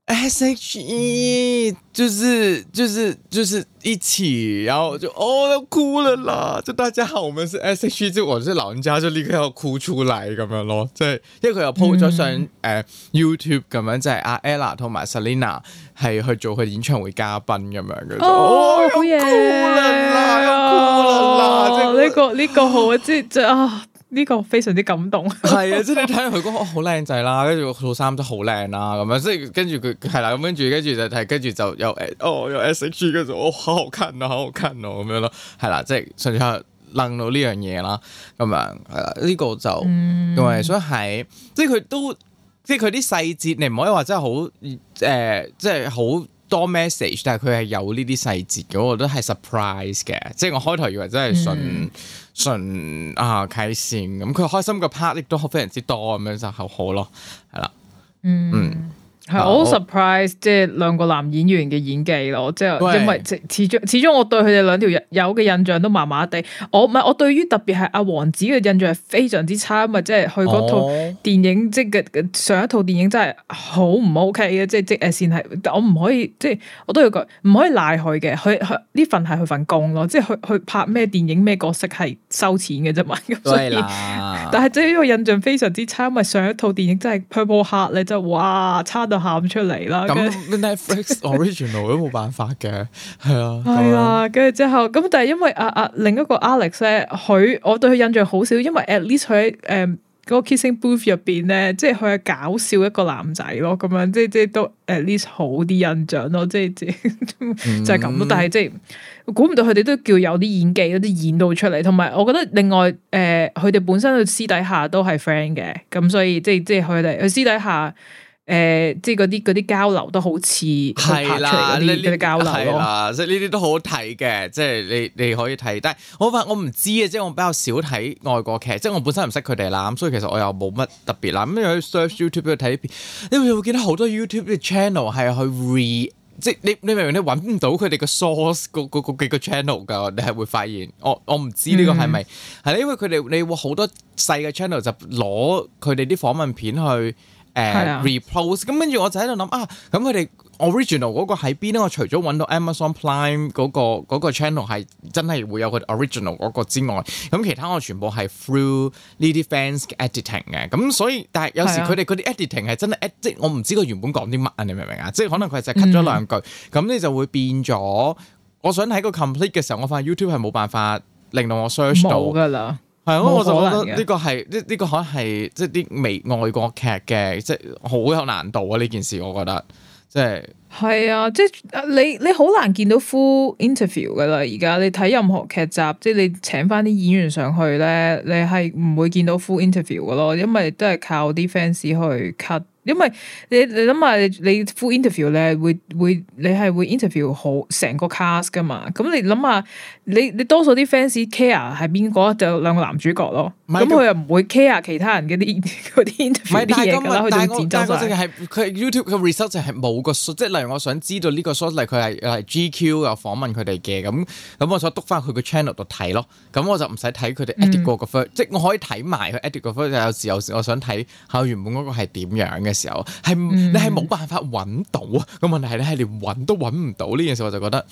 S H E 就是就是就是一起，然後就哦都哭了啦，就大家好，我們是 S H E，即係我即係老人家，就係立刻又哭出來咁樣咯，即係因為佢又 po 咗上誒、嗯呃、YouTube 咁樣，就係、是、阿 Ella 同埋 Selina 係去做佢演唱會嘉賓咁樣嘅。樣哦，哦哦好嘢，哭了啦，哭了啦，呢個呢個好啊！即係即係啊！呢個非常之感動，係啊！即係睇佢講，好靚仔啦，跟住套衫都好靚啦，咁樣，即係跟住佢係啦，咁跟住跟住就睇，跟住就又，哦又 S H G，跟住我好好看啊，好好看哦，咁樣咯，係啦，即係順住係諗到呢樣嘢啦，咁樣係啦，呢個就因為所以係，即係佢都，即係佢啲細節你唔可以話真係好誒，即係好。多 message，但係佢係有呢啲細節嘅，我覺得係 surprise 嘅。即係我開頭以為真係純純啊開線咁，佢開心嘅 part 亦都非常之多，咁樣就好好咯，係啦，嗯。嗯係，我好 surprise，即係兩個男演員嘅演技咯，Hey. 即係因為即始終始終我對佢哋兩條友嘅印象都麻麻地。我唔係我對於特別係阿王子嘅印象係非常之差，嘛，即係佢嗰套電影，oh. 即嘅上一套電影真係好唔 OK 嘅，即係即係先係我唔可以即係我都要講唔可以賴佢嘅，佢佢呢份係佢份工咯，即係佢佢拍咩電影咩角色係收錢嘅啫嘛。咁 Yeah. 所以，Yeah. 但係即係呢個印象非常之差，咪上一套電影真係 Purple Hearts 咧，就哇差到～就喊出嚟啦！咁然 Netflix original 都冇辦法嘅，係 啊，係 啊。跟住之後，咁 但係因為阿、啊、阿、啊、另一個 Alex 咧，佢我對佢印象好少，因為 at least 佢誒嗰個 Kissing Booth 入邊咧，即係佢係搞笑一個男仔咯，咁樣即即都 at least 好啲印象咯，即即、嗯、 就係咁咯。但係即估唔到佢哋都叫有啲演技，有啲演到出嚟。同埋我覺得另外誒，佢、呃、哋本身佢私底下都係 friend 嘅，咁所以,所以即即佢哋佢私底下。誒、呃，即係嗰啲啲交流都好似係啦，呢呢交流係啦，即係呢啲都好好睇嘅，即係你你可以睇。但係我發我唔知啊，即係我比較少睇外國劇，即係我本身唔識佢哋啦，咁所以其實我又冇乜特別啦。咁你去 search YouTube 去睇呢片，你會會見到好多 YouTube 嘅 channel 係去 re，即係你你明明你搵唔到佢哋嘅 source，嗰嗰嗰幾個 channel 噶，你係會發現。我我唔知呢個係咪係因為佢哋你好多細嘅 channel 就攞佢哋啲訪問片去。誒 repost，咁跟住我就喺度諗啊，咁佢哋 original 嗰個喺邊咧？我除咗揾到 Amazon Prime 嗰、嗰個 channel 係真係會有佢 original 嗰個之外，咁其他我全部係 through 呢啲 fans 嘅 editing 嘅。咁所以但係有時佢哋嗰啲 editing 係真係、啊、即係我唔知佢原本講啲乜啊！你明唔明啊？即係可能佢係就 cut 咗兩句，咁、嗯嗯、你就會變咗。我想喺個 complete 嘅時候，我發現 YouTube 係冇辦法令到我 search 到噶啦。係咯，我就覺得呢個係，呢呢個可能係即係啲美外國劇嘅，即係好有難度啊！呢件事，我覺得即係係啊，即係你你好難見到 full interview 噶啦。而家你睇任何劇集，即係你請翻啲演員上去咧，你係唔會見到 full interview 噶咯，因為都係靠啲 fans 去 cut。因為你你諗下，你 full interview 咧會會你係會 interview 好成個 cast 噶嘛？咁你諗下，你你多數啲 fans care 係邊個就兩個男主角咯。唔係咁佢又唔會 care 其他人嗰啲嗰啲 interview 啲嘢㗎啦。佢就剪走曬。但係佢 YouTube 嘅 result 就係冇個 short，即係例如我想知道呢個 short 嚟，佢係係 GQ 又訪問佢哋嘅咁咁，我想篤翻佢個 channel 度睇咯。咁我就唔使睇佢哋 edit 過個 first，即係我可以睇埋佢 edit 過 first。有時有時我想睇下原本嗰個係點樣嘅。時候係你係冇辦法搵到啊！個問題係你係連搵都搵唔到呢件事，我就覺得，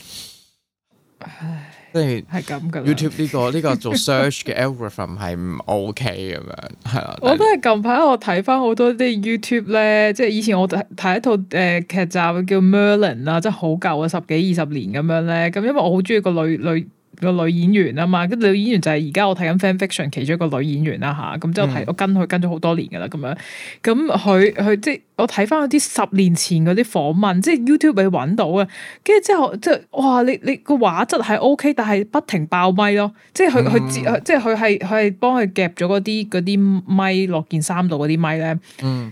唉，即係係咁噶。YouTube 呢、這個呢 個做 search 嘅 algorithm 係唔 OK 咁樣係啦。 我都係近排我睇翻，好多啲 YouTube 咧，即係以前我睇睇一套誒劇集叫 Merlin 啦，即係好舊啊，十幾二十年咁樣咧。咁因為我好中意個女女。個女演員啊嘛，跟女演員就係而家我睇緊《Fan Fiction》其中一個女演員啦吓，咁之後睇我跟佢跟咗好多年噶啦咁樣，咁佢佢即係我睇翻嗰啲十年前嗰啲訪問，即係 YouTube 咪搵到啊，跟住之後即係哇，你你個畫質係 OK，但係不停爆咪咯，即係佢佢即係佢係佢係幫佢夾咗嗰啲嗰啲咪落件衫度嗰啲咪咧，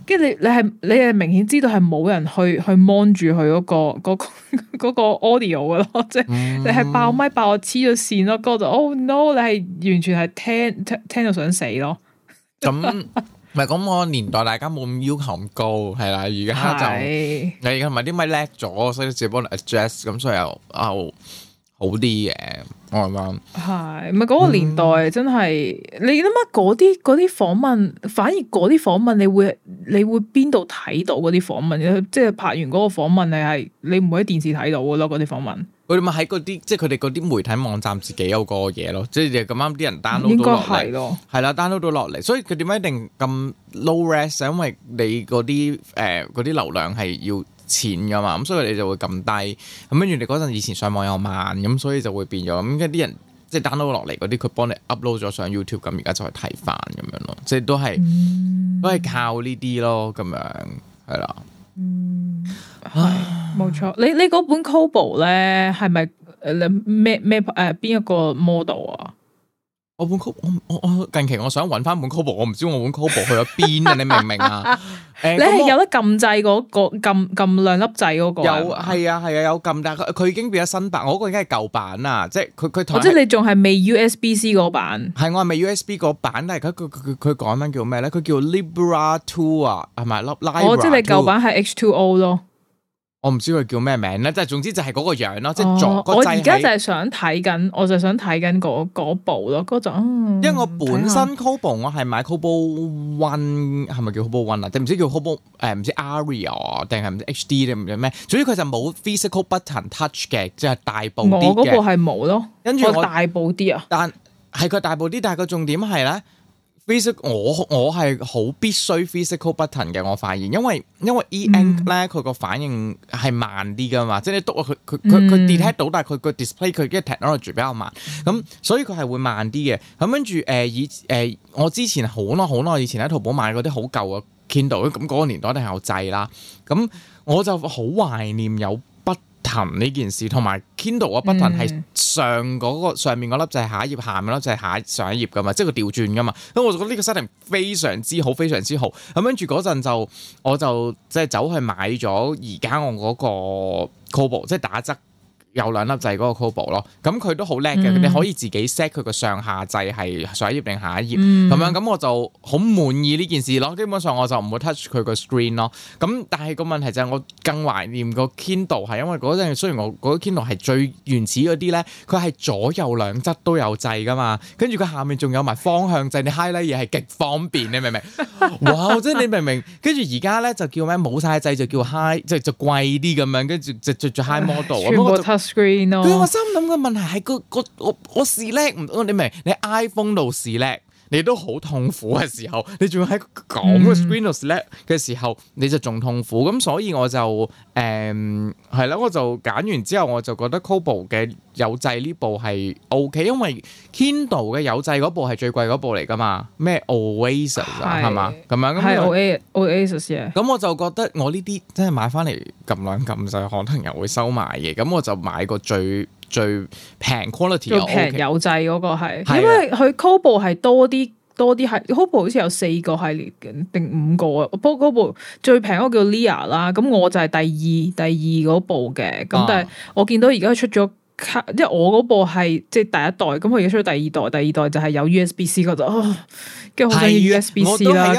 跟住、嗯、你你係你係明顯知道係冇人去去 mon 住佢嗰個嗰、嗰個嗰、嗰個嗰個嗰個 audio 噶咯，即係、嗯、 你係爆咪爆黐線咯，覺得 Oh no！你係完全係聽聽聽到想死咯。咁唔係咁個年代，大家冇咁要求咁高，係啦。而家就你而家唔係啲咪叻咗，所以只係幫你 address，咁所以又又、哦、好啲嘅，我諗係。唔係嗰個年代真係、嗯、你諗下嗰啲嗰啲訪問，反而嗰啲訪問你會你會邊度睇到嗰啲訪問？即係拍完嗰個訪問，你係你唔會喺電視睇到嘅咯，嗰啲訪問。佢哋咪喺嗰啲，即係佢哋嗰啲媒體網站自己有個嘢咯，即係咁啱啲人 download 到落嚟，應該係咯，係啦，download 到落嚟，所以佢點解一定咁 low rest 因為你嗰啲誒啲流量係要錢噶嘛，咁所以你就會咁低。咁跟住你嗰陣以前上網又慢，咁所以就會變咗咁跟啲人即係 download 落嚟嗰啲，佢幫你 upload 咗上 YouTube，咁而家就去睇翻咁樣咯，即係都係、嗯、都係靠呢啲咯，咁樣係啦。嗯，係冇錯。你你嗰本 Kobo 咧，係咪誒咩咩誒邊一個 model 啊？我本 Kobo，我我我近期我想搵翻本 Kobo 我唔知我本 Kobo 去咗邊啊！ 你明唔明啊？欸、你係有得撳掣嗰個撳撳兩粒掣嗰個？嗯個啊、有係啊係啊有撳，但佢佢已經變咗新版，我嗰個已經係舊版，版啊！即係佢佢即係你仲係未 USB C 嗰版？係我係未 USB 嗰版，但係佢佢佢佢講緊叫咩咧？佢叫 Libra Two 啊，係咪粒 Libra？即係你舊版係 H Two O 咯。我唔知佢叫咩名咧，即係總之就係嗰個樣咯，哦、即係作個掣，我而家就係想睇緊，我就想睇緊嗰部咯，嗰種。嗯、因為我本身 Kobo 我係買 Kobo One，係咪叫 Kobo One 啊？定唔知叫 Kobo 誒、呃？唔知 Aria 定係唔知 HD 定唔知咩？總之佢就冇 Physical Button Touch 嘅，即係大部。我嗰部係冇咯，跟住大部啲啊。但係佢大部啲，但係個重點係咧。Physical, 我我係好必須 physical button 嘅我發現，因為因為 E N 咧佢個反應係慢啲噶嘛，即係你篤佢佢佢 detect 到，但係佢個 display 佢嘅 technology 比較慢，咁、mm. 嗯、所以佢係會慢啲嘅。咁跟住誒以誒、呃、我之前好耐好耐以前喺淘寶買嗰啲好舊嘅 Kindle，咁個年代定係有掣啦，咁我就好懷念有。呢件事同埋 Kindle 啊，button 係上嗰、嗰個、嗯、上面嗰粒就係下一頁，下面粒就係下上一頁噶嘛，即係佢調轉噶嘛。咁我就覺得呢個 setting 非常之好，非常之好。咁跟住嗰陣就我就即係走去買咗而家我嗰個 Kobo，即係打折。有兩粒掣嗰個 Kobo 咯，咁佢都好叻嘅，你可以自己 set 佢個上下掣係上一頁定下一頁咁、嗯、樣，咁我就好滿意呢件事咯。基本上我就唔會 touch 佢個 screen 咯。咁但係個問題就係我更懷念個 Kindle，係，因為嗰陣雖然我嗰 Kindle 係最原始嗰啲咧，佢係左右兩側都有掣噶嘛，跟住佢下面仲有埋方向掣，你 highlight 嘢係極方便，你明唔明？ 哇！即係你明唔明？跟住而家咧就叫咩冇晒掣就叫 high，就就貴啲咁樣，跟住就就就 high model 佢、啊、我心諗個問題，係個個我我 select 唔，你明？你 iPhone 度 select。你都好痛苦嘅時候，你仲要喺咁嘅 screen or s l 嘅時候，嗯、你就仲痛苦。咁所以我就誒係啦，我就揀完之後，我就覺得 Kobo 嘅有掣呢部係 O K，因為 Kindle 嘅有掣嗰部係最貴嗰部嚟㗎嘛，咩 Oasis 啊係咪咁啊？咁 O Oasis 啊。咁我就覺得我呢啲真係買翻嚟撳兩撳就可能又會收埋嘅，咁我就買個最。最平 quality 最平有制嗰個係，的因為佢 Kobo 係多啲多啲係 Kobo 好似有四個系列嘅定五個，o, 個 ar, 啊，不過部最平個叫 Lea 啦，咁我就係第二第二部嘅，咁但係我見到而家出咗。即因我嗰部係即係第一代，咁佢而家出咗第二代，第二代就係有 USB C 嗰、哦、度，跟住好想 USB C 啦。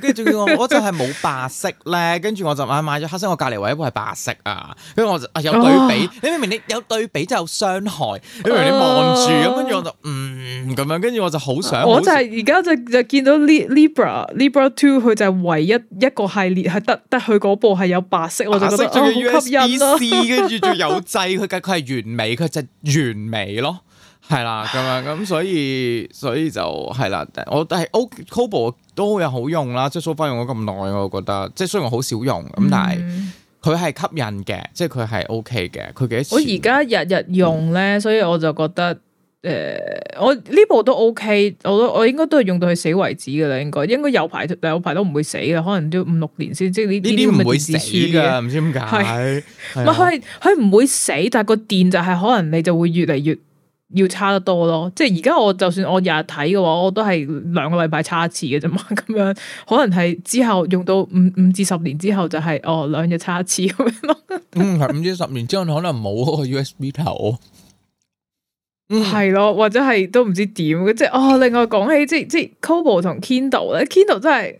跟住仲要我，我， 我就係冇白色咧。跟住我就買買咗黑色，我隔籬唯一部係白色啊。跟住我就有對比，啊，你明明？你有對比就有傷害。你跟住你望住，咁跟住我就嗯咁樣。跟住我就好想，我就係而家就 ra， 2，就見到 Libra、Libra Two，佢就係唯一一個系列係得得佢嗰部係有白色，白色我就覺得仲要 USB C，跟住仲有掣，佢佢係完美。佢就完美咯，係啦咁樣咁，所以所以就係啦。我但係 O Cobo 都有好用啦，即係 so far 用咗咁耐，我覺得即係雖然我好少用咁，但係佢係吸引嘅，嗯、即係佢係 OK 嘅。佢幾多錢？我而家日日用咧，嗯、所以我就覺得。誒、呃，我呢部都 OK，我都我應該都係用到佢死為止噶啦，應該應該有排有排都唔會死啦，可能都五六年先。即係呢啲唔會死噶，唔知點解。係是，係佢佢唔會死，但係個電就係可能你就會越嚟越要差得多咯。即係而家我就算我日日睇嘅話，我都係兩個禮拜差一次嘅啫嘛。咁樣可能係之後用到五五至十年之後、就是，就係哦兩日差一次咁樣咯。五至十年之後可能冇個 USB 頭。係咯， 或者係都唔知點，即係哦。另外講起，即係即係 Kobo 同 Kindle 咧，Kindle 真係，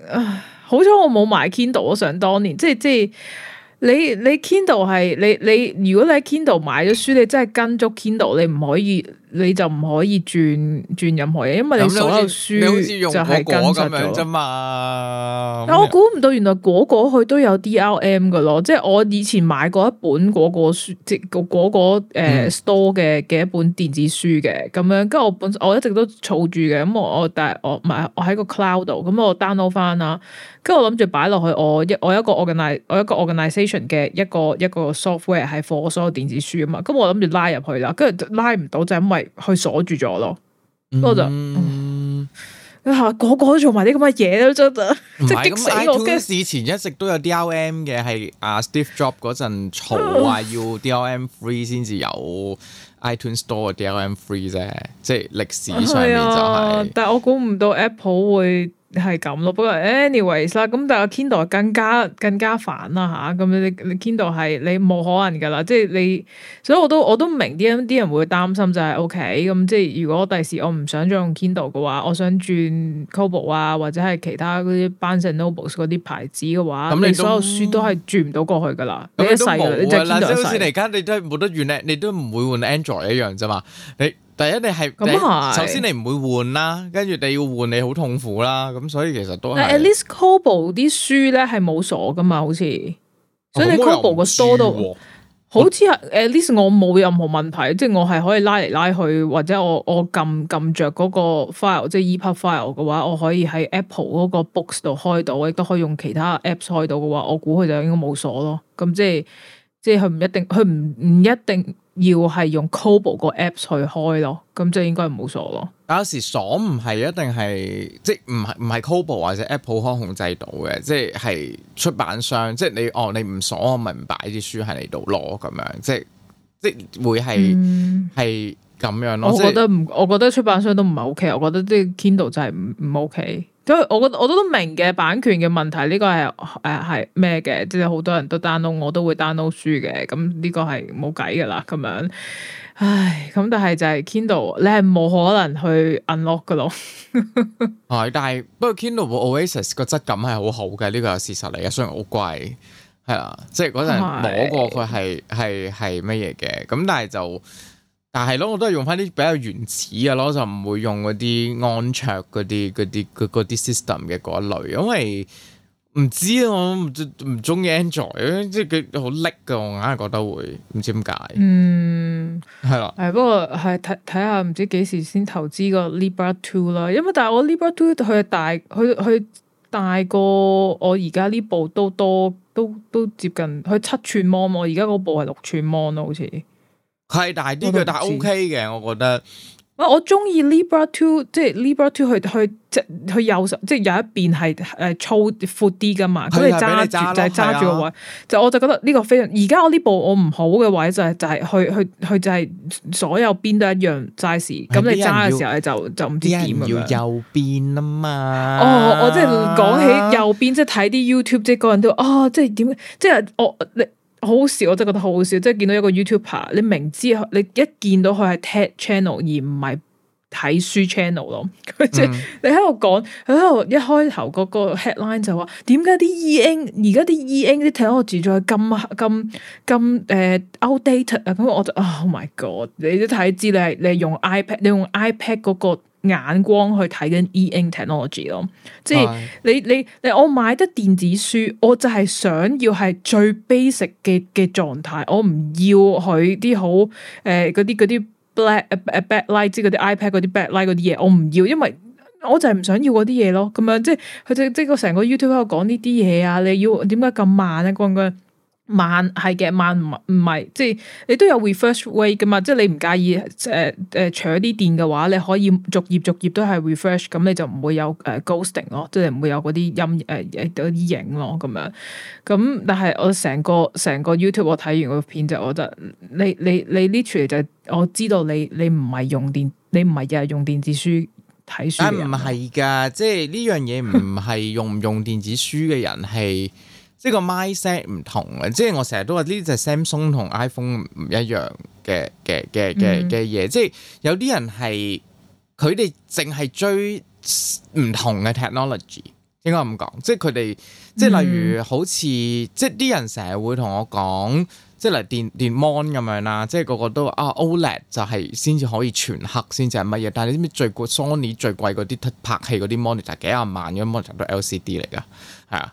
好彩我冇買 Kindle，我想當年，即係即係你你 Kindle 係你你，如果你喺 Kindle 買咗書，你真係跟足 Kindle，你唔可以。你就唔可以轉轉任何嘢，因為你所有書就係跟實咗啫嘛。但我估唔到，原來果果佢都有 DRM 噶咯。即係我以前買過一本果果書，即係果果誒、呃、store 嘅嘅一本電子書嘅咁樣。跟住我本我一直都儲住嘅，咁我我但係我唔係我喺個 cloud 度，咁我 download 翻啦。跟住我諗住擺落去我一我一個 organization 嘅一個一個 software 係 for 所有電子書啊嘛。咁我諗住拉入去啦，跟住拉唔到就因為。去鎖住咗咯，咁、嗯、我就吓、嗯啊、個個都做埋啲咁嘅嘢都得，是即係激死我。跟住事前一直都有 DRM 嘅，係阿、啊、Steve Jobs 嗰陣嘈話要 DRM free 先至有 iTunes Store 嘅 DRM free 啫，即係歷史上面就係、是啊。但係我估唔到 Apple 會。係咁咯，不過 anyways 啦，咁但係 Kindle 更加更加煩啦吓，咁你你 Kindle 係你冇可能噶啦，即係你，所以我都我都明啲人啲人會擔心就係、是、OK，咁即係如果第時我唔想再用 Kindle 嘅話，我想轉 Kobo 啊或者係其他嗰啲 Barnes and Noble 嗰啲牌子嘅話，你，你所有書都係轉唔到過去噶啦，一世啦，你世即你，你都係冇得轉咧，你都唔會換 Android 一樣啫嘛，你。第一，你係是首先你唔會換啦，跟住你要換你好痛苦啦，咁所以其實都係。但係 At least Kobo 啲書咧係冇鎖噶嘛，好似、啊、所以你 Kobo 個 store 都、啊、好似係 at least 我冇任,我任何問題，即係我係可以拉嚟拉去，或者我我撳撳著嗰個 file，即係 EPUB file 嘅話，我可以喺 Apple 嗰個 Books 度開到，亦都可以用其他 apps 開到嘅話，我估佢就應該冇鎖咯。咁即係即係佢唔一定，佢唔唔一定。要係用 Cobo 個 apps 去開咯，咁即係應該唔好鎖咯。有時鎖唔係一定係，即係唔係唔係 Cobo 或者 Apple 可以控制到嘅，即係係出版商，即係你哦，你唔鎖我咪唔擺啲書喺你度攞咁樣，即係即係會係係咁樣咯。我覺得唔，我覺得出版商都唔係 OK，我覺得啲 Kindle 就係唔唔 OK。所以我覺得我都都明嘅版權嘅問題，呢、這個係誒係咩嘅，即係好多人都 download，我都會 download 書嘅，咁、這、呢個係冇計噶啦，咁樣，唉，咁但係就係 Kindle，你係冇可能去 unlock 噶咯，係、 啊，但係不過 Kindle 個 Oasis 個質感係好好嘅，呢、這個係事實嚟嘅，雖然好貴，係啊，即係嗰陣摸過佢係係係乜嘢嘅，咁是但係就。但係咯，我都係用翻啲比較原始嘅咯，就唔會用嗰啲安卓嗰啲嗰啲嗰啲 system 嘅嗰一類，因為唔知啊，我唔唔中意 Android，即係佢好叻噶，我硬係覺得會唔知點解。嗯，係啦的，誒，不過係睇睇下，唔知幾時先投資個 Libra Two 啦。因為但係我 Libra Two 佢大，佢佢大過我而家呢部都多，都都，都接近佢七寸芒喎而家嗰部係六寸芒咯，好似。係，大啲但係呢個但係 O K 嘅，我覺得。我我中意 Libra Two，即係 Libra Two 去去即係右手，即係有一邊係誒粗闊啲噶嘛，佢你揸住就係揸住個位，啊、就我就覺得呢個非常。而家我呢部我唔好嘅位就係、是、就係、是、去去去就係所有邊都一樣 size，咁、嗯、你揸嘅時候你就要就唔知點。要右邊啊嘛哦邊、就係 ube,！哦，就係就係、我即係講起右邊，即係睇啲 YouTube，即係個人都啊，即係點？即係我你。好好笑，我真覺得好好笑，即係見到一個 YouTuber，你明知你一見到佢係 Tech Channel 而唔係睇書 Channel 咯，佢即你喺度講，佢喺度一開頭嗰個 headline 就話，點解啲 EN 而家啲 EN 啲 technology 咁咁咁誒 outdated 咁我就，Oh my God！你都睇知你係你用 iPad，你用 iPad 嗰個。眼光去睇緊 e-ink technology 咯，即係你你你我買得電子書，我就係想要係最 basic 嘅嘅狀態，我唔要佢啲好誒嗰啲嗰啲 black 誒 backlight 即係嗰啲 ipad 嗰啲 backlight 嗰啲嘢，Bad, Dent, 我唔要，因為我就係唔想要嗰啲嘢咯。咁樣即係佢哋即係成個 youtube 喺度講呢啲嘢啊，你要點解咁慢啊？講嘅。慢係嘅，慢唔唔係，即係你都有 refresh rate 噶嘛，即係你唔介意誒誒，除咗、呃、啲、呃、電嘅話，你可以逐頁逐頁都係 refresh，咁你就唔會有誒 ghosting 咯，呃、ghost ing, 即係唔會有嗰啲音、誒嗰啲影咯咁樣。咁但係我成個成個 YouTube 我睇完個片就，我覺得你你你呢出嚟就我知道你你唔係用電，你唔係日日用電子書睇書唔係噶，即係呢樣嘢唔係用唔用電子書嘅人係。即係個 mindset 唔同嘅，即係我成日都話呢啲就 Samsung 同 iPhone 唔一樣嘅嘅嘅嘅嘅嘢。即係有啲人係佢哋淨係追唔同嘅 technology，應該咁講。即係佢哋即係例如好似、嗯、即係啲人成日會同我講，即係例如電電 mon 咁樣啦，即係個個都啊 OLED 就係先至可以全黑先至係乜嘢。但係你知唔知最貴 Sony 最貴嗰啲拍戲嗰啲 monitor 幾廿萬嘅 monitor 都 LCD 嚟㗎係啊？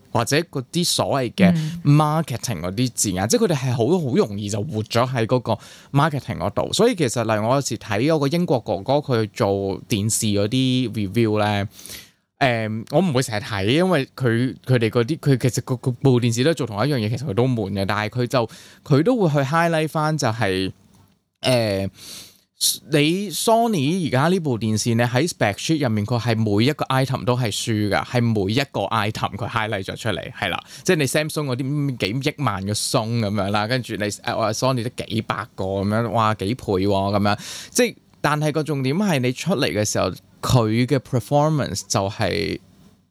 或者嗰啲所謂嘅 marketing 嗰啲字眼，嗯、即係佢哋係好好容易就活咗喺嗰個 marketing 嗰度。所以其實，例如我有時睇我個英國哥哥佢做電視嗰啲 review 咧，誒、呃，我唔會成日睇，因為佢佢哋嗰啲佢其實佢部電視都做同一樣嘢，其實佢都悶嘅。但係佢就佢都會去 highlight 翻就係、是、誒。呃你 Sony 而家呢部電視咧喺 spec sheet 入面，佢係每一個 item 都係輸噶，係每一個 item 佢 highlight 咗出嚟，係啦。即係你 Samsung 嗰啲幾億萬嘅鬆咁樣啦，跟住你我話 Sony 都幾百個咁樣，哇幾倍喎、啊、咁樣。即係，但係個重點係你出嚟嘅時候，佢嘅 performance 就係、是，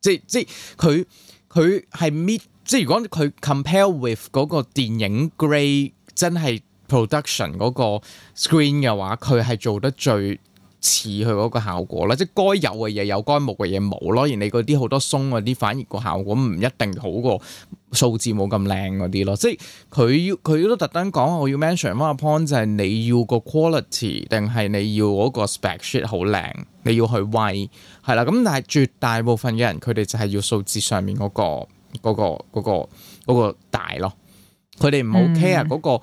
即係即係佢佢係 meet，即係如果佢 compare with 嗰個電影 grade 真係。Production 嗰個 screen 嘅話，佢係做得最似佢嗰個效果啦，即係該有嘅嘢有，該冇嘅嘢冇咯。而你嗰啲好多鬆嗰啲，反而個效果唔一定好過數字冇咁靚嗰啲咯。即係佢佢都特登講我要 mention one point 就係你要個 quality 定係你要嗰個 spec sheet 好靚，你要去威係啦。咁但係絕大部分嘅人佢哋就係要數字上面嗰個嗰個嗰個嗰個大咯，佢哋唔 care 嗰、嗯嗰個。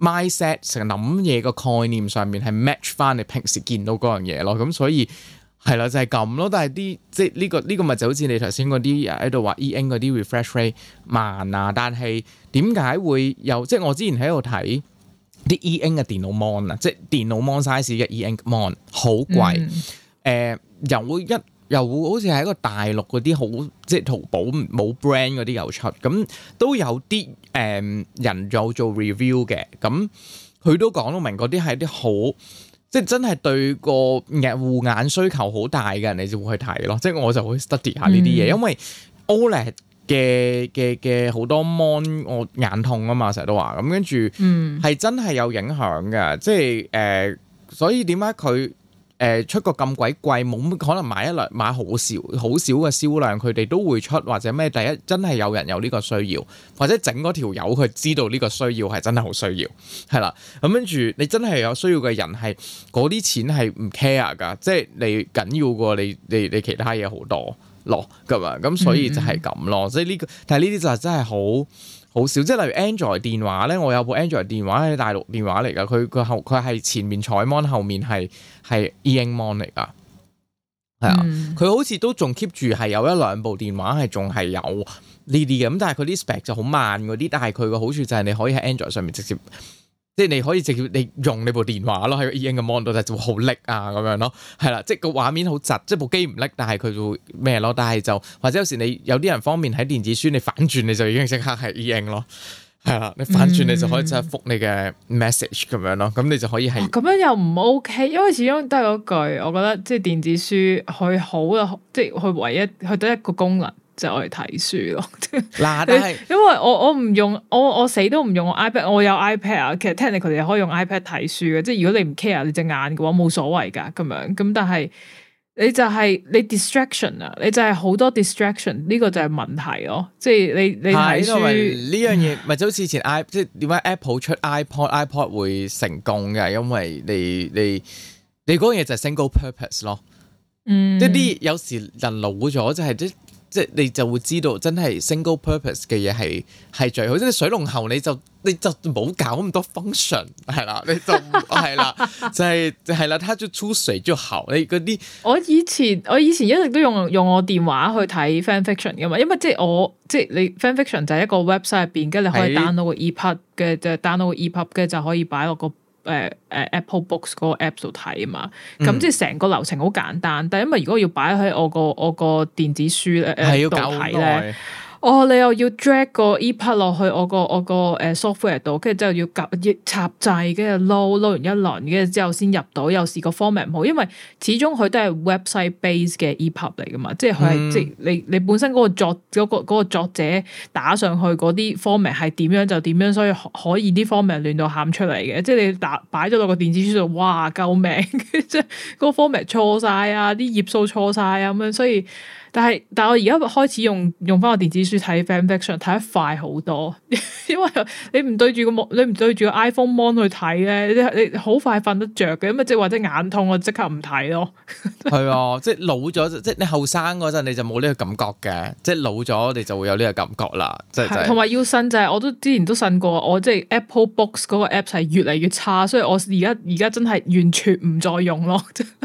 mindset 成日諗嘢個概念上面係 match 翻你平時見到嗰樣嘢咯，咁所以係啦就係、是、咁咯。但係啲即係、這、呢個呢、這個咪就好似你頭先嗰啲喺度話 E-ink 嗰啲 refresh rate 慢啊，但係點解會有？即係我之前喺度睇啲 E-ink 嘅電腦 mon 啊，即係電腦 mon size 嘅 E-ink mon 好貴，誒、嗯呃、有一。又會好似係一個大陸嗰啲好即係淘寶冇 brand 嗰啲又出，咁都有啲誒、呃、人有做 review 嘅，咁佢都講到明嗰啲係啲好即係真係對個護眼需求好大嘅人，你就會去睇咯。即係我就會 study 下呢啲嘢，嗯、因為 OLED 嘅嘅嘅好多 mon 我眼痛啊嘛，成日都話咁，跟住係真係有影響㗎，即係誒、呃，所以點解佢？誒，出個咁鬼貴，冇可能買一兩買好少好少嘅銷量，佢哋都會出或者咩？第一真係有人有呢個需要，或者整嗰條友佢知道呢個需要係真係好需要，係啦。咁跟住你真係有需要嘅人係嗰啲錢係唔 care 噶，即係你緊要過你你你其他嘢好多咯，咁啊，咁所以就係咁咯。即係呢個，但係呢啲就係真係好。好少，即係例如 Android 電話咧，我有部 Android 電話喺大陸電話嚟㗎，佢佢後，佢係前面彩 mon，後面係係 e ink mon 嚟㗎，係啊，佢、mm hmm. 好似都仲 keep 住係有一兩部電話係仲係有呢啲嘅，咁但係佢啲 spec 就好慢嗰啲，但係佢個好處就係你可以喺 Android 上面直接。即係你可以直接你用你部電話咯喺個 E Ink monitor 就就會好叻啊咁樣咯係啦即係個畫面好窒即係部機唔叻但係佢會咩咯但係就或者有時你有啲人方面喺電子書你反轉你就已經即刻係 E Ink 咯係啦你反轉你就可以即刻覆你嘅 message 咁樣咯咁你就可以係咁、哦、樣又唔 OK 因為始終都係嗰句我覺得即係電子書佢好啊即係佢唯一佢得一個功能。就去睇書咯是。嗱， 但係因為我我唔用我我死都唔用 ipad，我有 ipad 啊。其實 technically 可以用 ipad 睇書嘅。即係如果你唔 care 你隻眼嘅話，冇所謂噶咁樣。咁但係你就係、是、你 distraction 啊，你就係好多 distraction 呢個就係問題咯。即係你你睇書呢樣嘢，咪就好似以前 i 即係點解 Apple 出 ipod ipod 會成功嘅？因為你你你嗰樣嘢就係 single purpose 咯。嗯，即係啲有時人老咗就係啲。即即係你就會知道真，真係 single purpose 嘅嘢係係最好。即係水龍喉你，你就你就冇搞咁多 function，係啦，你就係 啦，就係、係、係啦，它就出水就好。你嗰啲我以前我以前一直都用用我電話去睇 fan fiction 嘅嘛，因為即係我即係你 fan fiction 就係一個 website 入邊，跟住你可以 download 個、e、EPUB 嘅是就 download 個、e、EPUB 嘅就可以擺落、個。誒誒、uh, Apple Books 嗰個 app 度睇啊嘛，咁、嗯、即係成個流程好簡單，但係因為如果要擺喺我個我個電子書咧誒度睇咧。呃哦，你又要 drag 個 ePub 落去我個我個誒 software 度，跟住之後要夾插掣，跟住撈撈完一輪，跟住之後先入到。有時個 format 唔好，因為始終佢都係 website base 嘅 ePub 嚟噶嘛，即係佢係即你你本身嗰個作嗰、嗰個嗰、嗰個作者打上去嗰啲 format 係點樣就點樣，所以可以啲 format 亂到喊出嚟嘅。即係你打擺咗落個電子書度，哇，救命！即 係個 format 錯晒啊，啲頁數錯晒啊咁樣，所以。但係，但係我而家開始用用翻個電子書睇 fanfiction 睇得快好多。因為你唔對住個 mon，你唔對住個 iPhone mon 去睇咧，你好快瞓得着嘅。咁啊，即係或者眼痛，我、哦、 即刻唔睇咯。係啊，即係老咗，即係你後生嗰陣你就冇呢個感覺嘅，即係老咗，你就會有呢個感覺啦。即係同埋要信就係、是，我都之前都信過，我即係 Apple Books 嗰個 app 係越嚟越差，所以我而家而家真係完全唔再用咯。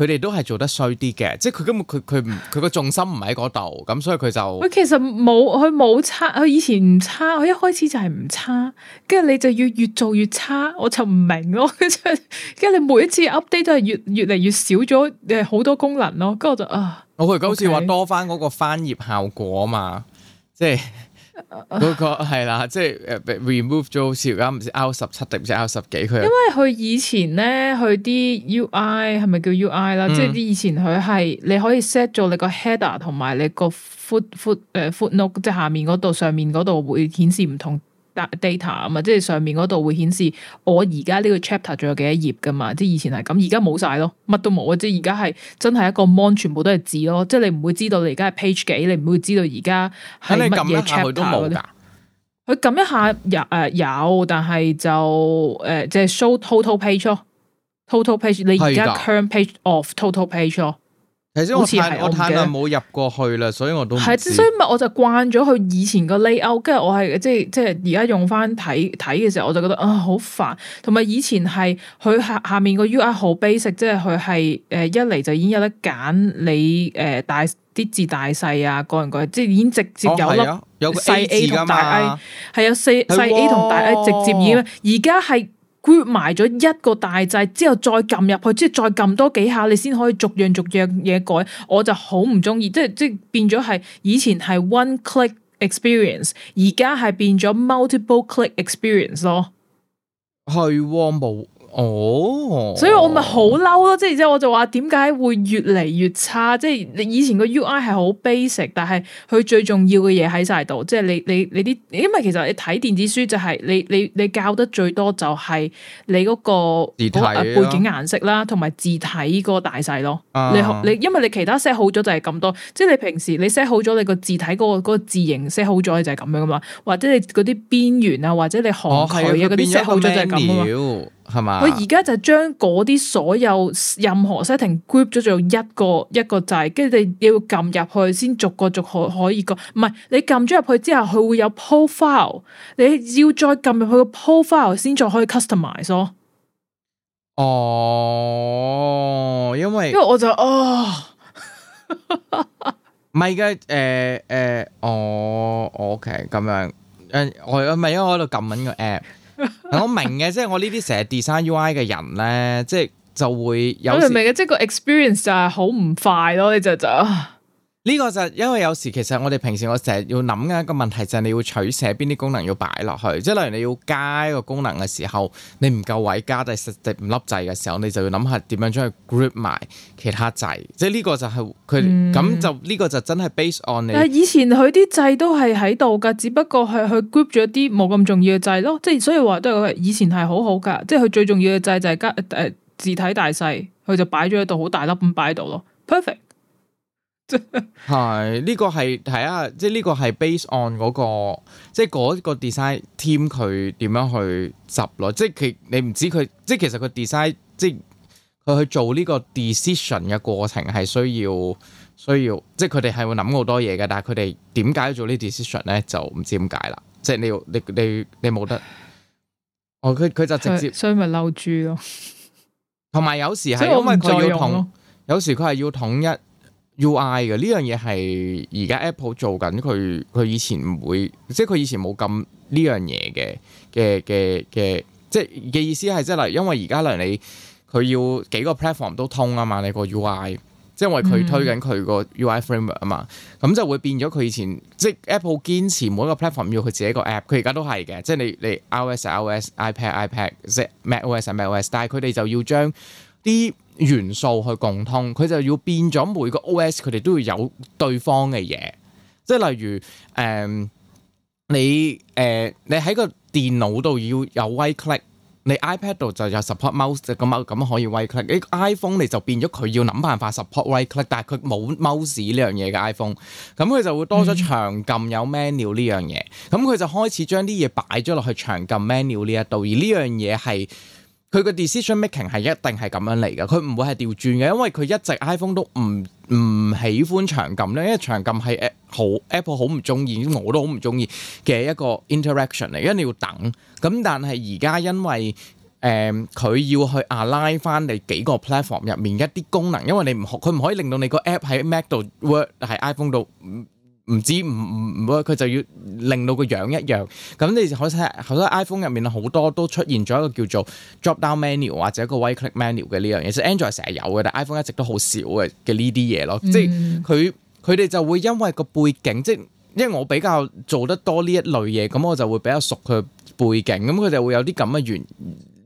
佢哋都係做得衰啲嘅，即係佢根本佢佢唔佢個重心唔喺嗰度，咁所以佢就佢其實冇，佢冇差，佢以前唔差，佢一開始就係唔差，跟住你就要越，越做越差，我就唔明咯。跟住，你每一次 update 都係越越嚟越少咗誒好多功能咯，跟住我就啊！我佢好似話多翻嗰個翻頁效果嘛，即係。嗰個係啦，即係誒 remove 咗，好似而家唔知 out 十七定唔知 out 十幾佢。 因為佢以前咧，佢啲 UI 係咪叫 UI 啦？即係啲以前佢係你可以 set 咗你個 header 同埋你個 foot foot 誒、uh, footnote 即係下面嗰度，上面嗰度會顯示唔同。data 啊嘛，即係上面嗰度會顯示我而家呢個 chapter 仲有幾多頁噶嘛，即係以前係咁，而家冇晒咯，乜都冇，啊。即係而家係真係一個 mon，全部都係字咯，即係你唔會知道你而家係 page 幾，你唔會知道而家係乜嘢 chapter。都冇佢撳一下有誒、呃、有，但係就誒、呃、即係 show total page 咯，total page 你而家 current page of total page 咯的。其實我太我太耐冇入過去啦，的所以我都係，所以咪我就慣咗佢以前個 layout，跟住我係即係即係而家用翻睇睇嘅時候，我就覺得啊好、呃、煩。同埋以前係佢下下面個 UI 好 basic，即係佢係誒一嚟就已經有得揀你誒、呃、大啲字大細啊，各人各樣，即係已經直接有粒 A、哦、有細 A 同大 A，係有細細 A 同大 A 直接已經而家係。group 埋咗一個大掣之後，再撳入去，即係再撳多幾下，你先可以逐樣逐樣嘢改，我就好唔中意，即係即係變咗係以前係 one click experience，而家係變咗 multiple click experience 咯係冇。哦，oh, oh. 所以我咪好嬲咯，即係之後我就話點解會越嚟越差？即係你以前個 UI 係好 basic，但係佢最重要嘅嘢喺晒度，即係你你你啲，因為其實你睇電子書就係你你你教得最多就係你嗰個，哦，字體背景顏色啦，同埋字體嗰個大細咯。你你，因為你其他 set 好咗就係咁多，即係你平時你 set 好咗你個字體嗰個嗰個字形 set 好咗就係咁樣噶嘛，或者你嗰啲邊緣啊，或者你行距啊嗰啲 set 好咗就係咁啊係嘛？Uh, 佢而家就將嗰啲所有任何 setting group 咗做一個一個掣，跟住你要撳入去先逐個逐可可以個，唔係你撳咗入去之後，佢會有 profile，你要再撳入去個 profile 先再可以 customize 咯。哦，因為因為我就哦，唔係嘅，誒、呃、誒、呃呃，哦，OK，咁樣誒、嗯，我咪因為我喺度撳緊個 app。我明嘅，即係我呢啲成日 design UI 嘅人咧，即係就會有明嘅，即係個 experience 就係好唔快咯，你就就。呢個就因為有時，其實我哋平時我成日要諗嘅一個問題就係你要取捨邊啲功能要擺落去，即係例如你要加一個功能嘅時候，你唔夠位加，但係實際唔笠掣嘅時候，你就要諗下點樣將佢 group 埋其他掣。即係呢個就係佢咁就呢、這個就真係 base on 你。以前佢啲掣都係喺度噶，只不過係佢 group 咗啲冇咁重要嘅掣咯，即係所以話都係以前係好好噶，即係佢最重要嘅掣就係加誒、呃、字體大細，佢就擺咗喺度好大粒咁擺喺度咯，perfect。係 呢 個係係啊，即係呢個係 based on 嗰個，即係嗰個 design team 佢點樣去執咯。即係佢你唔知佢，即係其實佢 design，即係佢去做呢個 decision 嘅過程係需要需要，即係佢哋係會諗好多嘢嘅。但係佢哋點解要做呢個 decision 咧，就唔知點解啦。即係你你你你冇得哦，佢佢就直接所以咪嬲豬咯。同 埋有時係因為佢要統，有時佢係 要，要統一。UI 嘅呢樣嘢係而家 Apple 做緊佢佢以前唔會，即係佢以前冇咁呢樣嘢嘅嘅嘅嘅，即係嘅意思係即係啦，因為而家咧你佢要幾個 platform 都通啊嘛，你個 UI，即係因為佢推緊佢個 UI framework 啊嘛，咁、嗯、就會變咗佢以前即係 Apple 堅持每一個 platform 要佢自己個 app，佢而家都係嘅，即係你你 iOS、iOS、iPad、iPad 即係 MacOS 啊 MacOS，Mac OS，但係佢哋就要將啲。元素去共通，佢就要變咗每個 OS，佢哋都要有對方嘅嘢，即係例如誒、呃、你誒、呃、你喺個電腦度要有 right-click，、right、你 iPad 度就有 support mouse，就咁咁可以 right-click iPhone 你就變咗佢要諗辦法 support right-click，、right、但係佢冇 mouse 呢樣嘢嘅 iPhone，咁佢就會多咗長撳有 menu 呢、嗯、樣嘢，咁佢就開始將啲嘢擺咗落去長撳 menu 呢一度，而呢樣嘢係。佢個 decision making 係一定係咁樣嚟嘅，佢唔會係調轉嘅，因為佢一直 iPhone 都唔唔喜歡長撳咧，因為長撳係誒好 Apple 好唔中意，我都好唔中意嘅一個 interaction 嚟，因為你要等。咁但係而家因為誒佢、呃、要去 align 翻你幾個 platform 入面一啲功能，因為你唔可佢唔可以令到你個 app 喺 Mac 度，work 喺 iPhone 度。Word, 唔知唔唔唔，佢、嗯、就要令到個樣一樣。咁你可睇好多 iPhone 入面好多都出現咗一個叫做 drop down menu 或者一個 right click menu 嘅呢樣嘢。即係、Android 成日有嘅，但 iPhone 一直都好少嘅嘅呢啲嘢咯。Mm hmm. 即係佢佢哋就會因為個背景，即係因為我比較做得多呢一類嘢，咁我就會比較熟佢背景。咁佢就會有啲咁嘅原。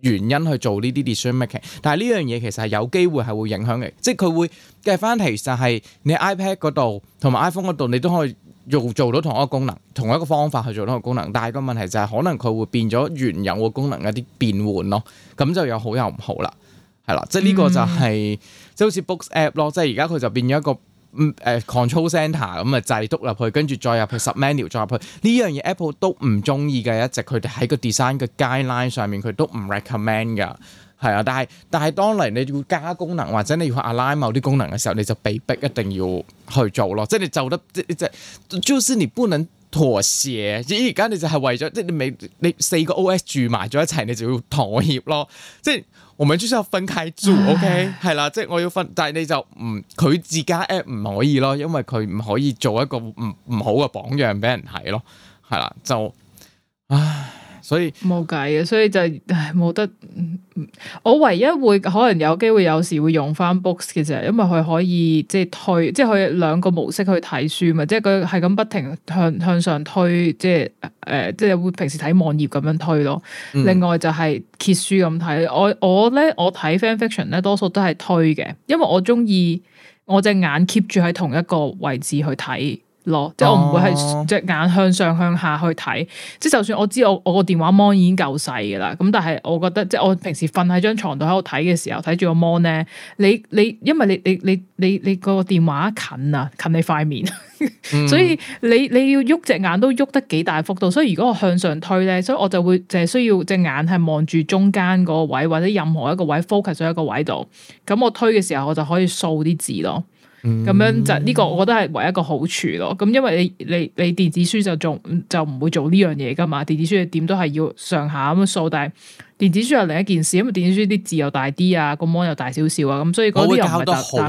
原因去做呢啲 decision making，但係呢樣嘢其實係有機會係會影響嘅，即係佢會計翻題就係你 iPad 度同埋 iPhone 度，你都可以用做，做到同一個功能，同一個方法去做到個功能。但係個問題就係可能佢會變咗原有嘅功能一啲變換咯，咁就有好有唔好啦，係啦，即係呢個就係即係好似 Books App 咯，即係而家佢就變咗一個。嗯誒 control center 咁啊，制督入去，跟住再入去 sub menu 再入去呢樣嘢，Apple 都唔中意嘅，一直佢哋喺個 design 嘅 guideline 上面，佢都唔 recommend 嘅，係啊，但係但係當嚟你要加功能或者你要去 align 某啲功能嘅時候，你就被逼一定要去做咯，即係你就得即即，就算、是、你不能。妥協，而家你就係為咗，即係你未你四個 O S 住埋咗一齊，你就要妥協咯。即係我咪就、okay? 唉是要分開住，OK，係啦。即係我要分，但係你就唔，佢自家 app 唔可以咯，因為佢唔可以做一個唔唔好嘅榜樣俾人睇咯，係啦就唉。所以冇計嘅，所以就冇得、嗯。我唯一會可能有機會，有時會用翻 books 嘅啫，因為佢可以即係推，即係佢兩個模式去睇書嘛，即係佢係咁不停向向上推，即係誒、呃，即係會平時睇網頁咁樣推咯。另外就係揭書咁睇、嗯。我我咧，我睇 fan fiction 咧，多數都係推嘅，因為我中意我隻眼 keep 住喺同一個位置去睇。攞，即我唔會係隻眼向上向下去睇，哦、即就算我知我我個電話 mon 已經夠細噶啦，咁但係我覺得即我平時瞓喺張床度喺度睇嘅時候睇住個 mon 咧，你你因為你你你你你個電話近啊，近你塊面，嗯、 所以你你要喐隻眼都喐得幾大幅度，所以如果我向上推咧，所以我就會就係需要隻眼係望住中間嗰個位或者任何一個位 focus 咗一個位度，咁我推嘅時候我就可以掃啲字咯。咁、嗯、樣就呢、這個，我覺得係唯一一個好處咯。咁因為你你你電子書就仲，就唔會做呢樣嘢噶嘛，電子書點都係要上下咁樣掃。但係電子書又另一件事，因為電子書啲字又大啲啊，個 mon 又大少少啊，咁所以嗰啲字咪好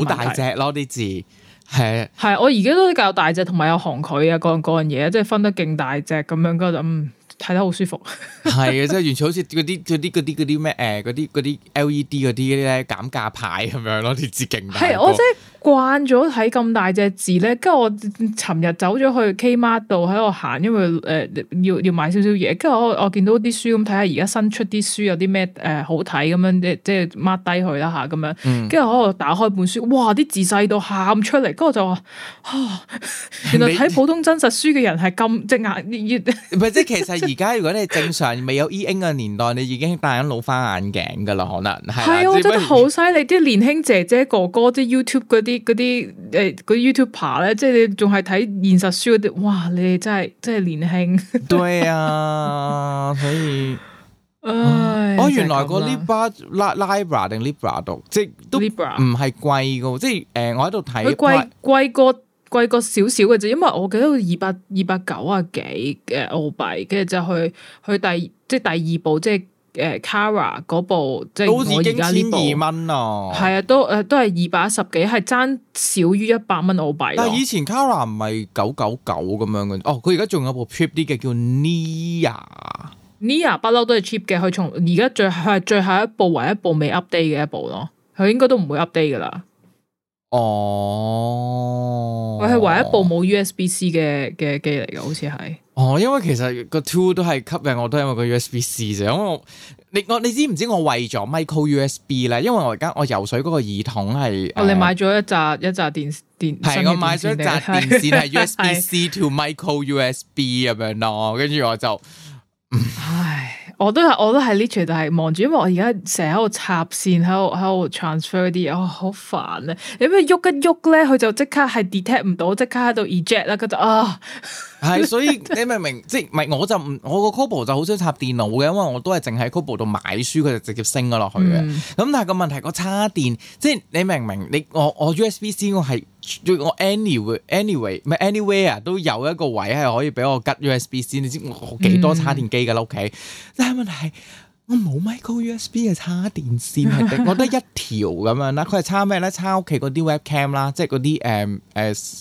大隻咯。啲字係係我而家都較大隻，同埋有行距啊，各樣各樣嘢，即、就、係、是、分得勁大隻咁樣，嗯，睇得好舒服。係 啊，即係完全好似嗰啲嗰啲嗰啲嗰啲咩誒嗰啲嗰啲 L E D 嗰啲咧減價牌咁樣咯，啲字勁大。我即係。慣咗睇咁大隻字咧，跟住我尋日走咗去 K Mart 度喺度行，因為誒、呃、要要買少少嘢，跟住我我見到啲書咁，睇下而家新出啲書有啲咩誒好睇咁樣，即係 mark 低佢啦嚇咁樣，跟住我打開本書，哇！啲字細到喊出嚟，跟住我就話、哦、原來睇普通真實書嘅人係咁隻眼，要唔係即其實而家，如果你正常未有 E Ink 嘅年代，你已經戴緊老花眼鏡噶啦。可能係啊，我覺得好犀利，啲年輕姐姐哥哥啲 YouTube 嗰啲。嗰啲誒，嗰啲 YouTuber 咧，即係你仲係睇現實書嗰啲，哇！你哋真係真係年輕。 對啊，所以，唉，我唉原來嗰 li Libra 定 Libra 度，即係都唔係貴噶，ra 即係誒、呃，我喺度睇貴貴過貴過少少嘅啫，因為我記得二百二百九啊幾嘅澳幣，跟住就去去第即係第二部即係。誒，Kara 嗰部即係我而家千二蚊啊，哦，係啊，都誒都係二百一十幾，係爭少於一百蚊澳幣。但係以前 Kara 唔係九九九咁樣嘅，哦，佢而家仲有部 cheap 啲嘅叫 Nia，Nia 不嬲都係 cheap 嘅，佢從而家最佢係最後一部，唯一部未 update 嘅一部咯，佢應該都唔會 update 㗎喇。哦，佢係唯一一部冇 USB-C 嘅嘅機嚟嘅，好似係。哦，因為其實個 two 都係吸引我，C，我，都係因為個 USB C 啫。因為我，我你我你知唔知我為咗 micro USB 咧？ 因為我而家我游水嗰個耳筒係，哦，啊、你買咗一扎一扎電電係，我買咗一扎電線係 USB C to micro USB 咁樣咯。跟住我就，唉，我都係我都係 literally，就係望住，因為我而家成日喺度插線喺度喺度 transfer 啲嘢，我好煩咧。有咩喐一喐咧，佢就即刻係 detect 唔到，即刻喺度 eject 啦，佢就啊。係， 所以你明唔明？即係唔係我就唔我個 Kobo 就好少插電腦嘅，因為我都係淨喺 Kobo 度買書，佢就直接升咗落去嘅。咁 但係個問題，個叉電即係你明唔明？你我我 USB C 我係 Any 我 anyway anyway 唔係 anywhere 啊，都有一個位係可以俾我吉 USB C。你知我幾多叉電機㗎啦屋企？ 但係問題。我冇 micro USB，嘅叉電線，係得，我得一條咁樣啦。佢係叉咩咧？插屋企嗰啲 webcam 啦，即係嗰啲誒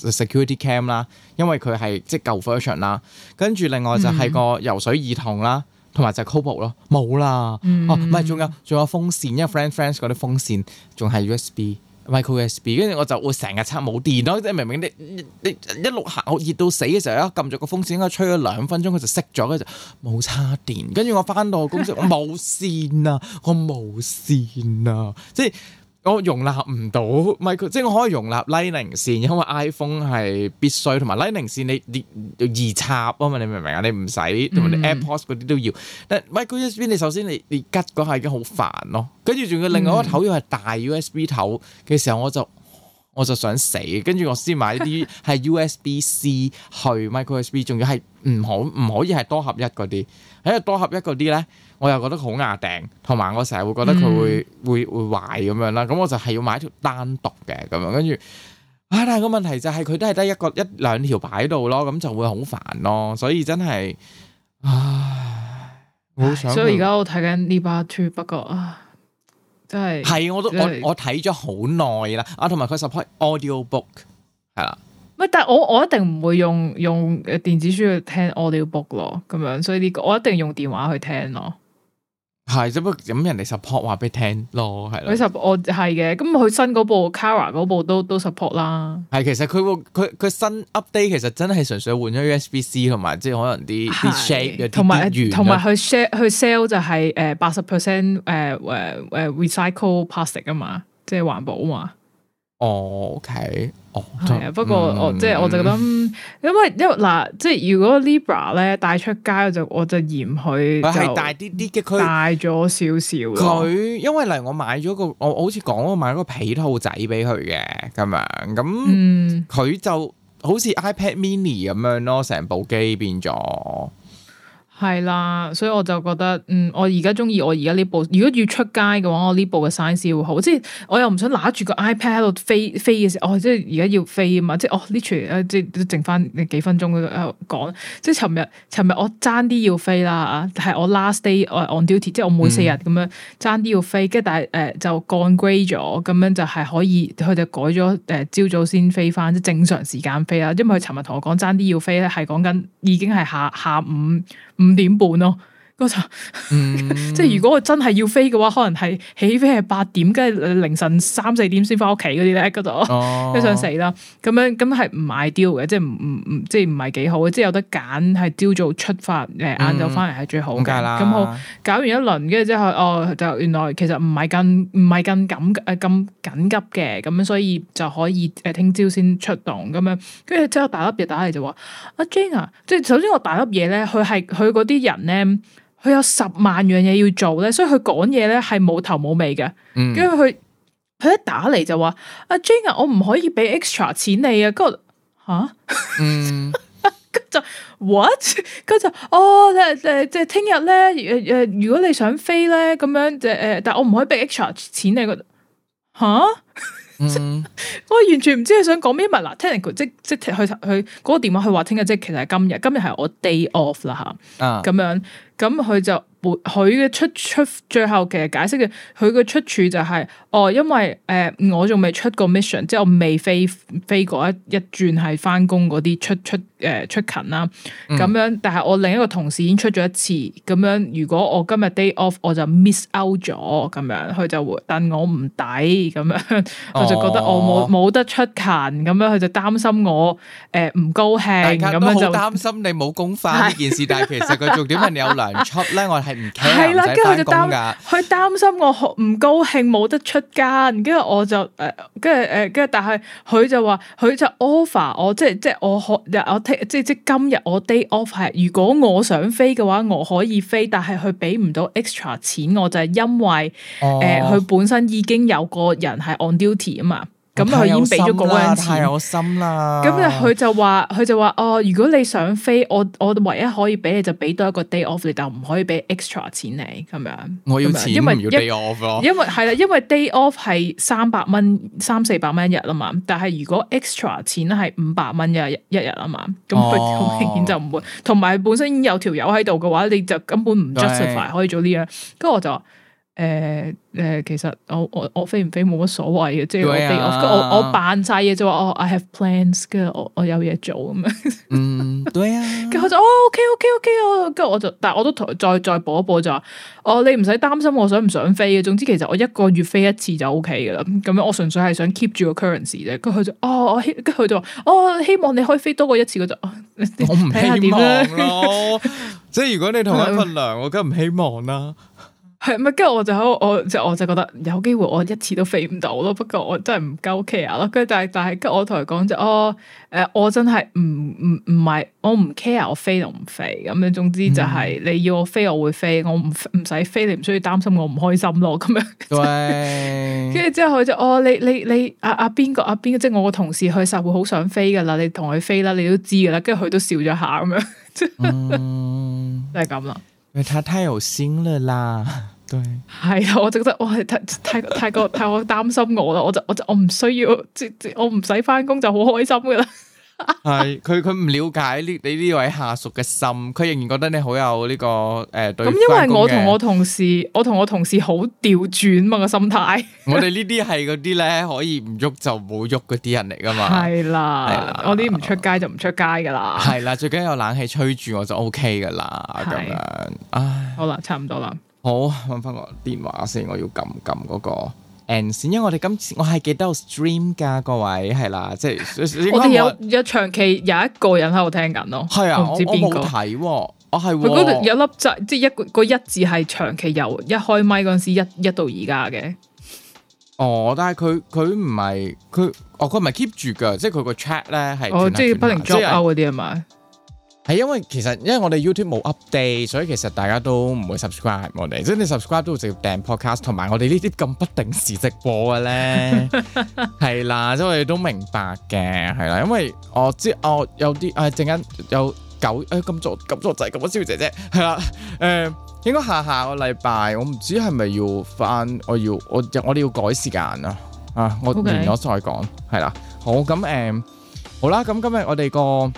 誒 security cam 啦。因為佢係即舊 version 啦。跟住另外就係個游水耳筒啦，同埋就 couple 咯，冇啦、嗯。哦、啊，唔係，仲有仲有風扇，因為 friend friends 嗰啲風扇仲係 USB。S micro USB 跟住我就會成日插冇電咯，即係明明你你一路行我熱到死嘅時候咧，撳著個風扇應該吹咗兩分鐘，佢就熄咗咧，就冇插電。跟住我翻到公司，我冇 線啊，我冇線啊，即係。我容納唔到唔係，佢即係我可以容納 Lightning 線，因為 iPhone 係必須，同埋 Lightning 線你你易插啊嘛，你明唔明啊？你唔使同埋 AirPods 嗰啲都要，但 Micro USB 你首先你你吉嗰下已經好煩咯，跟住仲要另外一個頭要係大 USB 頭嘅時候，我就。我就想死，跟住我先買啲係 USB C 去 micro USB 仲要係唔可唔可以係多合一嗰啲，喺度多合一嗰啲咧，我又覺得好硬掟，同埋我成日會覺得佢會、嗯、會會壞咁樣啦，咁我就係要買一條單獨嘅咁樣，跟住啊，但係個問題就係佢都係得一個一兩條擺度咯，咁就會好煩咯，所以真係唉，我唉所以而家我睇緊呢把圖，不過啊。係、嗯，我都、就是、我我睇咗好耐啦。啊，同埋佢 support audiobook，係啦。唔係，但我我一定唔會用用電子書去聽 audiobook 咯。咁樣，所以呢個我一定用電話去聽咯。係，只不過咁人哋 support 話俾你聽咯，係啦。我 support 我係嘅，咁佢新嗰部 Cara 嗰部都都 support 啦。係，其實佢佢佢新 update 其實真係純粹換咗 USB C 同埋，即係可能啲啲的 shape 同埋同埋佢 sell 佢 sell 就係誒八十 percent 誒誒誒 recycle plastic 啊嘛，即係環保啊嘛。哦、oh，OK，哦，係啊，不過我即係我就覺得，因為因嗱，即係如果 Libra 咧帶出街，我就我就嫌佢係大啲啲嘅，佢大咗少少。佢因為例如我買咗個，我好似講我買咗個皮套仔俾佢嘅咁樣，咁佢、嗯、就好似 iPad Mini 咁樣咯，成部機變咗。係啦，所以我就覺得，嗯，我而家中意我而家呢部。如果要出街嘅話，我呢部嘅 size 會好。即係我又唔想拿住個 iPad 喺度飛飛嘅時候，我、哦、即係而家要飛啊嘛。即係 literally，即係都剩翻幾分鐘喺度講。即係尋日尋日我爭啲要飛啦嚇，係我 last day 我 on duty，即係我每四日咁樣爭啲、嗯、要飛，跟住但係誒、呃、就降 grade 咗，咁樣就係可以佢哋改咗誒朝早先飛翻，即正常時間飛啦。因為佢尋日同我講爭啲要飛咧，係講緊已經係下下，下午。五點半咯、哦。嗰度，即係 如果我真係要飛嘅話，可能係起飛係八點，跟住凌晨三四點先翻屋企嗰啲咧，嗰度非想死啦。咁樣咁係唔買 deal 嘅，即係唔唔唔，即係唔係幾好嘅，即係有得揀係朝早出發，誒晏晝翻嚟係最好嘅。咁、嗯嗯、好，搞完一輪，跟住之後哦，就原來其實唔係咁唔係咁緊誒咁、啊、緊急嘅，咁所以就可以誒聽朝先出動咁樣。跟住之後大粒嘢打嚟就話阿 Jing 啊，即係首先我大粒嘢咧，佢係佢嗰啲人咧。佢有十萬樣嘢要做咧，所以佢講嘢咧係冇頭冇尾嘅。跟住佢，佢一打嚟就話：阿 Jane 啊，我唔可以俾 extra 錢你啊。嗰個吓，嗯，跟住 what？跟住哦，誒誒，即係聽日咧，誒、呃、誒、呃呃，如果你想飛咧，咁樣，誒、呃、誒，但我唔可以俾 extra 錢你吓。嗯， 我完全唔知佢想講咩物嗱，聽日佢即即去去嗰個電話佢話聽日即其實係今日，今日係我 day off 啦吓，咁、啊、樣咁佢就佢嘅出出最後其實解釋嘅，佢嘅出處就係、是、哦，因為誒、呃、我仲未出過 mission，即係我未飛飛過一一轉係翻工嗰啲出出。出誒，出勤啦，咁樣，但係我另一個同事已經出咗一次，咁樣，如果我今日 day off，我就 miss out 咗，咁樣，佢就會戥我唔抵，咁樣，佢就覺得我冇冇、哦、得出勤，咁樣，佢就擔心我誒唔高興，咁樣就擔心你冇工返呢件事，對 但係其實佢重點問你有糧出咧，我係唔驚，係啦，跟住佢就擔心，佢擔心我唔高興，冇得出勤。跟住我就誒，跟住誒，跟住但係佢就話，佢就 offer 我，即係即係我我聽。我我我我我即即今日我 day off 係，如果我想飛嘅話，我可以飛，但係佢俾唔到 extra 錢我，我就係、係、因為誒，佢、oh. 呃、本身已經有個人係 on duty 啊嘛。咁佢已經俾咗嗰樣錢，太我心啦。咁佢就話，佢就話，哦，如果你想飛，我我唯一可以俾你就俾多一個 day off 你，你，但唔可以俾 extra 錢。你咁樣。我要錢，因為要因為係啦，因為 day off 係三百蚊、三四百蚊一日啦嘛。但係如果 extra 錢係五百蚊一一日啊嘛，咁佢好明顯就唔會。同埋、哦、本身有條友喺度嘅話，你就根本唔 justify 對可以做呢樣。跟住我就。誒誒、呃，其實我我我飛唔飛冇乜所謂嘅，即係我飛、啊、我，我扮晒嘢，就話我 I have plans，跟住我我有嘢做咁樣。嗯，對啊。跟住佢就哦，OK OK OK，跟住我就，但係我都再再補一補就話，哦，你唔使擔心，我想唔想飛嘅，總之其實我一個月飛一次就 OK 噶啦。咁樣我純粹係想 keep 住個 currency 啫。跟住佢就哦，我跟住佢就話、哦，哦，希望你可以飛多過一次。佢就、哦、你我唔希望看看 即係如果你同一份糧，我梗唔希望啦。係咪？跟住我就好，我即我就覺得有機會，我一次都飛唔到咯。不過我真係唔夠 care 咯。跟住但係但係，跟住我同佢講就哦，誒，我真係唔唔唔係，我唔 care，我飛同唔飛咁樣。總之就係你要我飛，我會飛。我唔唔使飛，你唔需要擔心我唔開心咯。咁樣。跟住之後佢就哦，你你你阿阿邊個阿邊個即係我個同事佢實會好想飛噶啦，你同佢飛啦，你都知噶啦。跟住佢都笑咗下咁樣。嗯，就係咁啦。佢太有心了啦。係對， 我就覺得我係太太太過太過擔心我啦，我就我就我唔需要，即即我唔使翻工就好開心噶啦 。係，佢佢唔了解呢你呢位下屬嘅心，佢仍然覺得你好有呢個誒，對。咁 因為我同我同事，我同我同事好調轉嘛個心態。 我哋呢啲係嗰啲咧，可以唔喐就冇喐嗰啲人嚟噶嘛。係 啦， 我啲唔出街就唔出街噶啦。係 啦， 最緊要有冷氣吹住我就 O K 噶啦，咁 樣。唉，好啦 É.，差唔多啦。好，揾翻個電話先，我要撳撳嗰個 end 先，And，因為我哋今次我係記得 stream 噶各位係啦，即係我哋有有長期有一個人喺度聽緊咯，係啊，唔知邊個我冇睇，我係佢嗰度有粒掣，即係一個一字係長期由一開咪嗰陣時一一到而家嘅。哦，哦哦但係佢佢唔係佢，哦佢唔係 keep 住噶即係佢個 chat 咧係，斷一斷一斷哦即係不停 join 啊、就是，我點係因為其實因為我哋 YouTube 冇 update，所以其實大家都唔會 subscribe 我哋，即係你 subscribe 都會直接訂 podcast，同埋我哋呢啲咁不定時直播嘅咧，係啦， 即係我哋都明白嘅，係啦，因為我知係我、哦、有啲誒、陣、啊、間有九誒咁多咁多就咁多，小姐姐係啦、誒、呃，應該下下個禮拜我唔知係咪要翻，我要我我哋要改時間啦，啊，我 Okay. 完咗再講，係啦，好咁誒、嗯，好啦，咁、嗯、今日我哋個。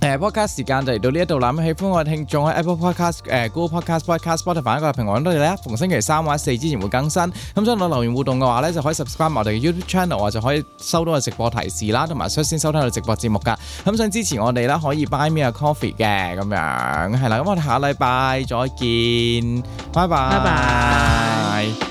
誒 Podcast 時間就嚟到呢一度啦！咁喜歡我嘅聽眾喺 Apple Podcast、誒 Google Podcast、Podcast、Spotify 各個平台等都得啦。逢星期三或者四之前會更新。咁想同我留言互動嘅話咧，就可以 subscribe 我哋嘅 YouTube Channel 啊，就可以收到個直播提示啦，同埋率先收聽到直播節目噶。咁想支持我哋啦，可以 Buy me a coffee 嘅咁樣係啦。咁我哋下禮拜再見，拜拜。